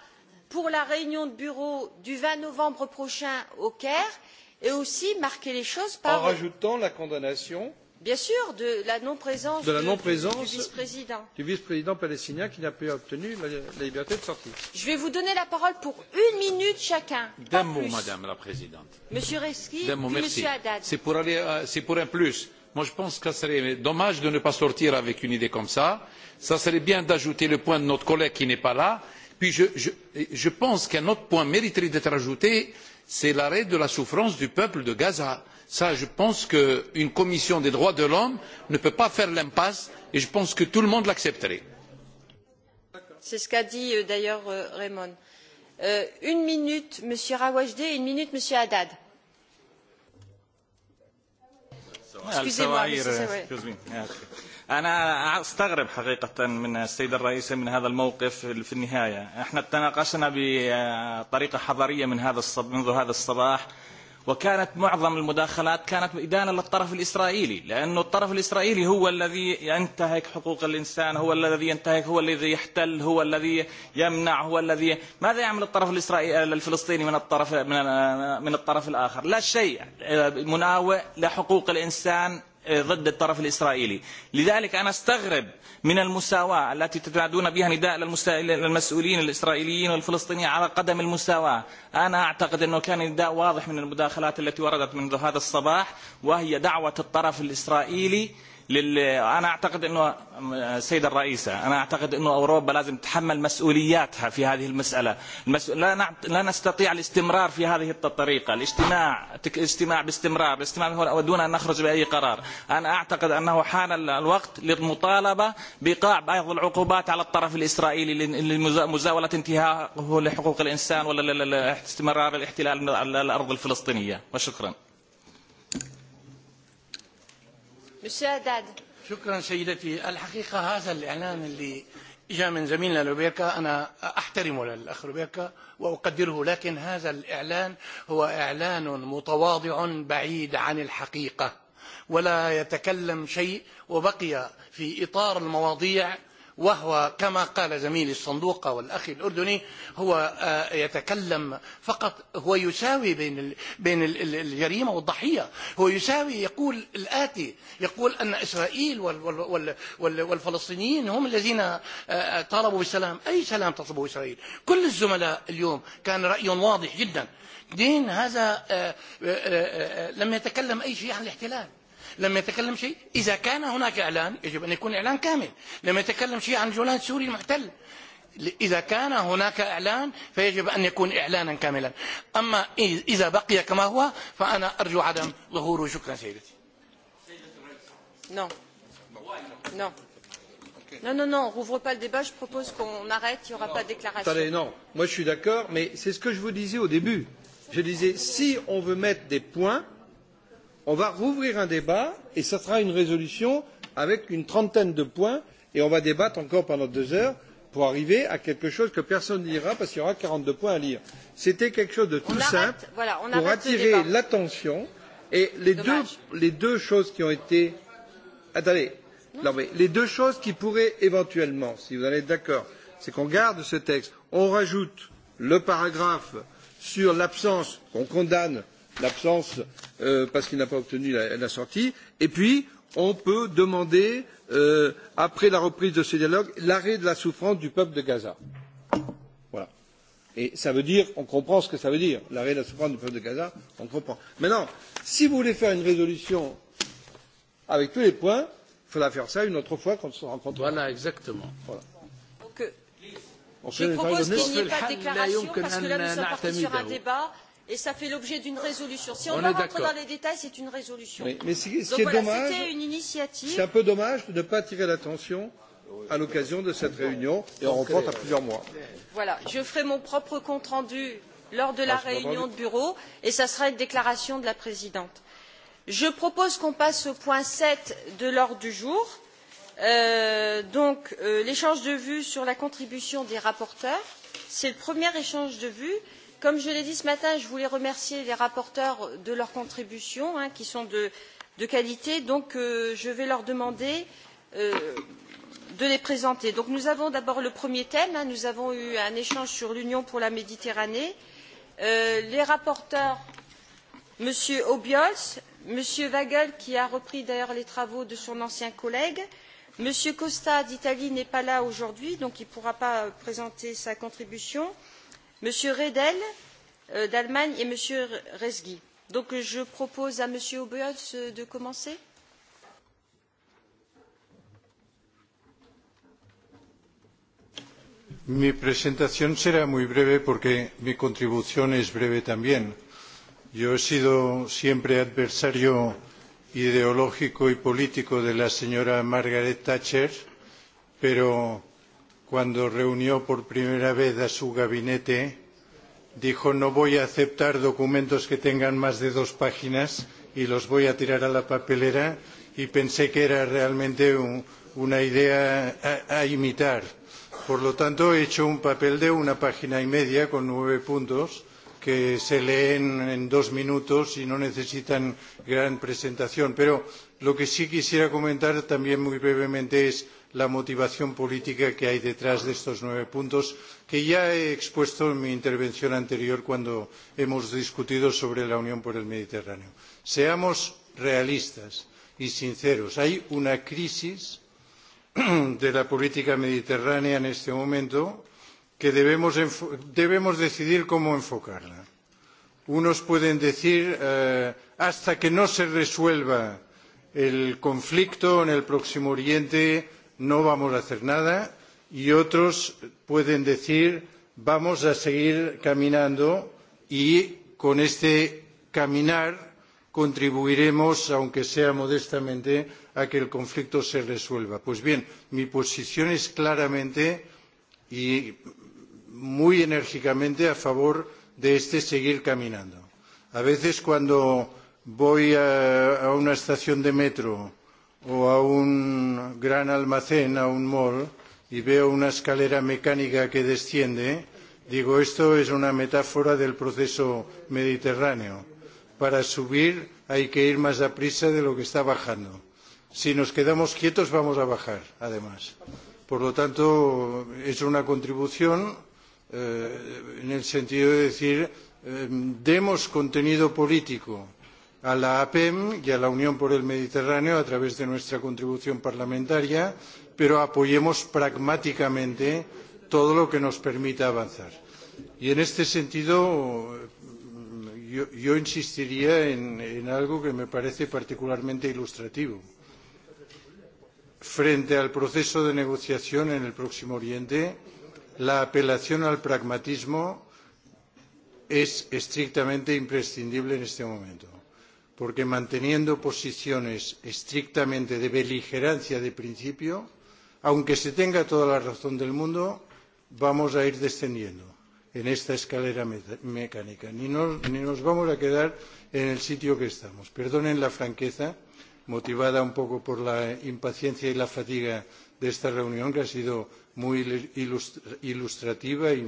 pour la réunion de bureau du vingt novembre prochain au caire et aussi marquer les choses par en rajoutant la condamnation bien sûr de la non présence, de la non -présence du, du, du vice président du vice président palestinien qui n'a pas obtenu la, la liberté de sortie. je vais vous donner la parole pour une minute chacun d'un mot plus. madame la présidente monsieur reski puis mot, monsieur haddad c'est pour aller euh, c'est pour un plus moi je pense que ce serait dommage de ne pas sortir avec une idée comme ça ça serait bien d'ajouter le point de notre collègue qui n'est pas là puis je, je, je pense qu'un autre point mériterait d'être ajouté c'est l'arrêt de la souffrance du peuple de gaza je pense qu'une commission des droits de l'homme ne peut pas faire l'impasse et je pense que tout le monde l'accepterait. c'est ce qu'a dit euh, d'ailleurs euh, reimon. Euh, une minute monsieur rawajdi et une minute monsieur haddad. excusez moi monsieur ah, من السيدة الرئيسة من هذا الموقف في النهاية، احنا تناقشنا بطريقة حضارية من هذا منذ هذا الصباح وكانت معظم المداخلات كانت إدانة للطرف الإسرائيلي لأن الطرف الإسرائيلي هو الذي ينتهك حقوق الإنسان هو الذي ينتهك هو الذي يحتل هو الذي يمنع هو الذي ماذا يعمل الطرف الإسرائيلي الفلسطيني من الطرف من, من الطرف الآخر لا شيء مناوئ لحقوق الإنسان ضد الطرف الإسرائيلي لذلك أنا استغرب من المساواة التي تتعدون بها نداء للمسؤولين الإسرائيليين والفلسطينيين على قدم المساواة أنا أعتقد أنه كان نداء واضح من المداخلات التي وردت منذ هذا الصباح وهي دعوة الطرف الإسرائيلي لل... أنا أعتقد أنه سيد الرئيسة أنا أعتقد أنه أوروبا لازم تتحمل مسؤولياتها في هذه المسألة المس... لا, نعت... لا نستطيع الاستمرار في هذه الطريقة الاجتماع الاجتماع باستمرار الاجتماع دون أن نخرج بأي قرار أنا أعتقد أنه حان الوقت للمطالبة بإيقاع بعض العقوبات على الطرف الإسرائيلي لمزاولة انتهاءه لحقوق الإنسان ولا استمرار الاحتلال على الأرض الفلسطينية وشكرا Monsieur Haddad. شكرا سيدتي الحقيقة هذا الإعلان اللي جاء من زميلنا لوبيركا أنا أحترمه للأخ لوبيركا وأقدره لكن هذا الإعلان هو إعلان متواضع بعيد عن الحقيقة ولا يتكلم شيء وبقي في إطار المواضيع وهو كما قال زميلي الصندوق والأخي الأردني هو يتكلم فقط هو يساوي بين بين الجريمة والضحية هو يساوي يقول الآتي يقول أن إسرائيل والفلسطينيين هم الذين طالبوا بالسلام أي سلام تطلبه إسرائيل كل الزملاء اليوم كان رأي واضح جدا دين هذا لم يتكلم أي شيء عن الاحتلال لما يتكلم شيء إذا كان هناك إعلان يجب أن يكون إعلان كامل لما يتكلم شيء عن جولان سوري المحتل إذا كان هناك إعلان فيجب أن يكون إعلانا كاملا أما إذا بقي كما هو فأنا أرجو عدم ظهوره شكرا سيدتي Non. Non. Non, non, non, on rouvre pas le débat. Je propose qu'on arrête. Il n'y aura non. pas de déclaration. Attendez, non. Moi, je suis d'accord, mais c'est ce que je vous disais au début. Je disais, si on veut mettre des points, on va rouvrir un débat et ce sera une résolution avec une trentaine de points et on va débattre encore pendant deux heures pour arriver à quelque chose que personne ne lira parce qu'il y aura quarante deux points à lire. C'était quelque chose de tout on simple arrête, voilà, on pour attirer l'attention et les deux, les deux choses qui ont été attendez non. non mais les deux choses qui pourraient éventuellement, si vous allez être d'accord, c'est qu'on garde ce texte, on rajoute le paragraphe sur l'absence qu'on condamne l'absence euh, parce qu'il n'a pas obtenu la, la sortie et puis on peut demander euh, après la reprise de ce dialogue l'arrêt de la souffrance du peuple de Gaza. Voilà. Et ça veut dire, on comprend ce que ça veut dire, l'arrêt de la souffrance du peuple de Gaza, on comprend. Maintenant, si vous voulez faire une résolution avec tous les points, il faudra faire ça une autre fois quand on se rencontrera. Voilà, exactement. Voilà. Donc, euh, on je propose qu'il n'y ait pas de déclaration parce que là nous sommes partis sur un débat et ça fait l'objet d'une résolution. Si on, on va rentrer dans les détails, c'est une résolution. Oui, mais c'est ce voilà, dommage, une initiative. C'est un peu dommage de ne pas attirer l'attention à l'occasion de cette réunion et on reporte à plusieurs mois. Voilà, je ferai mon propre compte rendu lors de la ah, réunion de bureau et ça sera une déclaration de la présidente. Je propose qu'on passe au point 7 de l'ordre du jour. Euh, donc euh, l'échange de vues sur la contribution des rapporteurs, c'est le premier échange de vues comme je l'ai dit ce matin je voulais remercier les rapporteurs de leurs contributions qui sont de, qualité donc euh, je vais leur demander euh, de les présenter. nous avons d'abord le premier thème nous avons eu un échange sur l'union pour la méditerranée. Euh, les rapporteurs m. obiols m. vajgl qui a repris d'ailleurs les travaux de son ancien collègue m. costa d'italie n'est pas là aujourd'hui donc il ne pourra pas présenter sa contribution et m. redel euh, d'allemagne et m. rezgui. je propose à m. obiols euh, de commencer. mi presentación será muy breve porque mi contribución es breve también. yo he sido siempre adversario ideológico y político de la señora margaret thatcher pero cuando reunió por primera vez a su gabinete, dijo no voy a aceptar documentos que tengan más de dos páginas y los voy a tirar a la papelera y pensé que era realmente un, una idea a, a imitar. Por lo tanto, he hecho un papel de una página y media con nueve puntos que se leen en dos minutos y no necesitan gran presentación. Pero lo que sí quisiera comentar también muy brevemente es la motivación política que hay detrás de estos nueve puntos que ya he expuesto en mi intervención anterior cuando hemos discutido sobre la unión por el mediterráneo. seamos realistas y sinceros hay una crisis de la política mediterránea en este momento que debemos, debemos decidir cómo enfocarla. unos pueden decir eh, hasta que no se resuelva el conflicto en el próximo oriente no vamos a hacer nada y otros pueden decir vamos a seguir caminando y con este caminar contribuiremos aunque sea modestamente a que el conflicto se resuelva. pues bien mi posición es claramente y muy enérgicamente a favor de este seguir caminando. a veces cuando voy a, a una estación de metro o a un gran almacén, a un mall, y veo una escalera mecánica que desciende, digo, esto es una metáfora del proceso mediterráneo. Para subir hay que ir más prisa de lo que está bajando. Si nos quedamos quietos vamos a bajar, además. Por lo tanto, es una contribución eh, en el sentido de decir, eh, demos contenido político a la APEM y a la Unión por el Mediterráneo a través de nuestra contribución parlamentaria, pero apoyemos pragmáticamente todo lo que nos permita avanzar. Y en este sentido, yo, yo insistiría en, en algo que me parece particularmente ilustrativo. Frente al proceso de negociación en el Próximo Oriente, la apelación al pragmatismo es estrictamente imprescindible en este momento porque manteniendo posiciones estrictamente de beligerancia de principio, aunque se tenga toda la razón del mundo, vamos a ir descendiendo en esta escalera mecánica, ni nos, ni nos vamos a quedar en el sitio que estamos. Perdonen la franqueza, motivada un poco por la impaciencia y la fatiga de esta reunión, que ha sido muy ilustrativa y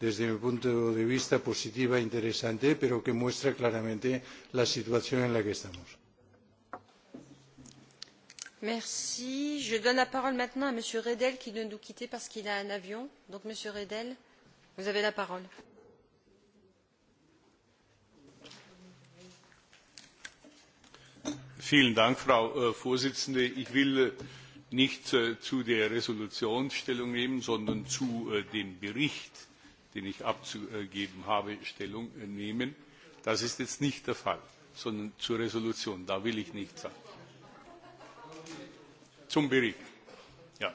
desde mi punto de vista positiva e interesante pero que muestra claramente la situación en la que estamos. Merci. je donne la parole maintenant à m. redel qui doit nous quitter parce qu'il a un avion. donc monsieur redel vous avez la parole. Dank, frau äh, ich will äh, nicht äh, zu der entschließung stellung nehmen sondern zu dem bericht den ich abzugeben habe, Stellung nehmen. Das ist jetzt nicht der Fall, sondern zur Resolution. Da will ich nichts sagen. Zum Bericht. Ja.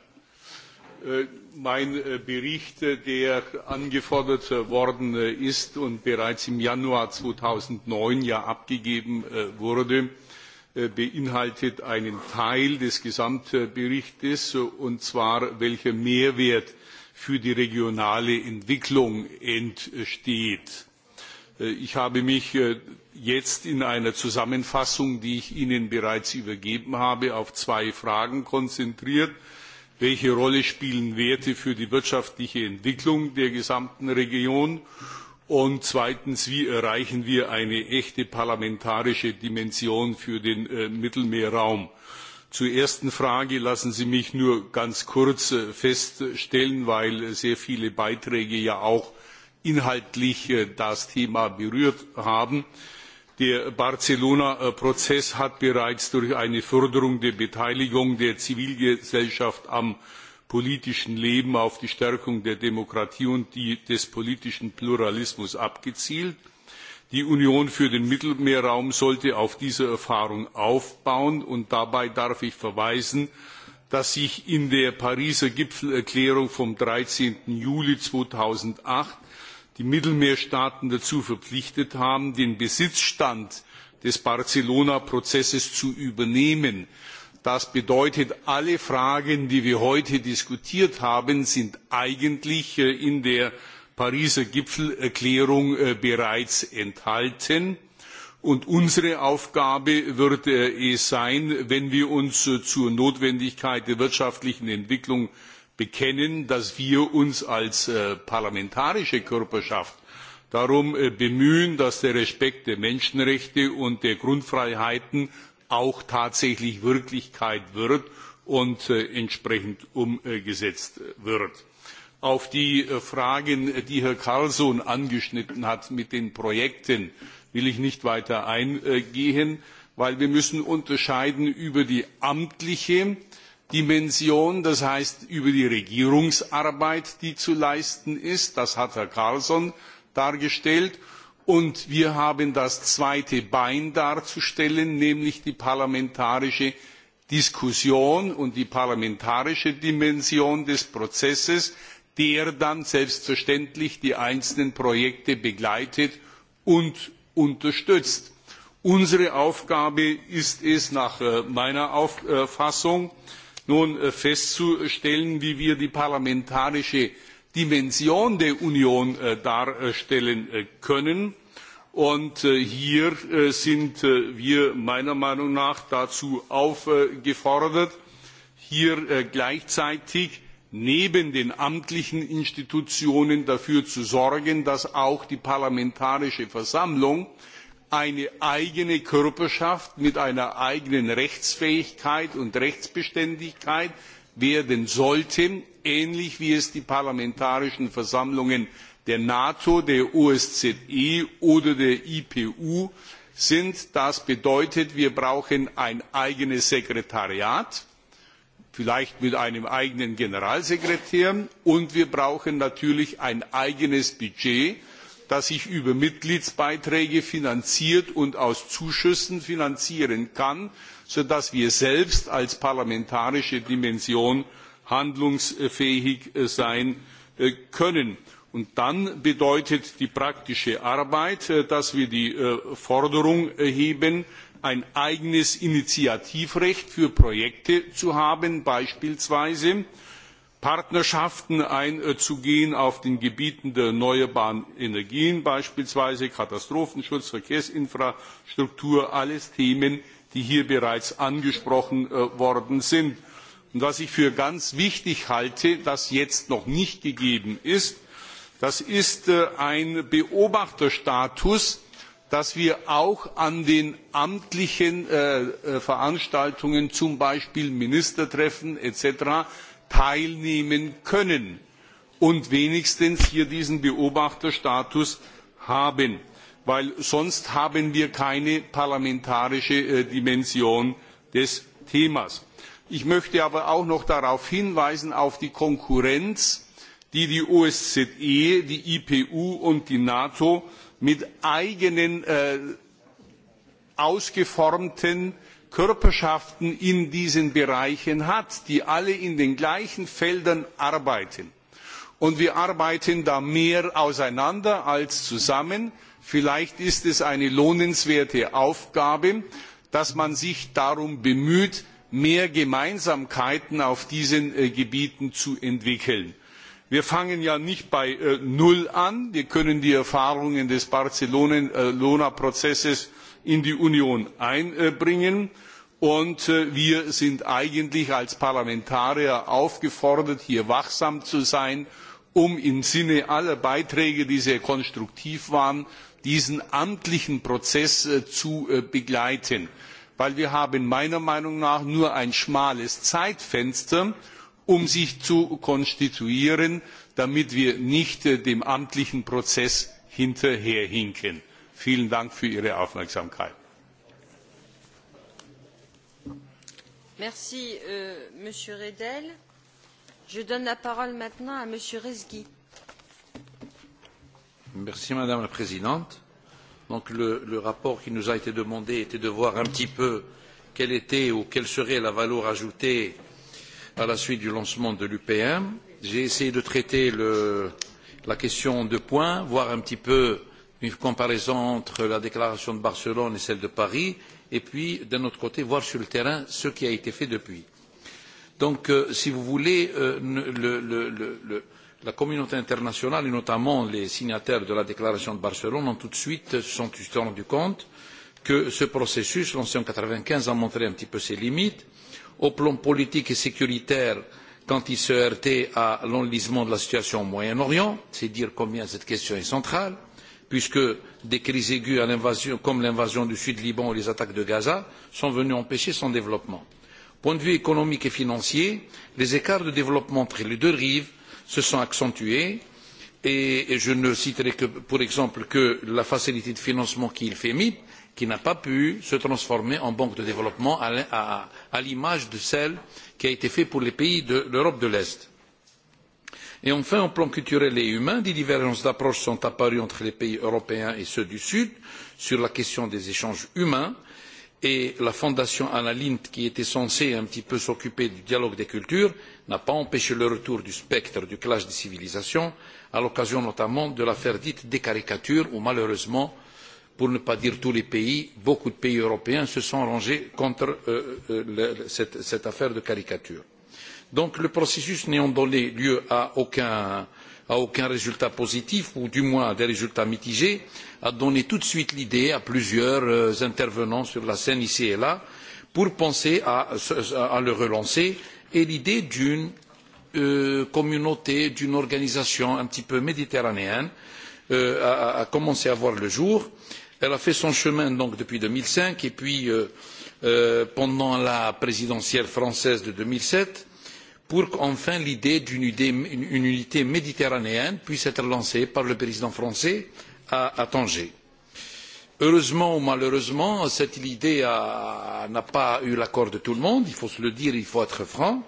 Äh, mein äh, Bericht, äh, der angefordert worden ist und bereits im Januar 2009 ja abgegeben wurde, beinhaltet einen Teil des Gesamtberichtes, und zwar welcher Mehrwert für die regionale Entwicklung entsteht. Äh, ich habe mich äh, jetzt in einer Zusammenfassung, die ich Ihnen bereits übergeben habe, auf zwei Fragen konzentriert. Welche Rolle spielen Werte für die wirtschaftliche Entwicklung der gesamten Region? Und zweitens, wie erreichen wir eine echte parlamentarische Dimension für den äh, Mittelmeerraum? Zur ersten Frage lassen Sie mich nur ganz kurz äh, feststellen, weil äh, sehr viele Beiträge ja auch inhaltlich äh, das Thema berührt haben. Der Barcelona-Prozess hat bereits durch eine Förderung der Beteiligung der Zivilgesellschaft am politischen Leben auf die Stärkung der Demokratie und die, des politischen Pluralismus abgezielt die union für den mittelmeerraum sollte auf dieser erfahrung aufbauen und dabei darf ich verweisen dass sich in der pariser gipfelerklärung vom. dreizehn juli zweitausendacht die mittelmeerstaaten dazu verpflichtet haben den besitzstand des barcelona prozesses zu übernehmen. das bedeutet alle fragen die wir heute diskutiert haben sind eigentlich äh, in der Pariser Gipfelerklärung äh, bereits enthalten. Und unsere Aufgabe wird äh, es sein, wenn wir uns äh, zur Notwendigkeit der wirtschaftlichen Entwicklung bekennen, dass wir uns als parlamentarische Körperschaft darum bemühen, dass der Respekt der Menschenrechte und der Grundfreiheiten auch tatsächlich Wirklichkeit wird und entsprechend umgesetzt wird auf die äh, Fragen, die Herr Carlson angeschnitten hat mit den Projekten, will ich nicht weiter eingehen, weil wir müssen unterscheiden über die amtliche Dimension, das heißt über die Regierungsarbeit, die zu leisten ist. Das hat Herr Carlson dargestellt. Und wir haben das zweite Bein darzustellen, nämlich die parlamentarische Diskussion und die parlamentarische Dimension des Prozesses der dann selbstverständlich die einzelnen Projekte begleitet und unterstützt. Unsere Aufgabe ist es nach äh, meiner Auffassung, nun äh, festzustellen, wie wir die parlamentarische Dimension der Union äh, darstellen können. Und hier sind wir meiner Meinung nach dazu aufgefordert, hier gleichzeitig neben den amtlichen institutionen dafür zu sorgen dass auch die parlamentarische versammlung eine eigene körperschaft mit einer eigenen rechtsfähigkeit und rechtsbeständigkeit werden sollte ähnlich wie es die parlamentarischen versammlungen der nato der osze oder der ipu sind. das bedeutet wir brauchen ein eigenes sekretariat vielleicht mit einem eigenen generalsekretär und wir brauchen natürlich ein eigenes budget das sich über mitgliedsbeiträge finanziert und aus zuschüssen finanzieren kann sodass wir selbst als parlamentarische dimension handlungsfähig äh, sein äh, können. Und dann bedeutet die praktische arbeit äh, dass wir die forderung erheben ein eigenes initiativrecht für projekte zu haben beispielsweise partnerschaften einzugehen auf den gebieten der erneuerbaren energien beispielsweise katastrophenschutz verkehrsinfrastruktur alles themen die hier bereits angesprochen äh, worden sind. was ich für ganz wichtig halte was jetzt noch nicht gegeben ist das ist äh, ein beobachterstatus dass wir auch an den amtlichen äh, äh, Veranstaltungen, zum Beispiel Ministertreffen etc., teilnehmen können und wenigstens hier diesen Beobachterstatus haben, denn sonst haben wir keine parlamentarische äh, Dimension des Themas. Ich möchte aber auch noch darauf hinweisen, auf die Konkurrenz, die die OSZE, die IPU und die NATO mit eigenen äh, ausgeformten körperschaften in diesen bereichen hat die alle in den gleichen feldern arbeiten. und wir arbeiten da mehr auseinander als zusammen. vielleicht ist es eine lohnenswerte aufgabe dass man sich darum bemüht mehr gemeinsamkeiten auf diesen äh, gebieten zu entwickeln wir fangen ja nicht bei äh, null an wir können die erfahrungen des barcelona äh, prozesses in die union einbringen und äh, wir sind eigentlich als parlamentarier aufgefordert hier wachsam zu sein um im sinne aller beiträge die sehr konstruktiv waren diesen amtlichen prozess zu begleiten denn wir haben meiner meinung nach nur ein schmales zeitfenster um sich zu konstituieren damit wir nicht äh, dem amtlichen prozess hinterherhinken. vielen dank für ihre aufmerksamkeit. Euh, madame la présidente. Donc, le, le rapport qui nous a été demandé était de voir un petit peu quelle était ou quelle serait la valeur ajoutée à la suite du lancement de l'upm. j'ai essayé de traiter le, la question de points voir un petit peu une comparaison entre la déclaration de barcelone et celle de paris et puis d'un autre côté voir sur le terrain ce qui a été fait depuis. donc euh, si vous voulez euh, le, le, la communauté internationale et notamment les signataires de la déclaration de barcelone ont tout de suite se sont rendus compte que ce processus lancé en mille neuf cent quatre vingt quinze a montré un petit peu ses limites au plan politique et sécuritaire quand il se heurtait à l'enlisement de la situation au moyen orient c'est dire combien cette question est centrale puisque des crises aiguës comme l'invasion du sud liban ou les attaques de gaza sont venues empêcher son développement. du point de vue économique et financier les écarts de développement entre les deux rives se sont accentués et je ne citerai que, pour exemple que la facilité de financement qui est le femip qui n'a pas pu se transformer en banque de développement à, à l'image de celle qui a été faite pour les pays de l'europe de l'est. Et enfin au plan culturel et humain des divergences d'approche sont apparues entre les pays européens et ceux du sud sur la question des échanges humains et la fondation anna lindh qui était censée un petit peu s'occuper du dialogue des cultures n'a pas empêché le retour du spectre du clash des civilisations à l'occasion notamment de l'affaire dite des caricatures où malheureusement pour ne pas dire tous les pays beaucoup de pays européens se sont rangés contre euh, euh, cette, affaire de caricature. donc le processus n'ayant donné lieu à aucun, à aucun résultat positif ou du moins à des résultats mitigés a donné tout de suite l'idée à plusieurs euh, intervenants sur la scène ici et là pour penser à, le relancer et l'idée d'une communauté d'une organisation un petit peu méditerranéenne a, commencé à voir le jour elle a fait son chemin donc depuis deux mille cinq et puis euh, euh, pendant la présidentielle française de deux mille sept pour qu'enfin l'idée d'une unité méditerranéenne puisse être lancée par le président français à, à tanger. heureusement ou malheureusement cette idée n'a pas eu l'accord de tout le monde il faut se le dire il faut être franc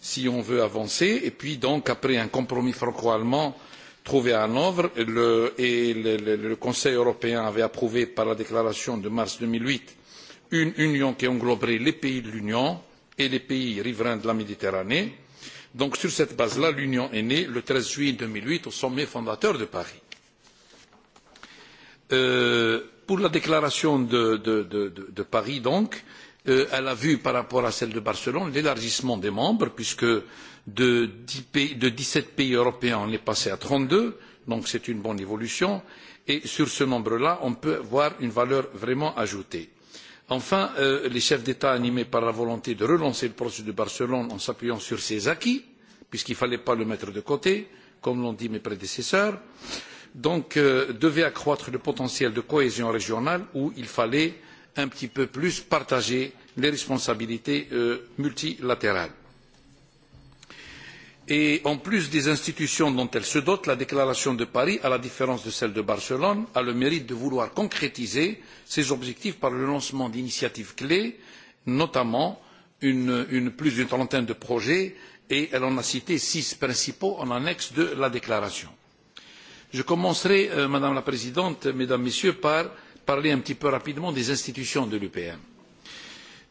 si on veut avancer et puis donc après un compromis franco allemand trouvée à hanovre le, et le, le, le conseil européen avait approuvé par la déclaration de mars deux mille huit une union qui engloberait les pays de l'union et les pays riverains de la méditerranée. donc sur cette base là l'union est née le treize juillet deux mille huit au sommet fondateur de paris. Euh, pour la déclaration de, de, de, de paris donc euh, elle a vu par rapport à celle de barcelone l'élargissement des membres puisque de, dix sept pays européens, on est passé à trente deux donc c'est une bonne évolution. Et sur ce nombre-là, on peut voir une valeur vraiment ajoutée. Enfin, euh, les chefs d'État animés par la volonté de relancer le processus de Barcelone en s'appuyant sur ses acquis, puisqu'il ne fallait pas le mettre de côté, comme l'ont dit mes prédécesseurs, euh, devaient accroître le potentiel de cohésion régionale où il fallait un petit peu plus partager les responsabilités euh, multilatérales et en plus des institutions dont elle se dote la déclaration de paris à la différence de celle de barcelone a le mérite de vouloir concrétiser ces objectifs par le lancement d'initiatives clés notamment plus d'une trentaine de projets et elle en a cité six principaux en annexe de la déclaration. je commencerai euh, madame la présidente mesdames messieurs par parler un petit peu rapidement des institutions de l'upm.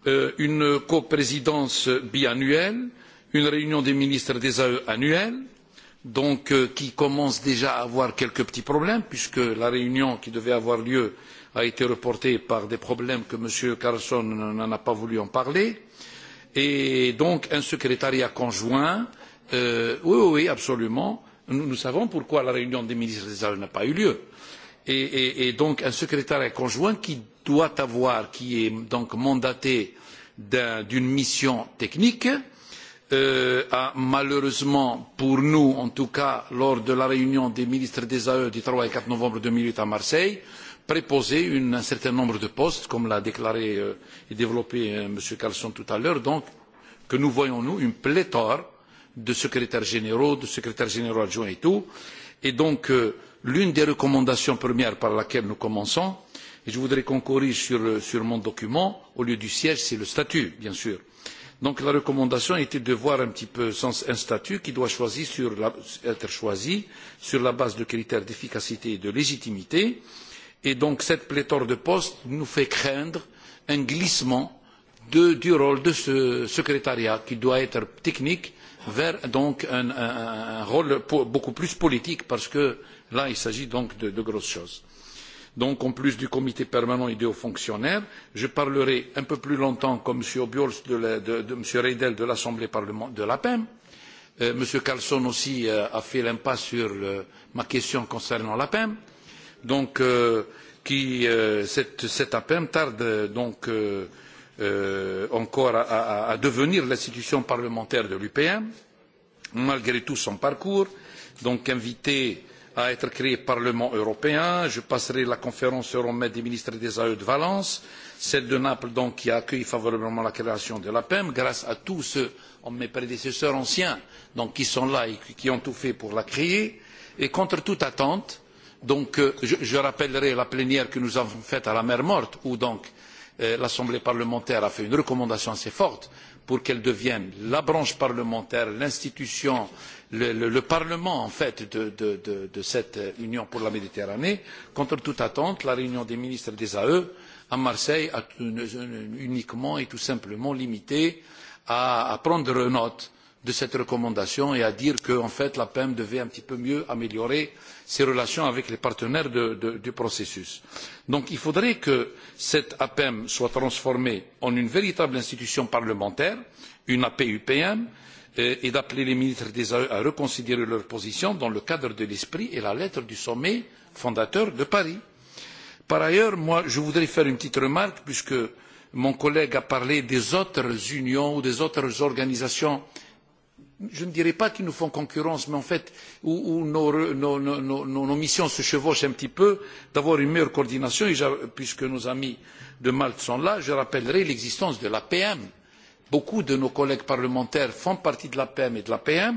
Euh, une coprésidence biannuelle une réunion des ministres des ae annuelle euh, qui commence déjà à avoir quelques petits problèmes puisque la réunion qui devait avoir lieu a été reportée par des problèmes que m. carlsson n'a pas voulu parler et donc un secrétariat conjoint euh, oui, oui absolument nous, savons pourquoi la réunion des ministres des ae n'a pas eu lieu et, donc un secrétariat conjoint qui doit avoir qui est donc mandaté d'une mission technique Euh, a malheureusement pour nous en tout cas lors de la réunion des ministres des ae du trois et quatre novembre deux mille huit à marseille préposé un certain nombre de postes comme l'a déclaré euh, et développé euh, m. carlsson tout à l'heure donc que nous voyons nous une pléthore de secrétaires généraux de secrétaires généraux adjoints et tout et donc l'une des recommandations premières par laquelle nous commençons et je voudrais qu'on corrige sur, mon document au lieu du siège c'est le statut bien sûr donc la recommandation était de voir un petit peu sens un statut qui doit être choisi sur la base de critères d'efficacité et de légitimité et donc cette pléthore de postes nous fait craindre un glissement du rôle de ce secrétariat qui doit être technique vers donc un, rôle beaucoup plus politique parce que là il s'agit donc de grosses choses donc en plus du comité permanent et des hauts fonctionnaires je parlerai un peu plus longtemps comme m. obiols m. reidel de l'assemblée de l'apem euh, m. carlsson aussi euh, a fait l'impasse sur euh, ma question concernant l'apem donc cette, apem tarde donc encore à, devenir l'institution parlementaire de l'upm malgré tout son parcours donc invitée à être créé Parlement européen. Je passerai la conférence Euromed des ministres des AE de Valence, celle de Naples donc qui a accueilli favorablement la création de l'APEM, grâce à tous ceux, mes prédécesseurs anciens, donc qui sont là et qui ont tout fait pour la créer. Et contre toute attente, donc euh, je, je rappellerai la plénière que nous avons faite à la mer Morte, où donc euh, l'Assemblée parlementaire a fait une recommandation assez forte pour qu'elle devienne la branche parlementaire, l'institution euh, le, parlement en fait de, cette union pour la méditerranée contre toute attente la réunion des ministres des ae à marseille a uniquement et tout simplement été limitée à prendre note de cette recommandation et à dire que en fait la pem devait un petit peu mieux améliorer ses relations avec les partenaires du processus. donc il faudrait que cette apem soit transformée en une véritable institution parlementaire une apupm Euh, et d'appeler les ministres des ae à reconsidérer leur position dans le cadre de l'esprit et la lettre du sommet fondateur de paris. par ailleurs je voudrais faire une petite remarque puisque mon collègue a parlé des autres unions ou des autres organisations je ne dirais pas qui nous font concurrence mais en fait où, nos, nos missions se chevauchent un petit peu d'avoir une meilleure coordination et puisque nos amis de malte sont là je rappellerai l'existence de l'apm beaucoup de nos collègues parlementaires font partie de l'apm et de l'apm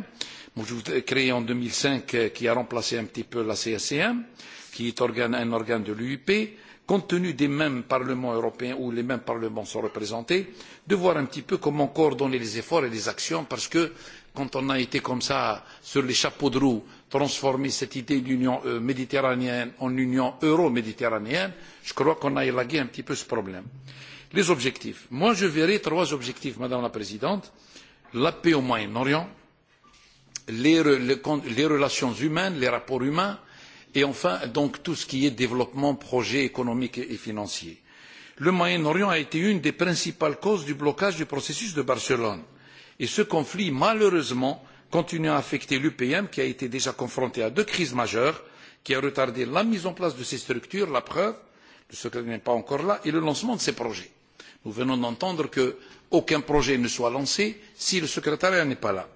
créée en deux mille cinq euh, qui a remplacé un petit peu la cscm qui est un organe de l'uip compte tenu des mêmes parlements européens où les mêmes parlements sont représentés de voir un petit peu comment coordonner les efforts et les actions parce que quand on a été comme cela sur les chapeaux de roue transformer cette idée d'union euh, méditerranéenne en union euro méditerranéenne je crois qu'on a élagué un petit peu ce problème les objectifs moi je verrais trois objectifs madame la présidente la paix au moyen orient les, relations humaines les rapports humains et enfin donc tout ce qui est développement projet économique et financier. le moyen orient a été une des principales causes du blocage du processus de barcelone et ce conflit malheureusement continue à affecter l'upm qui a été déjà confrontée à deux crises majeures qui ont retardé la mise en place de ses structures la preuve le secrétaire n'est pas encore là et le lancement de ses projets. Nous venons d'entendre qu'aucun projet ne soit lancé si le secrétariat n'est pas là.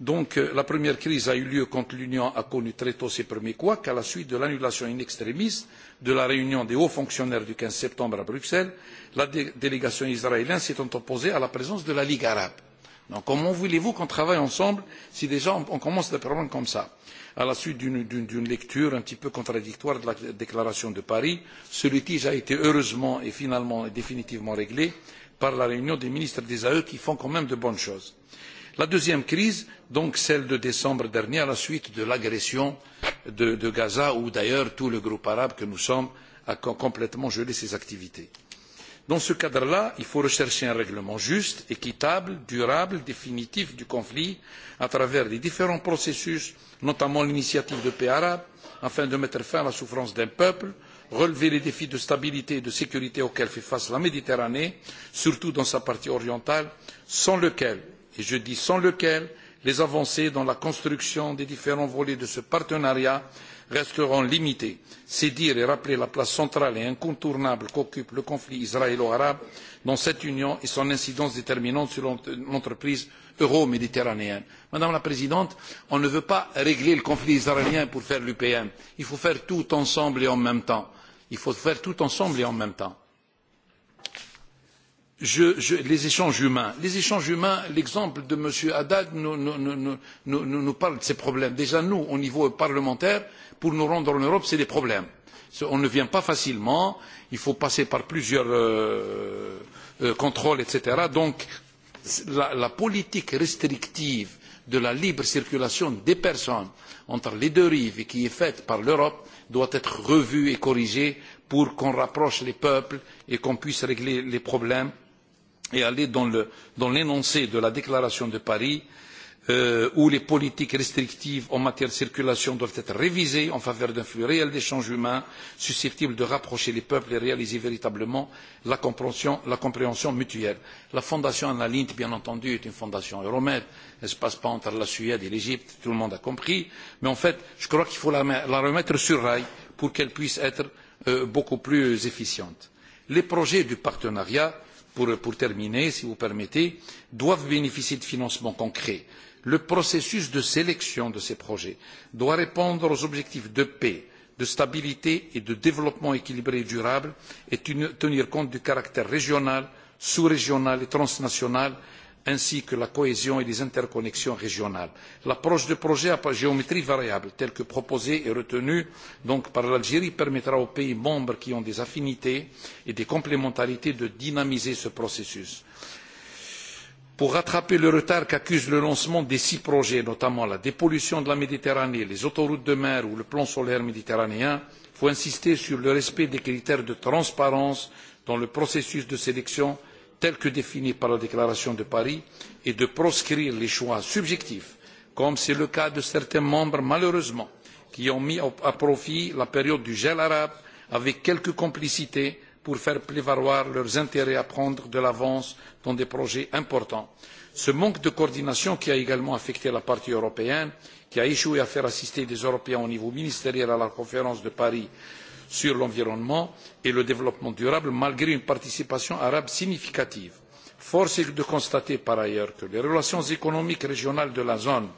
Donc euh, la première crise a eu lieu quand l'Union a connu très tôt ses premiers couacs à la suite de l'annulation in extremis de la réunion des hauts fonctionnaires du 15 septembre à Bruxelles, la délégation israélienne s'étant opposée à la présence de la Ligue arabe. Donc comment voulez-vous qu'on travaille ensemble si déjà on, on commence des problèmes comme ça à la suite d'une lecture un petit peu contradictoire de la déclaration de paris. ce litige a été heureusement et finalement et définitivement réglé par la réunion des ministres des ae qui font quand même de bonnes choses. la deuxième crise donc celle de décembre dernier à la suite de l'agression de, de gaza où d'ailleurs tout le groupe arabe que nous sommes a complètement gelé ses activités dans ce cadre là il faut rechercher un règlement juste équitable durable définitif du conflit à travers les différents processus notamment l'initiative de paix arabe afin de mettre fin à la souffrance d'un peuple relever les défis de stabilité et de sécurité auxquels fait face la méditerranée surtout dans sa partie orientale sans lequel et je dis sans lequel les avancées dans la construction des différents volets de ce partenariat resteront limités. c'est dire et rappeler la place centrale et incontournable qu'occupe le conflit israélo arabe dans cette union et son incidence déterminante sur l'entreprise euro méditerranéenne. madame la présidente on ne veut pas régler le conflit israélien pour faire l'upm il faut faire tout ensemble et en même temps. il faut faire tout ensemble et en même temps les échanges humains. Les échanges humains, l'exemple de M. Haddad nous, parle de ces problèmes. Déjà, nous, au niveau parlementaire, pour nous rendre en Europe, c'est des problèmes. On ne vient pas facilement, il faut passer par plusieurs euh, euh, contrôles, etc. Donc, la, politique restrictive de la libre circulation des personnes entre les deux rives qui est faite par l'Europe doit être revue et corrigée pour qu'on rapproche les peuples et qu'on puisse régler les problèmes et aller dans l'énoncé de la déclaration de paris euh, où les politiques restrictives en matière de circulation doivent être révisées en faveur d'un flux réel d'échanges humains susceptible de rapprocher les peuples et réaliser véritablement la compréhension, mutuelle. la fondation anna lindh bien entendu est une fondation euromed elle ne se passe pas entre la suède et l'égypte tout le monde a compris mais en fait je crois qu'il faut la, remettre sur rail pour qu'elle puisse être euh, beaucoup plus efficiente. les projets du partenariat pour, pour terminer, si vous permettez, doivent bénéficier de financements concrets. Le processus de sélection de ces projets doit répondre aux objectifs de paix, de stabilité et de développement équilibré et durable et tenir compte du caractère régional, sous-régional et transnational ainsi que la cohésion et les interconnexions régionales. l'approche de projets à géométrie variable telle que proposée et retenue par l'algérie permettra aux pays membres qui ont des affinités et des complémentarités de dynamiser ce processus. pour rattraper le retard qu'accuse le lancement des six projets notamment la dépollution de la méditerranée les autoroutes de mer ou le plan solaire méditerranéen il faut insister sur le respect des critères de transparence dans le processus de sélection telle que définie par la déclaration de paris et de proscrire les choix subjectifs comme c'est le cas de certains membres malheureusement qui ont mis à profit la période du gel arabe avec quelque complicité pour faire prévaloir leurs intérêts à prendre de l'avance dans des projets importants. ce manque de coordination qui a également affecté la partie européenne qui a échoué à faire assister des européens au niveau ministériel à la conférence de paris sur l'environnement et le développement durable malgré une participation arabe significative. force est de constater par ailleurs que les relations économiques régionales de la zone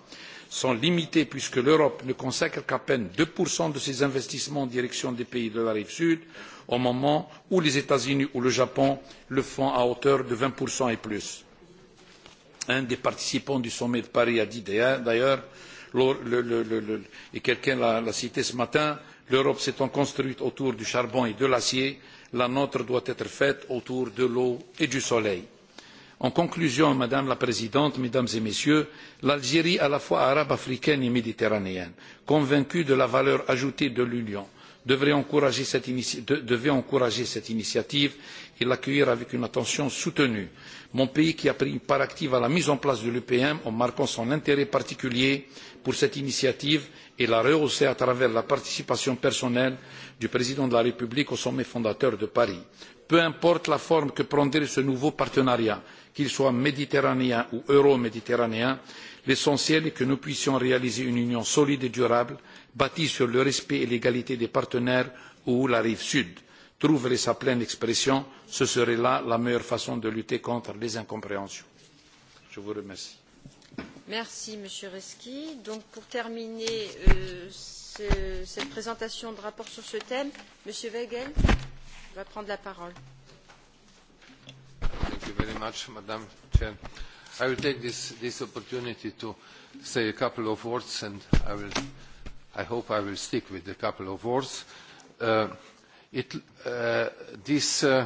sont limitées puisque l'europe ne consacre qu'à peine deux de ses investissements en direction des pays de la rive sud au moment où les états unis ou le japon le font à hauteur de vingt et plus. un des participants du sommet de paris a dit d'ailleurs et quelqu'un l'a cité ce matin l'europe s'étant construite autour du charbon et de l'acier la nôtre doit être faite autour de l'eau et du soleil. en conclusion madame la présidente mesdames et messieurs l'algérie à la fois arabe africaine et méditerranéenne convaincue de la valeur ajoutée de l'union devait encourager cette initiative et l'accueillir avec une attention soutenue. Mon pays, qui a pris une part active à la mise en place de l'UPM en marquant son intérêt particulier pour cette initiative et l'a rehaussée à travers la participation personnelle du président de la République au sommet fondateur de Paris. Peu importe la forme que prendrait ce nouveau partenariat, qu'il soit méditerranéen ou euro-méditerranéen, l'essentiel est que nous puissions réaliser une union solide et durable, bâtie sur le respect et l'égalité des partenaires ou la rive sud trouverait sa pleine expression ce serait là la meilleure façon de lutter contre les incompréhensions. je vous remercie. merci monsieur reski. pour terminer euh, cette présentation de rapport sur ce thème m. wegen va prendre la parole. thank you very i will take this, this opportunity to say a couple of words and i will i hope i will stick with a couple of words. Uh, It, uh, this uh,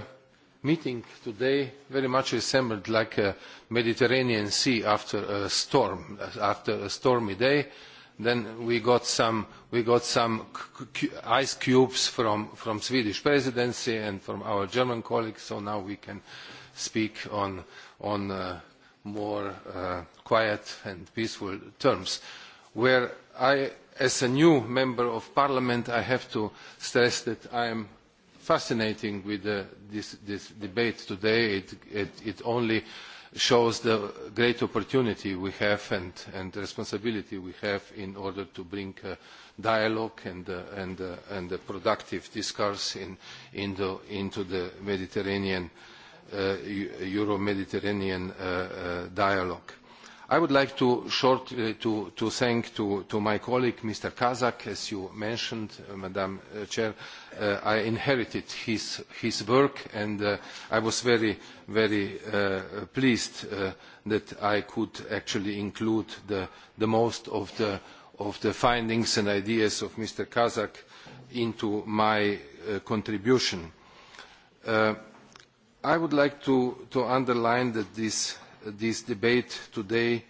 meeting today very much resembled like a Mediterranean Sea after a storm, after a stormy day. Then we got some, we got some ice cubes from, from Swedish presidency and from our German colleagues, so now we can speak on, on uh, more uh, quiet and peaceful terms. Where I as a new member of parliament, I have to stress that I am fascinated with uh, this, debate today. It, only shows the great opportunity we have and, the responsibility we have in order to bring uh, dialogue uh, and, a productive discourse into the Mediterranean, Euro-Mediterranean dialogue i would like to short uh, to, to thank to, to my colleague Mr. Kazak, as you mentioned, uh, Madam uh, Chair. Uh, I inherited his his work, and uh, I was very very uh, pleased uh, that I could actually include the the most of the of the findings and ideas of Mr. Kazak into my uh, contribution. Uh, I would like to, to underline that this this debate today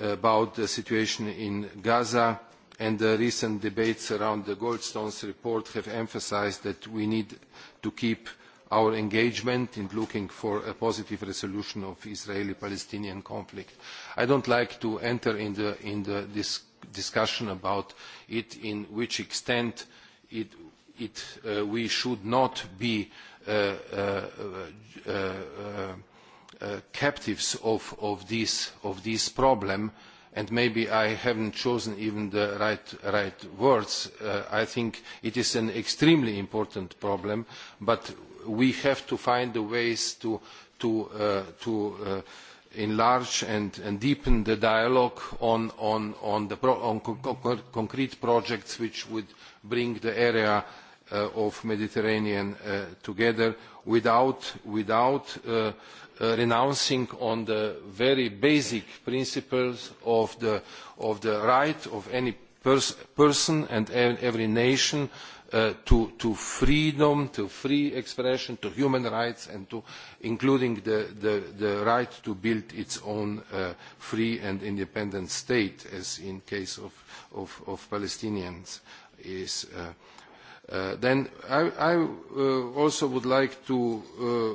about the situation in Gaza and the recent debates around the Goldstones report have emphasised that we need to keep our engagement in looking for a positive resolution of the Israeli-Palestinian conflict. I do not like to enter into the, discussion about it in which extent it, it, uh, we should not be uh, uh, uh, Uh, captives of, of, this, of this problem and maybe I haven't chosen even the right, right words. Uh, I think it is an extremely important problem, but we have to find the ways to, to, uh, to uh, enlarge and, and deepen the dialogue on, on, on, the pro on co concrete projects which would bring the area uh, of Mediterranean uh, together without, without uh, Uh, renouncing on the very basic principles of the, of the right of any pers person and every nation Uh, to, to freedom, to free expression, to human rights, and to including the, the, the right to build its own uh, free and independent state, as in case of, of, of Palestinians is uh, Uh, then I, I uh, also would like to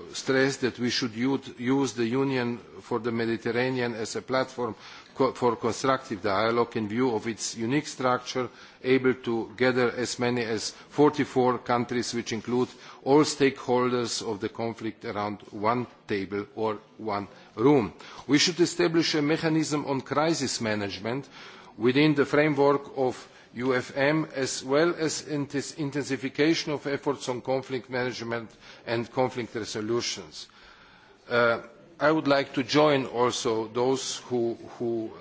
uh, stress that we should use, the Union for the Mediterranean as a platform co for constructive dialogue in view of its unique structure, able to gather as many as 44 countries, which include all stakeholders of the conflict around one table or one room. We should establish a mechanism on crisis management within the framework of UFM, as well as intensification of efforts on conflict management and conflict resolutions. Uh, I would like to join also those who,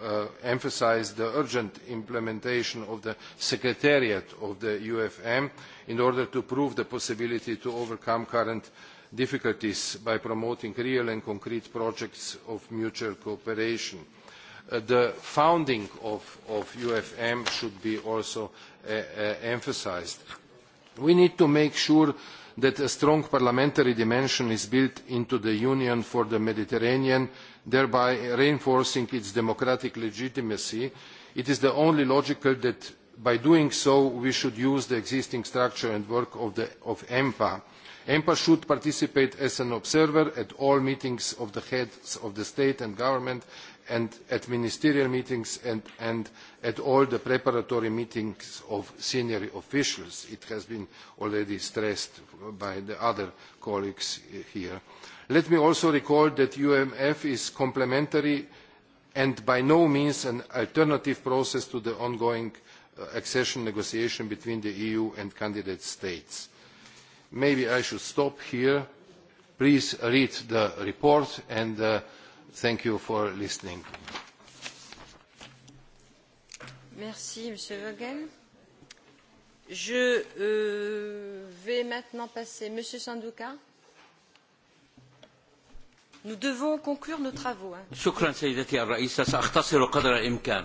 uh, emphasise the urgent implementation of the Secretariat of the UFM in order to prove the possibility to overcome current difficulties by promoting real and concrete projects of mutual cooperation the founding of, of UFM should be also uh, uh, emphasized. We need to make sure that a strong parliamentary dimension is built into the Union for the Mediterranean, thereby reinforcing its democratic legitimacy. It is the only logical that by doing so we should use the existing structure and work of, the, of EMPA. EMPA should participate as an observer at all meetings of the heads of the state and government and at ministerial meetings and, at all the preparatory meetings of senior officials. It has been already stressed by the other colleagues here. Let me also recall that UMF is complementary and by no means an alternative process to the ongoing uh, accession negotiation between the EU and candidate states. Maybe I should stop here. Please read the report and uh, Thank you for listening. Merci, Monsieur Vogel. Je euh, vais maintenant passer, Monsieur Sanduka. Nous devons conclure nos travaux. Hein. شكرا سيدتي الرئيسة سأختصر قدر الإمكان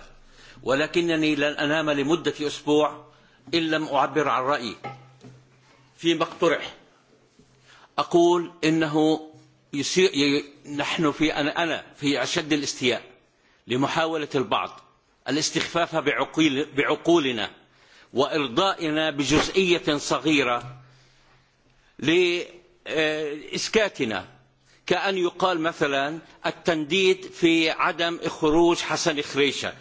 ولكنني لن أنام لمدة أسبوع إن لم أعبر عن رأيي فيما اقترح أقول إنه يسيء نحن في أنا, أنا في أشد الاستياء لمحاولة البعض الاستخفاف بعقول بعقولنا وإرضائنا بجزئية صغيرة لإسكاتنا كأن يقال مثلا التنديد في عدم خروج حسن خريشة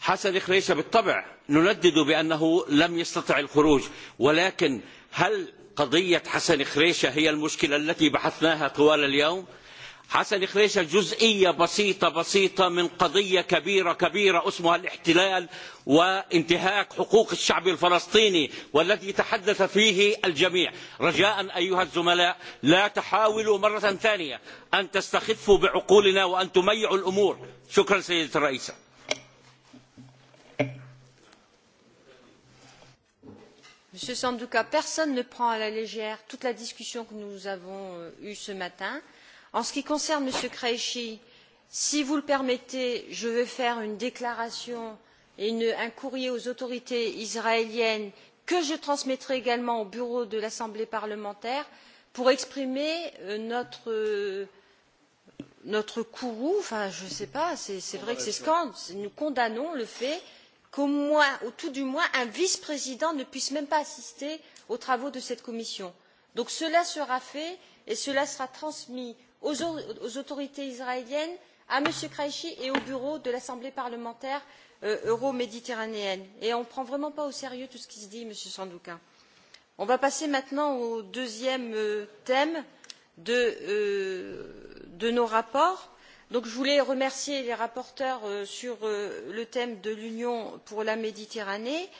حسن خريشة بالطبع نندد بأنه لم يستطع الخروج ولكن هل قضية حسن خريشة هي المشكلة التي بحثناها طوال اليوم حسن خريشة جزئية بسيطة بسيطة من قضية كبيرة كبيرة اسمها الاحتلال وانتهاك حقوق الشعب الفلسطيني والذي تحدث فيه الجميع رجاء أيها الزملاء لا تحاولوا مرة ثانية أن تستخفوا بعقولنا وأن تميعوا الأمور شكرا سيدة الرئيسة monsieur sanduka personne ne prend à la légère toute la discussion que nous avons euh, eue ce matin. en ce qui concerne m. qureshi si vous le permettez je vais faire une déclaration et un courrier aux autorités israéliennes que je transmettrai également au bureau de l'assemblée parlementaire pour exprimer euh, euh, notre courroux enfin je ne sais pas c'est vrai que c'est scandaleux nous condamnons le fait qu'au moins ou tout du moins un vice président ne puisse même pas assister aux travaux de cette commission. Donc, cela sera fait et cela sera transmis aux, autorités israéliennes à m. qureshi et au bureau de l'assemblée parlementaire euh, euroméditerranéenne et on ne prend vraiment pas au sérieux tout ce qui se dit monsieur sandoka. on va passer maintenant au deuxième euh, thème euh, de nos rapports Donc, je voulais remercier les rapporteurs euh, sur euh, le thème de l'union pour la méditerranée.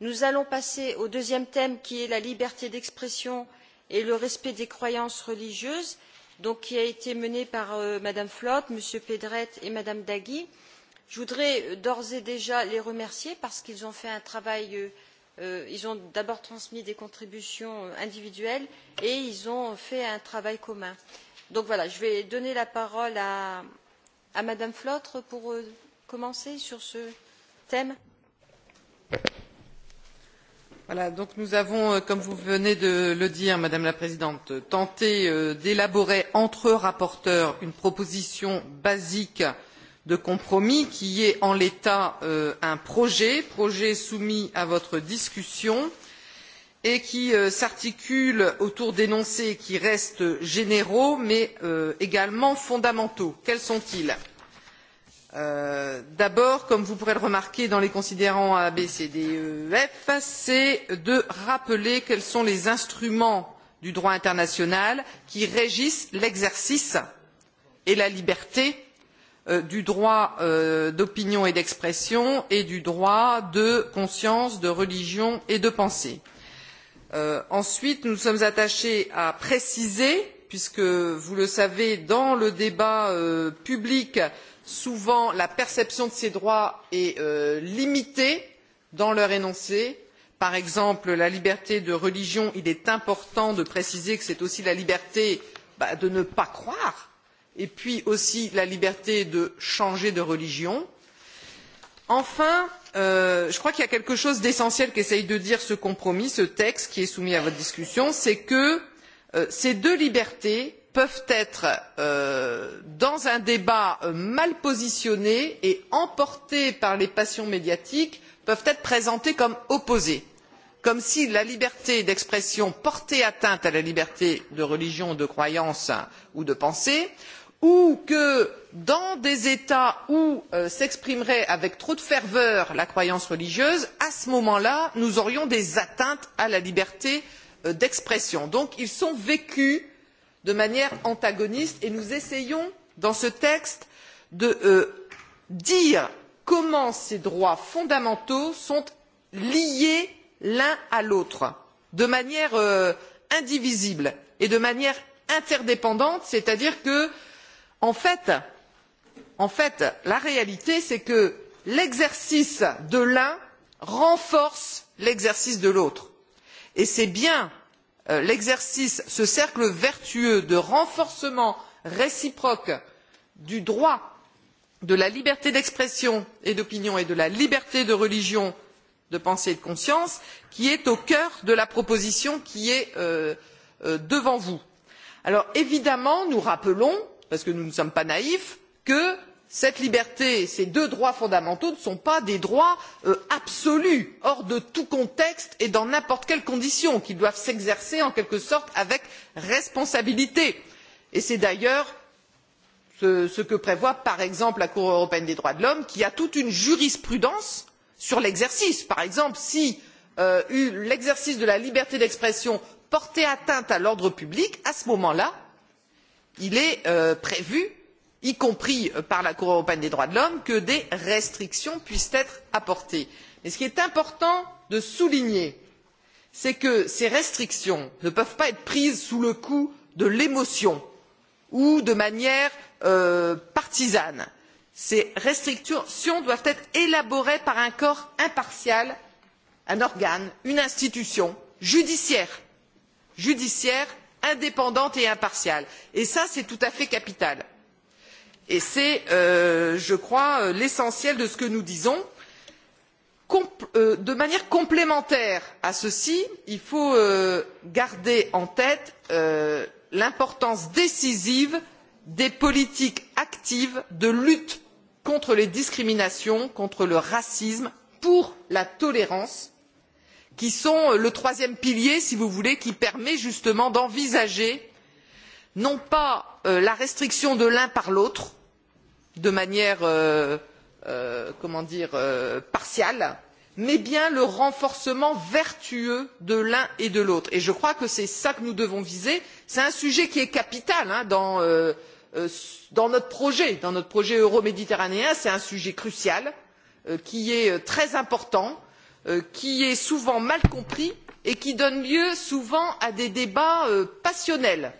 nous allons passer au deuxième thème qui est la liberté d'expression et le respect des croyances religieuses donc, qui a été mené par euh, mme flautre m. pedret et mme dagui. je voudrais d'ores et déjà les remercier parce qu'ils ont fait un travail ils ont d'abord transmis des contributions individuelles et ils ont fait un travail commun. donc voilà je vais donner la parole à Madame flautre pour euh, commencer sur ce thème. nous avons, euh, comme vous venez de le dire, Madame la Présidente, tenté euh, d'élaborer entre rapporteurs une proposition basique de compromis qui est en l'état un projet, projet soumis à votre discussion et qui euh, s'articule autour d'énoncés qui restent généraux mais euh, également fondamentaux. quels sont ils? Euh, d'abord comme vous pourrez le remarquer dans les considérants a b c d e f c'est de rappeler quels sont les instruments du droit international qui régissent l'exercice et la liberté euh, du droit d'opinion et d'expression et du droit de conscience de religion et de pensée Euh, ensuite nous nous sommes attachés à préciser puisque vous le savez dans le débat euh, public souvent la perception de ces droits est euh, limitée dans leur énoncé par exemple la liberté de religion il est important de préciser que c'est aussi la liberté bah, de ne pas croire et puis aussi la liberté de changer de religion. enfin Euh, je crois qu'il y a quelque chose d'essentiel qu'essaie de dire ce compromis ce texte qui est soumis à votre discussion c'est que euh, ces deux libertés peuvent être euh, dans un débat mal positionné et emportées par les passions médiatiques peuvent être présentées comme opposées comme si la liberté d'expression portait atteinte à la liberté de religion de croyance ou de pensée ou que dans des états où euh, s'exprimerait avec trop de ferveur la croyance religieuse à ce moment là nous aurions des atteintes à la liberté euh, d'expression. donc ils sont vécus de manière antagoniste et nous essayons dans ce texte de euh, dire comment ces droits fondamentaux sont liés l'un à l'autre de manière indivisible et de manière interdépendante c'est à dire que en fait, la réalité c'est que l'exercice de l'un renforce l'exercice de l'autre et c'est bien euh, l'exercice ce cercle vertueux de renforcement réciproque du droit de la liberté d'expression et d'opinion et de la liberté de religion de pensée et de conscience qui est au cœur de la proposition qui est euh, euh, devant vous. alors évidemment nous rappelons parce que nous ne sommes pas naïfs que cette liberté ces deux droits fondamentaux ne sont pas des droits euh, absolus hors de tout contexte et dans n'importe quelles conditions qu'ils doivent s'exercer en quelque sorte avec responsabilité et c'est d'ailleurs ce, que prévoit par exemple la cour européenne des droits de l'homme qui a toute une jurisprudence sur l'exercice. par exemple si euh, l'exercice de la liberté d'expression portait atteinte à l'ordre public à ce moment là il est euh, prévu y compris euh, par la cour européenne des droits de l'homme que des restrictions puissent être apportées. mais ce qu'il est important de souligner c'est que ces restrictions ne peuvent pas être prises sous le coup de l'émotion ou de manière euh, partisane. ces restrictions doivent être élaborées par un corps impartial un organe une institution judiciaire indépendante et impartiale et ça c'est tout à fait capital et c'est euh, je crois euh, l'essentiel de ce que nous disons. Euh, de manière complémentaire à ceci il faut garder en tête l'importance décisive des politiques actives de lutte contre les discriminations contre le racisme pour la tolérance qui sont euh, le troisième pilier si vous voulez qui permet justement d'envisager non pas euh, la restriction de l'un par l'autre de manière euh, comment dire partiale mais bien le renforcement vertueux de l'un et de l'autre et je crois que c'est cela que nous devons viser. c'est un sujet qui est capital hein, dans, dans notre projet dans notre projet euro méditerranéen c'est un sujet crucial qui est très important Euh, qui est souvent mal compris et qui donne lieu souvent à des débats euh, passionnels.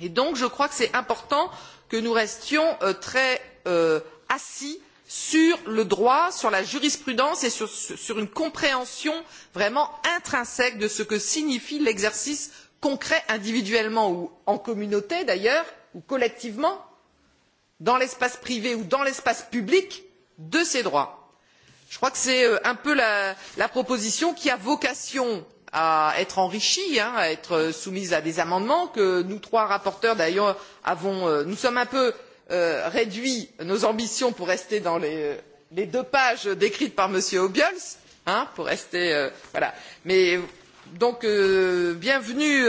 Et donc, je crois qu'il est important que nous restions euh, très assis sur le droit sur la jurisprudence et sur, sur une compréhension vraiment intrinsèque de ce que signifie l'exercice concret individuellement ou en communauté d'ailleurs ou collectivement dans l'espace privé ou dans l'espace public de ces droits je crois que c'est euh, un peu la, proposition qui a vocation à être enrichie à être euh, soumise à des amendements que nous trois rapporteurs d'ailleurs avons euh, nous sommes un peu réduit nos ambitions pour rester dans les, deux pages décrites par m. obiols hein, pour rester voilà mais donc bienvenue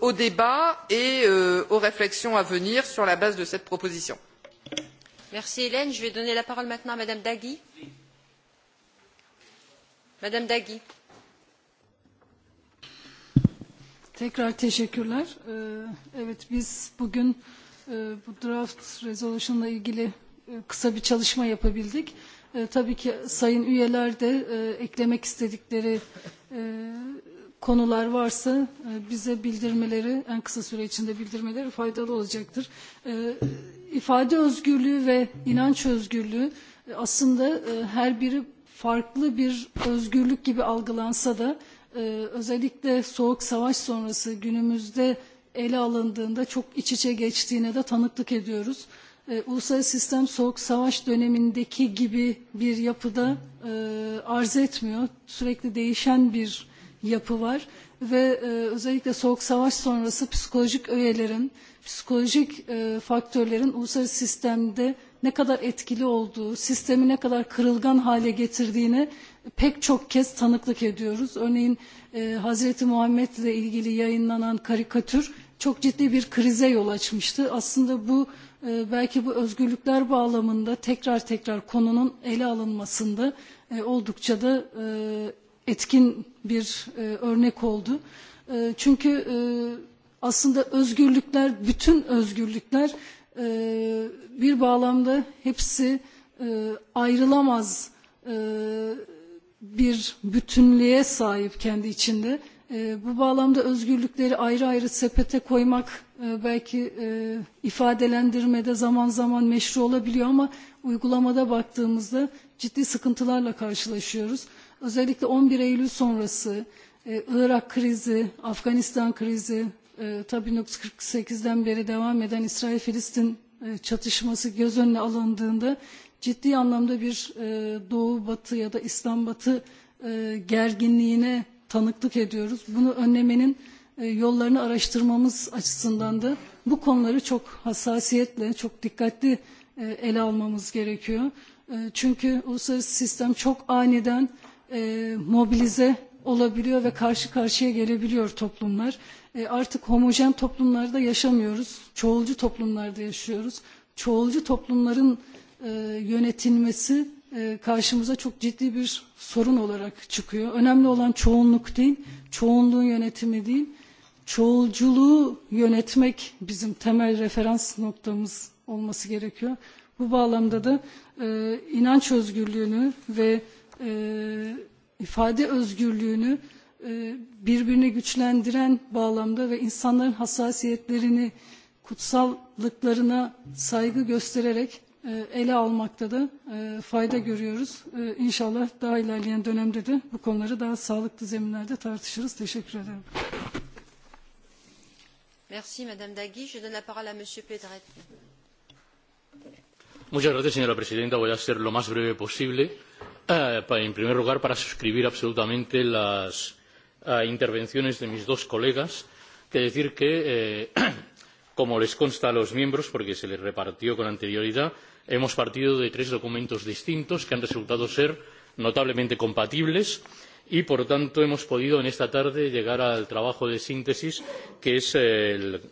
au débat et aux réflexions à venir sur la base de cette proposition. merci hélène je vais donner la parole maintenant à mme dagui. Oui Madame Dagui. Tekrar teşekkürler. Evet biz bugün e, bu draft resolution'la ilgili e, kısa bir çalışma yapabildik. E, tabii ki sayın üyeler de eklemek istedikleri konular varsa bize bildirmeleri en kısa süre velmi bildirmeleri faydalı olacaktır. İfade özgürlüğü ve inanç özgürlüğü aslında her biri farklı bir özgürlük gibi algılansa da e, özellikle soğuk savaş sonrası günümüzde ele alındığında çok iç içe geçtiğine de tanıklık ediyoruz. E, uluslararası sistem soğuk savaş dönemindeki gibi bir yapıda e, arz etmiyor. Sürekli değişen bir yapı var ve e, özellikle soğuk savaş sonrası psikolojik öğelerin, psikolojik e, faktörlerin uluslararası sistemde ne kadar etkili olduğu, sistemi ne kadar kırılgan hale getirdiğini pek çok kez tanıklık ediyoruz. Örneğin e, Hazreti Muhammed ile ilgili yayınlanan karikatür çok ciddi bir krize yol açmıştı. Aslında bu e, belki bu özgürlükler bağlamında tekrar tekrar konunun ele alınmasında e, oldukça da e, etkin bir e, örnek oldu. E, çünkü e, aslında özgürlükler, bütün özgürlükler bir bağlamda hepsi e, ayrılamaz e, bir bütünlüğe sahip kendi içinde. E, bu bağlamda özgürlükleri ayrı ayrı sepete koymak belki ifadelendirmede zaman zaman meşru olabiliyor ama uygulamada baktığımızda ciddi sıkıntılarla karşılaşıyoruz. Özellikle 11 Eylül sonrası Irak krizi, Afganistan krizi, tabii 1948'den beri devam eden İsrail-Filistin e, çatışması göz önüne alındığında ciddi anlamda bir e, Doğu-Batı ya da İslam-Batı e, gerginliğine tanıklık ediyoruz. Bunu önlemenin yollarını araştırmamız açısından da bu konuları çok hassasiyetle, çok dikkatli ele almamız gerekiyor. çünkü uluslararası sistem çok aniden mobilize olabiliyor ve karşı karşıya gelebiliyor toplumlar. E, artık homojen toplumlarda yaşamıyoruz. Çoğulcu toplumlarda yaşıyoruz. Çoğulcu toplumların e, yönetilmesi e, karşımıza çok ciddi bir sorun olarak çıkıyor. Önemli olan çoğunluk değil, çoğunluğun yönetimi değil. Çoğulculuğu yönetmek bizim temel referans noktamız olması gerekiyor. Bu bağlamda da e, inanç özgürlüğünü ve e, ifade özgürlüğünü e, birbirine güçlendiren bağlamda ve insanların hassasiyetlerini kutsallıklarına saygı göstererek e, ele almakta da e, fayda görüyoruz. İnşallah daha ilerleyen dönemde de bu konuları daha sağlıklı zeminlerde tartışırız. Teşekkür ederim. Merci Madame Dagui. Je donne la parole à Monsieur Pedret. Muchas gracias, señora presidenta. Voy a ser lo más breve posible Eh, en primer lugar para suscribir absolutamente las eh, intervenciones de mis dos colegas y decir que eh, como les consta a los miembros porque se les repartió con anterioridad hemos partido de tres documentos distintos que han resultado ser notablemente compatibles y por tanto hemos podido en esta tarde llegar al trabajo de síntesis que es el,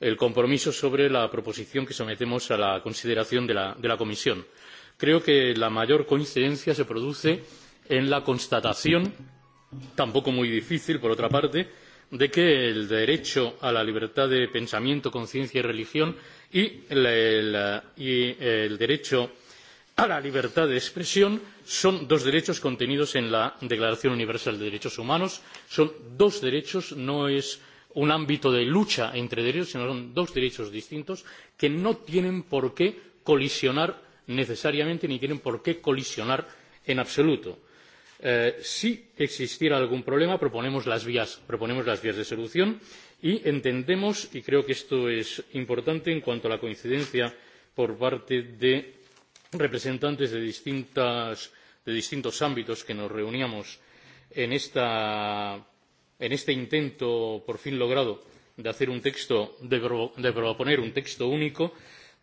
el compromiso sobre la proposición que sometemos a la consideración de la, de la comisión creo que la mayor coincidencia se produce en la constatación tampoco muy difícil por otra parte de que el derecho a la libertad de pensamiento conciencia y religión y el, el, y el derecho a la libertad de expresión son dos derechos contenidos en la declaración universal de derechos humanos son dos derechos no es un ámbito de lucha entre derechos sino son dos derechos distintos que no tienen por qué colisionar necesariamente ni tienen por qué colisionar en absoluto. Eh, si existiera algún problema proponemos las, vías, proponemos las vías de solución y entendemos y creo que esto es importante en cuanto a la coincidencia por parte de representantes de, de distintos ámbitos que nos reuníamos en, esta, en este intento por fin logrado de hacer un texto de proponer un texto único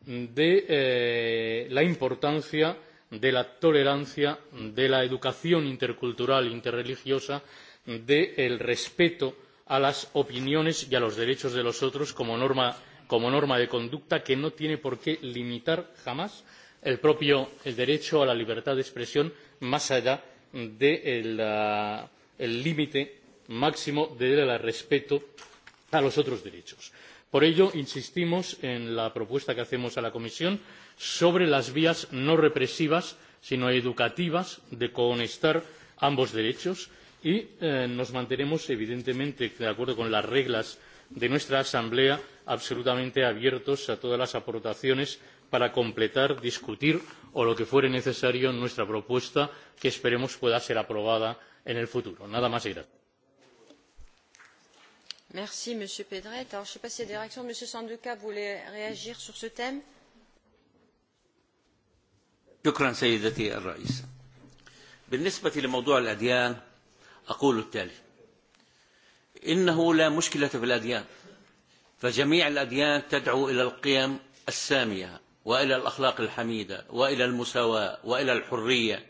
de eh, la importancia de la tolerancia, de la educación intercultural e interreligiosa, del de respeto a las opiniones y a los derechos de los otros como norma, como norma de conducta que no tiene por qué limitar jamás el propio el derecho a la libertad de expresión más allá del de límite máximo del respeto a los otros derechos por ello insistimos en la propuesta que hacemos a la comisión sobre las vías no represivas sino educativas de conectar ambos derechos y eh, nos mantenemos evidentemente de acuerdo con las reglas de nuestra asamblea absolutamente abiertos a todas las aportaciones para completar discutir o lo que fuere necesario nuestra propuesta que esperemos pueda ser aprobada en el futuro. nada más y gracias. Monsieur Pedret. je ne sais pas s'il y a des réactions. Monsieur Sanduka voulait réagir sur ce thème. بالنسبة لموضوع الأديان أقول التالي إنه لا مشكلة في الأديان فجميع الأديان تدعو إلى القيم السامية وإلى الأخلاق الحميدة وإلى المساواة وإلى الحرية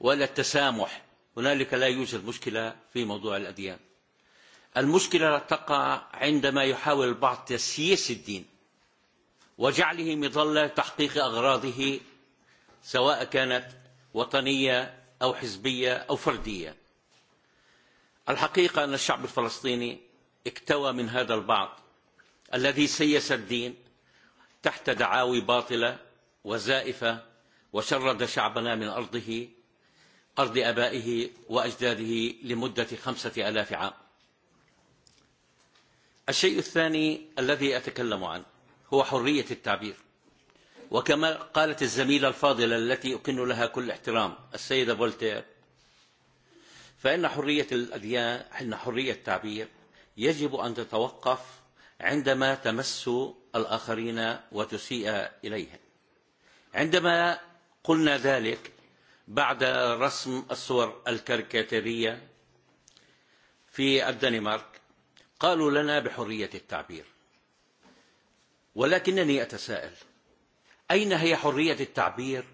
وإلى التسامح هنالك لا يوجد مشكلة في موضوع الأديان المشكلة تقع عندما يحاول البعض تسييس الدين وجعله مظلة تحقيق أغراضه سواء كانت وطنية أو حزبية أو فردية الحقيقة أن الشعب الفلسطيني اكتوى من هذا البعض الذي سيس الدين تحت دعاوي باطلة وزائفة وشرد شعبنا من أرضه أرض أبائه وأجداده لمدة خمسة آلاف عام الشيء الثاني الذي أتكلم عنه هو حرية التعبير وكما قالت الزميلة الفاضلة التي أكن لها كل احترام السيدة فولتير فإن حرية الأديان إن حرية التعبير يجب أن تتوقف عندما تمس الآخرين وتسيء إليهم عندما قلنا ذلك بعد رسم الصور الكاريكاتيرية في الدنمارك قالوا لنا بحرية التعبير ولكنني أتساءل أين هي حرية التعبير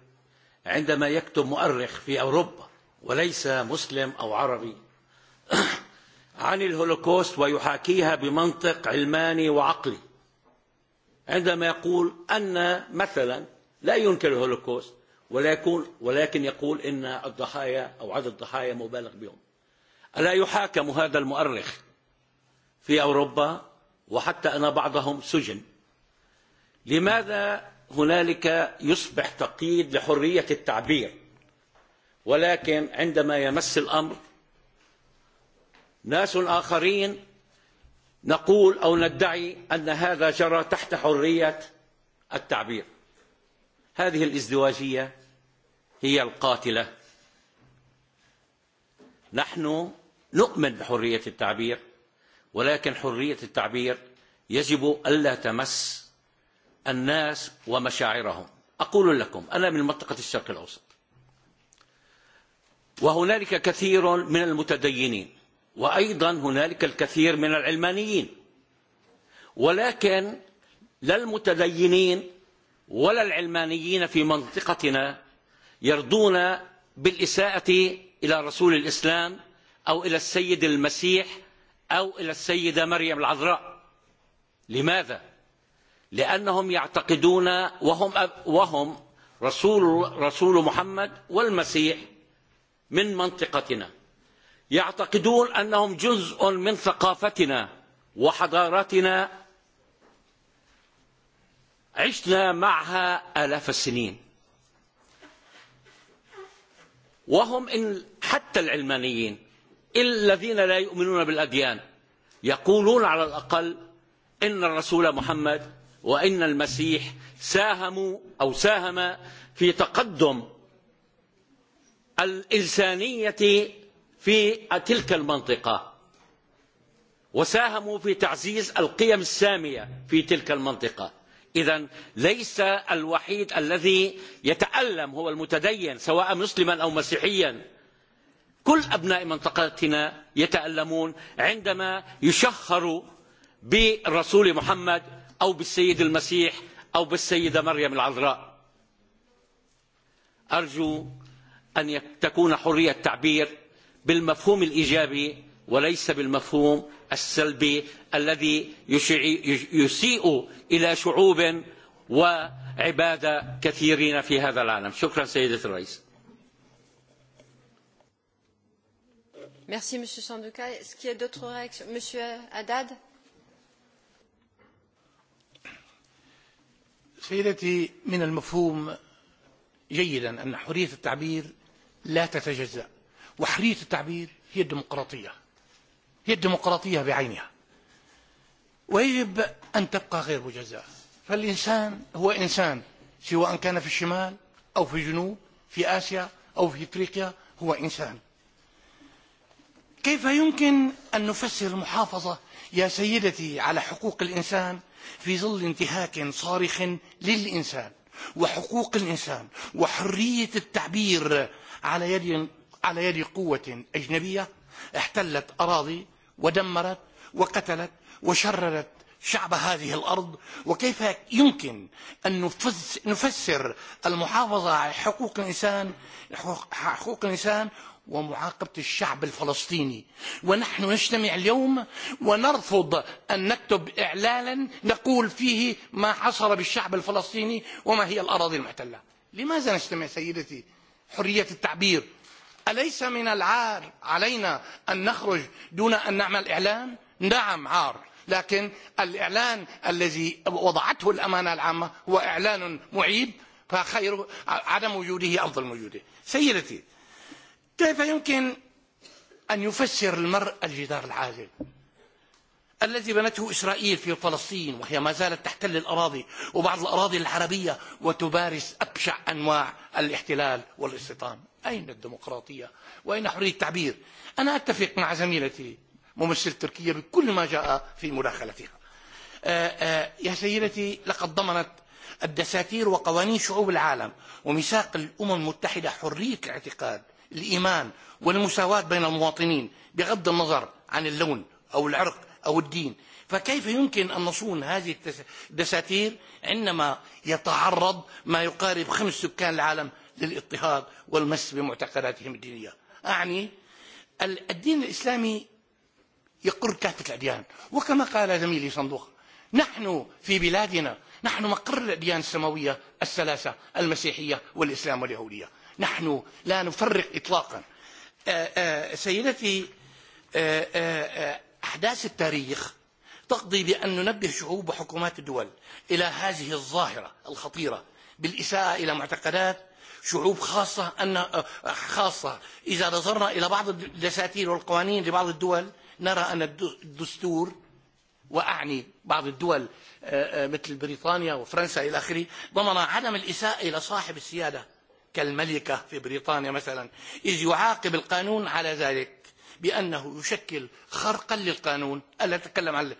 عندما يكتب مؤرخ في أوروبا وليس مسلم أو عربي عن الهولوكوست ويحاكيها بمنطق علماني وعقلي عندما يقول أن مثلا لا ينكر الهولوكوست ولكن يقول ان الضحايا أو عدد الضحايا مبالغ بهم. ألا يحاكم هذا المؤرخ في أوروبا وحتى أن بعضهم سجن لماذا هنالك يصبح تقييد لحرية التعبير ولكن عندما يمس الأمر ناس آخرين نقول أو ندعي أن هذا جرى تحت حرية التعبير هذه الازدواجية هي القاتلة نحن نؤمن بحرية التعبير ولكن حرية التعبير يجب ألا تمس الناس ومشاعرهم أقول لكم أنا من منطقة الشرق الأوسط وهنالك كثير من المتدينين وأيضا هنالك الكثير من العلمانيين ولكن لا المتدينين ولا العلمانيين في منطقتنا يرضون بالإساءة إلى رسول الإسلام أو إلى السيد المسيح أو إلى السيدة مريم العذراء لماذا؟ لأنهم يعتقدون وهم وهم رسول رسول محمد والمسيح من منطقتنا يعتقدون أنهم جزء من ثقافتنا وحضارتنا عشنا معها آلاف السنين وهم إن حتى العلمانيين الذين لا يؤمنون بالأديان يقولون على الأقل إن الرسول محمد وإن المسيح ساهموا أو ساهم في تقدم الإنسانية في تلك المنطقة وساهموا في تعزيز القيم السامية في تلك المنطقة إذا ليس الوحيد الذي يتألم هو المتدين سواء مسلما أو مسيحيا كل أبناء منطقتنا يتألمون عندما يشهروا برسول محمد أو بالسيد المسيح أو بالسيدة مريم العذراء أرجو أن تكون حرية التعبير بالمفهوم الإيجابي وليس بالمفهوم السلبي الذي يسيء إلى شعوب وعبادة كثيرين في هذا العالم شكرا سيدة الرئيس Merci, Monsieur Sanduka. Est-ce qu'il y a d'autres réactions Monsieur Haddad سيدتي من المفهوم جيدا أن حرية التعبير لا تتجزأ وحرية التعبير هي الديمقراطية هي الديمقراطية بعينها ويجب أن تبقى غير مجزأة فالإنسان هو إنسان سواء كان في الشمال أو في الجنوب في آسيا أو في إفريقيا هو إنسان كيف يمكن أن نفسر المحافظة يا سيدتي على حقوق الإنسان في ظل انتهاك صارخ للإنسان وحقوق الإنسان وحرية التعبير على يد على يد قوة أجنبية احتلت أراضي ودمرت وقتلت وشررت شعب هذه الأرض وكيف يمكن أن نفسر المحافظة على حقوق الإنسان حقوق الإنسان ومعاقبة الشعب الفلسطيني ونحن نجتمع اليوم ونرفض أن نكتب إعلانا نقول فيه ما حصل بالشعب الفلسطيني وما هي الأراضي المحتلة لماذا نجتمع سيدتي حرية التعبير أليس من العار علينا أن نخرج دون أن نعمل إعلان نعم عار لكن الإعلان الذي وضعته الأمانة العامة هو إعلان معيب فخير عدم وجوده أفضل من وجوده سيدتي كيف يمكن أن يفسر المرء الجدار العاجل الذي بنته إسرائيل في فلسطين وهي ما زالت تحتل الأراضي وبعض الأراضي العربية وتبارس أبشع أنواع الاحتلال والاستيطان أين الديمقراطية وأين حرية التعبير أنا أتفق مع زميلتي ممثل تركيا بكل ما جاء في مداخلتها يا سيدتي لقد ضمنت الدساتير وقوانين شعوب العالم وميثاق الأمم المتحدة حرية الاعتقاد الإيمان والمساواة بين المواطنين بغض النظر عن اللون أو العرق أو الدين فكيف يمكن أن نصون هذه الدساتير عندما يتعرض ما يقارب خمس سكان العالم للاضطهاد والمس بمعتقداتهم الدينية أعني الدين الإسلامي يقر كافة الأديان وكما قال زميلي صندوق نحن في بلادنا نحن مقر الأديان السماوية الثلاثة المسيحية والإسلام واليهودية نحن لا نفرق إطلاقا سيدتي أحداث التاريخ تقضي بأن ننبه شعوب وحكومات الدول إلى هذه الظاهرة الخطيرة بالإساءة إلى معتقدات شعوب خاصة أن خاصة إذا نظرنا إلى بعض الدساتير والقوانين لبعض الدول نرى أن الدستور وأعني بعض الدول مثل بريطانيا وفرنسا إلى آخره ضمن عدم الإساءة إلى صاحب السيادة كالملكة في بريطانيا مثلا إذ يعاقب القانون على ذلك بأنه يشكل خرقا للقانون ألا أتكلم عن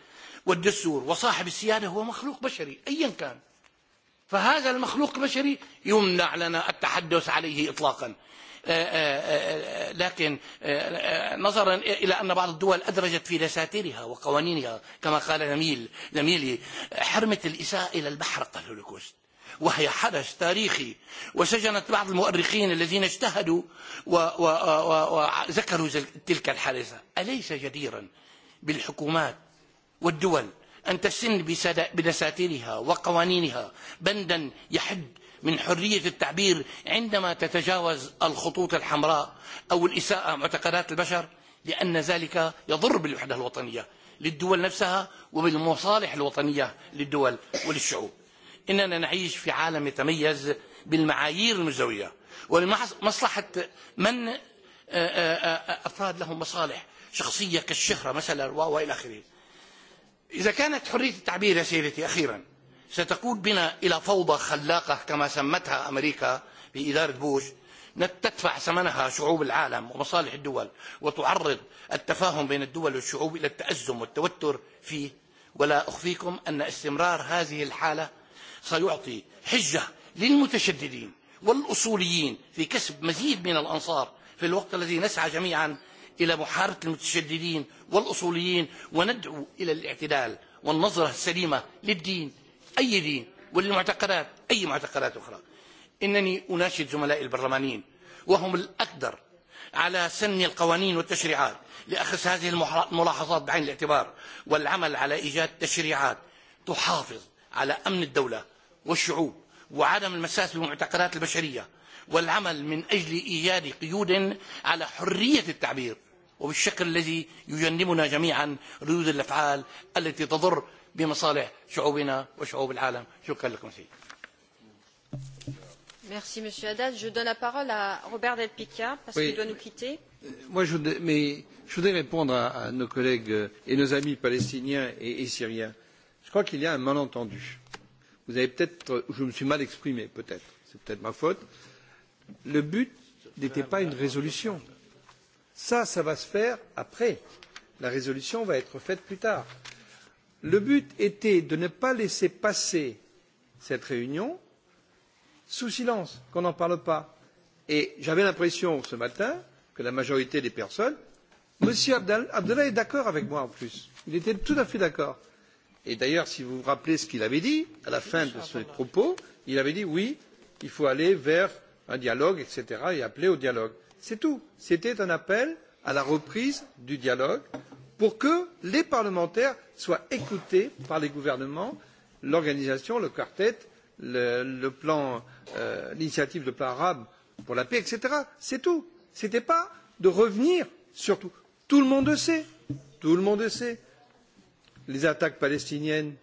والدستور وصاحب السيادة هو مخلوق بشري أيا كان فهذا المخلوق البشري يمنع لنا التحدث عليه إطلاقا لكن نظرا إلى أن بعض الدول أدرجت في دساتيرها وقوانينها كما قال نميل نميلي حرمة الإساءة إلى البحر قال هولوكوست وهي حدث تاريخي وسجنت بعض المؤرخين الذين اجتهدوا وذكروا تلك الحادثة أليس جديرا بالحكومات والدول أن تسن بدساتيرها وقوانينها بندا يحد من حرية التعبير عندما تتجاوز الخطوط الحمراء أو الإساءة معتقدات البشر لأن ذلك يضر بالوحدة الوطنية للدول نفسها وبالمصالح الوطنية للدول وللشعوب اننا نعيش في عالم يتميز بالمعايير المزويه ولمصلحه من افراد لهم مصالح شخصيه كالشهره مثلا والى اخره. اذا كانت حريه التعبير يا سيدتي اخيرا ستقود بنا الى فوضى خلاقه كما سمتها امريكا في اداره بوش تدفع ثمنها شعوب العالم ومصالح الدول وتعرض التفاهم بين الدول والشعوب الى التازم والتوتر فيه ولا اخفيكم ان استمرار هذه الحاله سيعطي حجة للمتشددين والأصوليين في كسب مزيد من الأنصار في الوقت الذي نسعى جميعا إلى محاربة المتشددين والأصوليين وندعو إلى الاعتدال والنظرة السليمة للدين أي دين وللمعتقدات أي معتقدات أخرى إنني أناشد زملائي البرلمانيين وهم الأقدر على سن القوانين والتشريعات لأخذ هذه الملاحظات بعين الاعتبار والعمل على إيجاد تشريعات تحافظ على أمن الدولة والشعوب وعدم المساس بمعتقدات البشرية والعمل من أجل إيجاد قيود على حرية التعبير وبالشكل الذي يجنبنا جميعا ردود الأفعال التي تضر بمصالح شعوبنا وشعوب العالم شكرا لكم سيدي Merci Monsieur Haddad. Je donne la parole à Robert Del Picca parce oui. qu'il doit nous quitter. Euh, moi, je voudrais, mais je voudrais répondre à, à nos collègues euh, et nos amis palestiniens et, et syriens. Je crois qu'il y a un malentendu. Euh, vous avez peut-être, je me suis mal exprimé, peut-être, c'est peut-être ma faute. Le but n'était pas une résolution. Ça, ça va se faire après. La résolution va être faite plus tard. Le but était de ne pas laisser passer cette réunion sous silence, qu'on n'en parle pas. Et j'avais l'impression ce matin que la majorité des personnes, M. Abdallah est d'accord avec moi en plus. Il était tout à fait d'accord et d'ailleurs si vous vous rappelez ce qu'il avait dit à la fin de ses propos il avait dit oui il faut aller vers un dialogue etc. et appeler au dialogue. c'est tout. c'était un appel à la reprise du dialogue pour que les parlementaires soient écoutés par les gouvernements l'organisation le quartet l'initiative le, le plan euh, de plan arabe pour la paix etc. c'est tout. ce n'était pas de revenir sur tout. tout le monde le sait tout le monde le sait les attaques palestiniennes,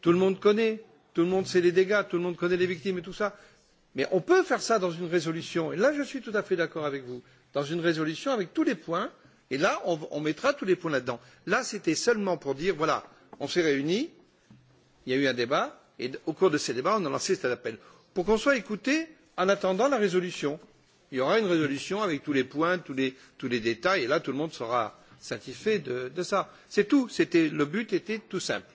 tout le monde connaît, tout le monde sait les dégâts, tout le monde connaît les victimes et tout ça. Mais on peut faire ça dans une résolution. Et là, je suis tout à fait d'accord avec vous. Dans une résolution avec tous les points. Et là, on, on mettra tous les points là-dedans. Là, là c'était seulement pour dire, voilà, on s'est réunis, il y a eu un débat, et au cours de ces débats, on a lancé cet appel. Pour qu'on soit écouté en attendant la résolution. Il y aura une résolution avec tous les points, tous les, tous les détails, et là, tout le monde sera, satisfait de, de ça. C'est tout. C'était, le but était tout simple.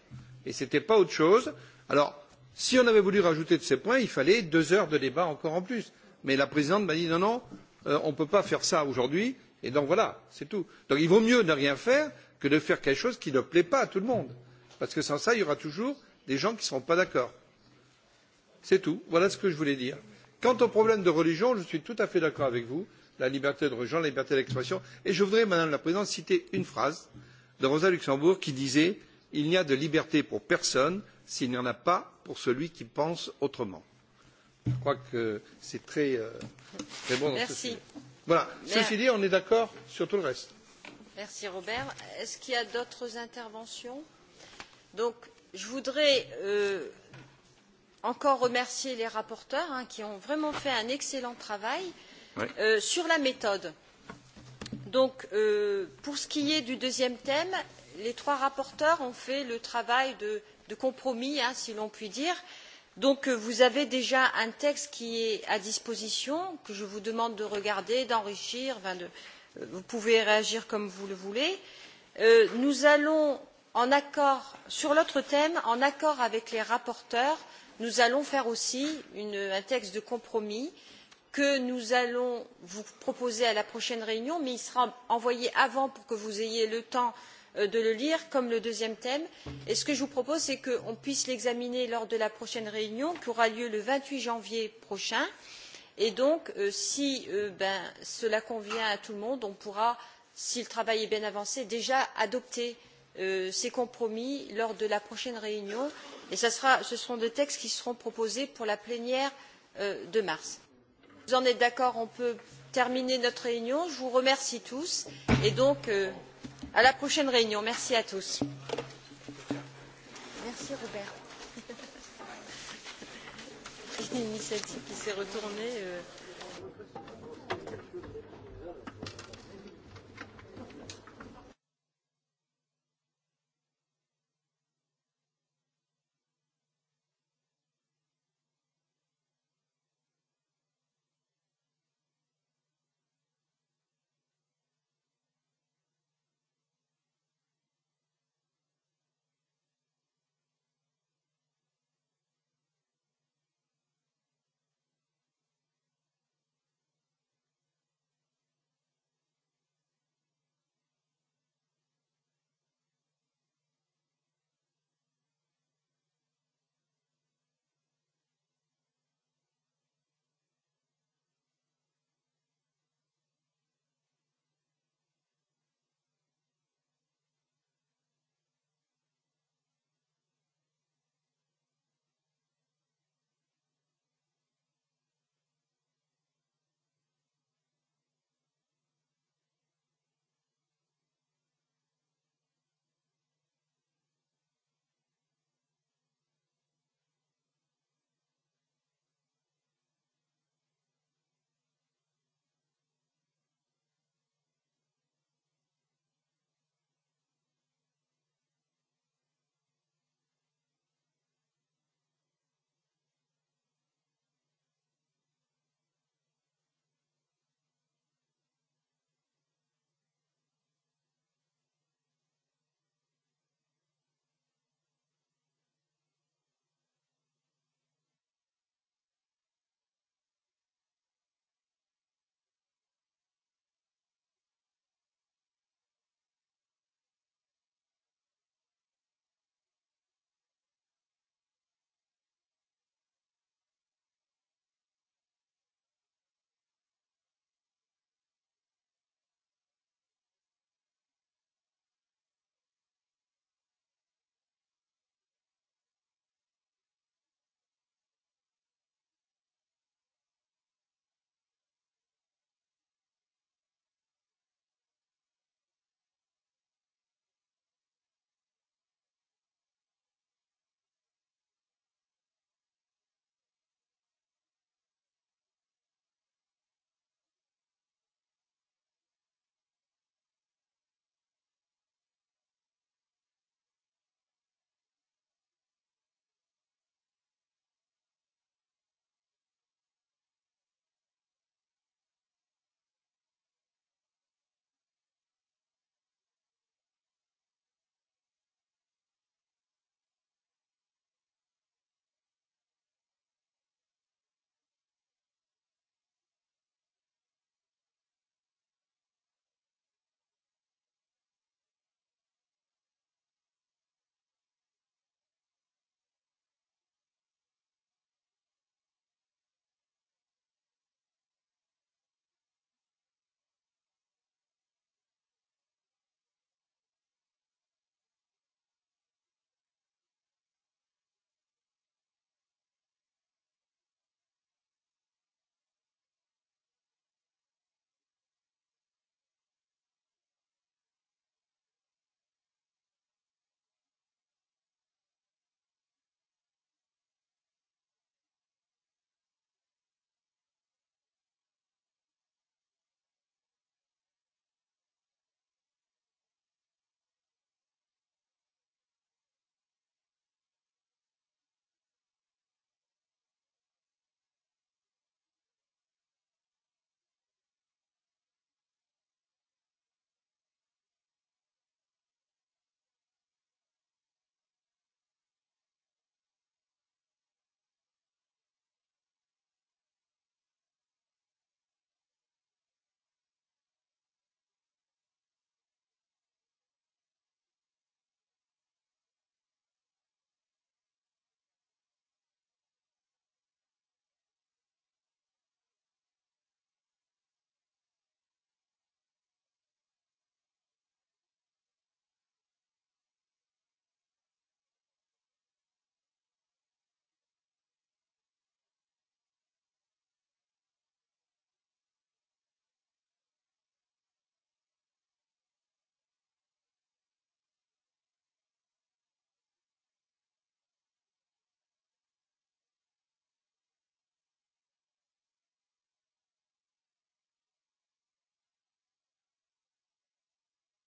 Et ce n'était pas autre chose. Alors, si on avait voulu rajouter de ces points, il fallait deux heures de débat encore en plus. Mais la présidente m'a dit non, non, euh, on ne peut pas faire ça aujourd'hui. Et donc voilà, c'est tout. Donc il vaut mieux ne rien faire que de faire quelque chose qui ne plaît pas à tout le monde. Parce que sans ça, il y aura toujours des gens qui ne seront pas d'accord. C'est tout. Voilà ce que je voulais dire. Quant au problème de religion, je suis tout à fait d'accord avec vous la liberté de religion, la liberté d'expression. Et je voudrais, Madame la Présidente, citer une phrase de Rosa Luxembourg qui disait Il n'y a de liberté pour personne s'il n'y en a pas pour celui qui pense autrement. Je crois que c'est très, euh, très bon dans ce sujet. Voilà. Merci. Ceci dit, on est d'accord sur tout le reste. Merci Robert. Est-ce qu'il y a d'autres interventions Donc, je voudrais euh, encore remercier les rapporteurs hein, qui ont vraiment fait un excellent travail. Euh, Euh, sur la méthode, euh, pour ce qui est du deuxième thème, les trois rapporteurs ont fait le travail de, de compromis, hein, si l'on peut dire. Donc euh, vous avez déjà un texte qui est à disposition, que je vous demande de regarder, d'enrichir, enfin de, vous pouvez réagir comme vous le voulez. Euh, nous allons, en accord, sur l'autre thème, en accord avec les rapporteurs, nous allons faire aussi une, un texte de compromis euh, que nous allons vous proposer à la prochaine réunion mais il sera envoyé avant pour que vous ayez le temps euh, de le lire comme le deuxième thème et ce que je vous propose c'est qu'on puisse l'examiner lors de la prochaine réunion qui aura lieu le vingt huit janvier prochain et donc euh, si euh, cela convient à tout le monde on pourra si le travail est bien avancé déjà adopter ces compromis lors de la prochaine réunion et ce, seront des textes qui seront proposés pour la plénière de mars vous en êtes d'accord on peut terminer notre réunion. je vous remercie tous et donc euh, à la prochaine réunion. merci à tous. Euh,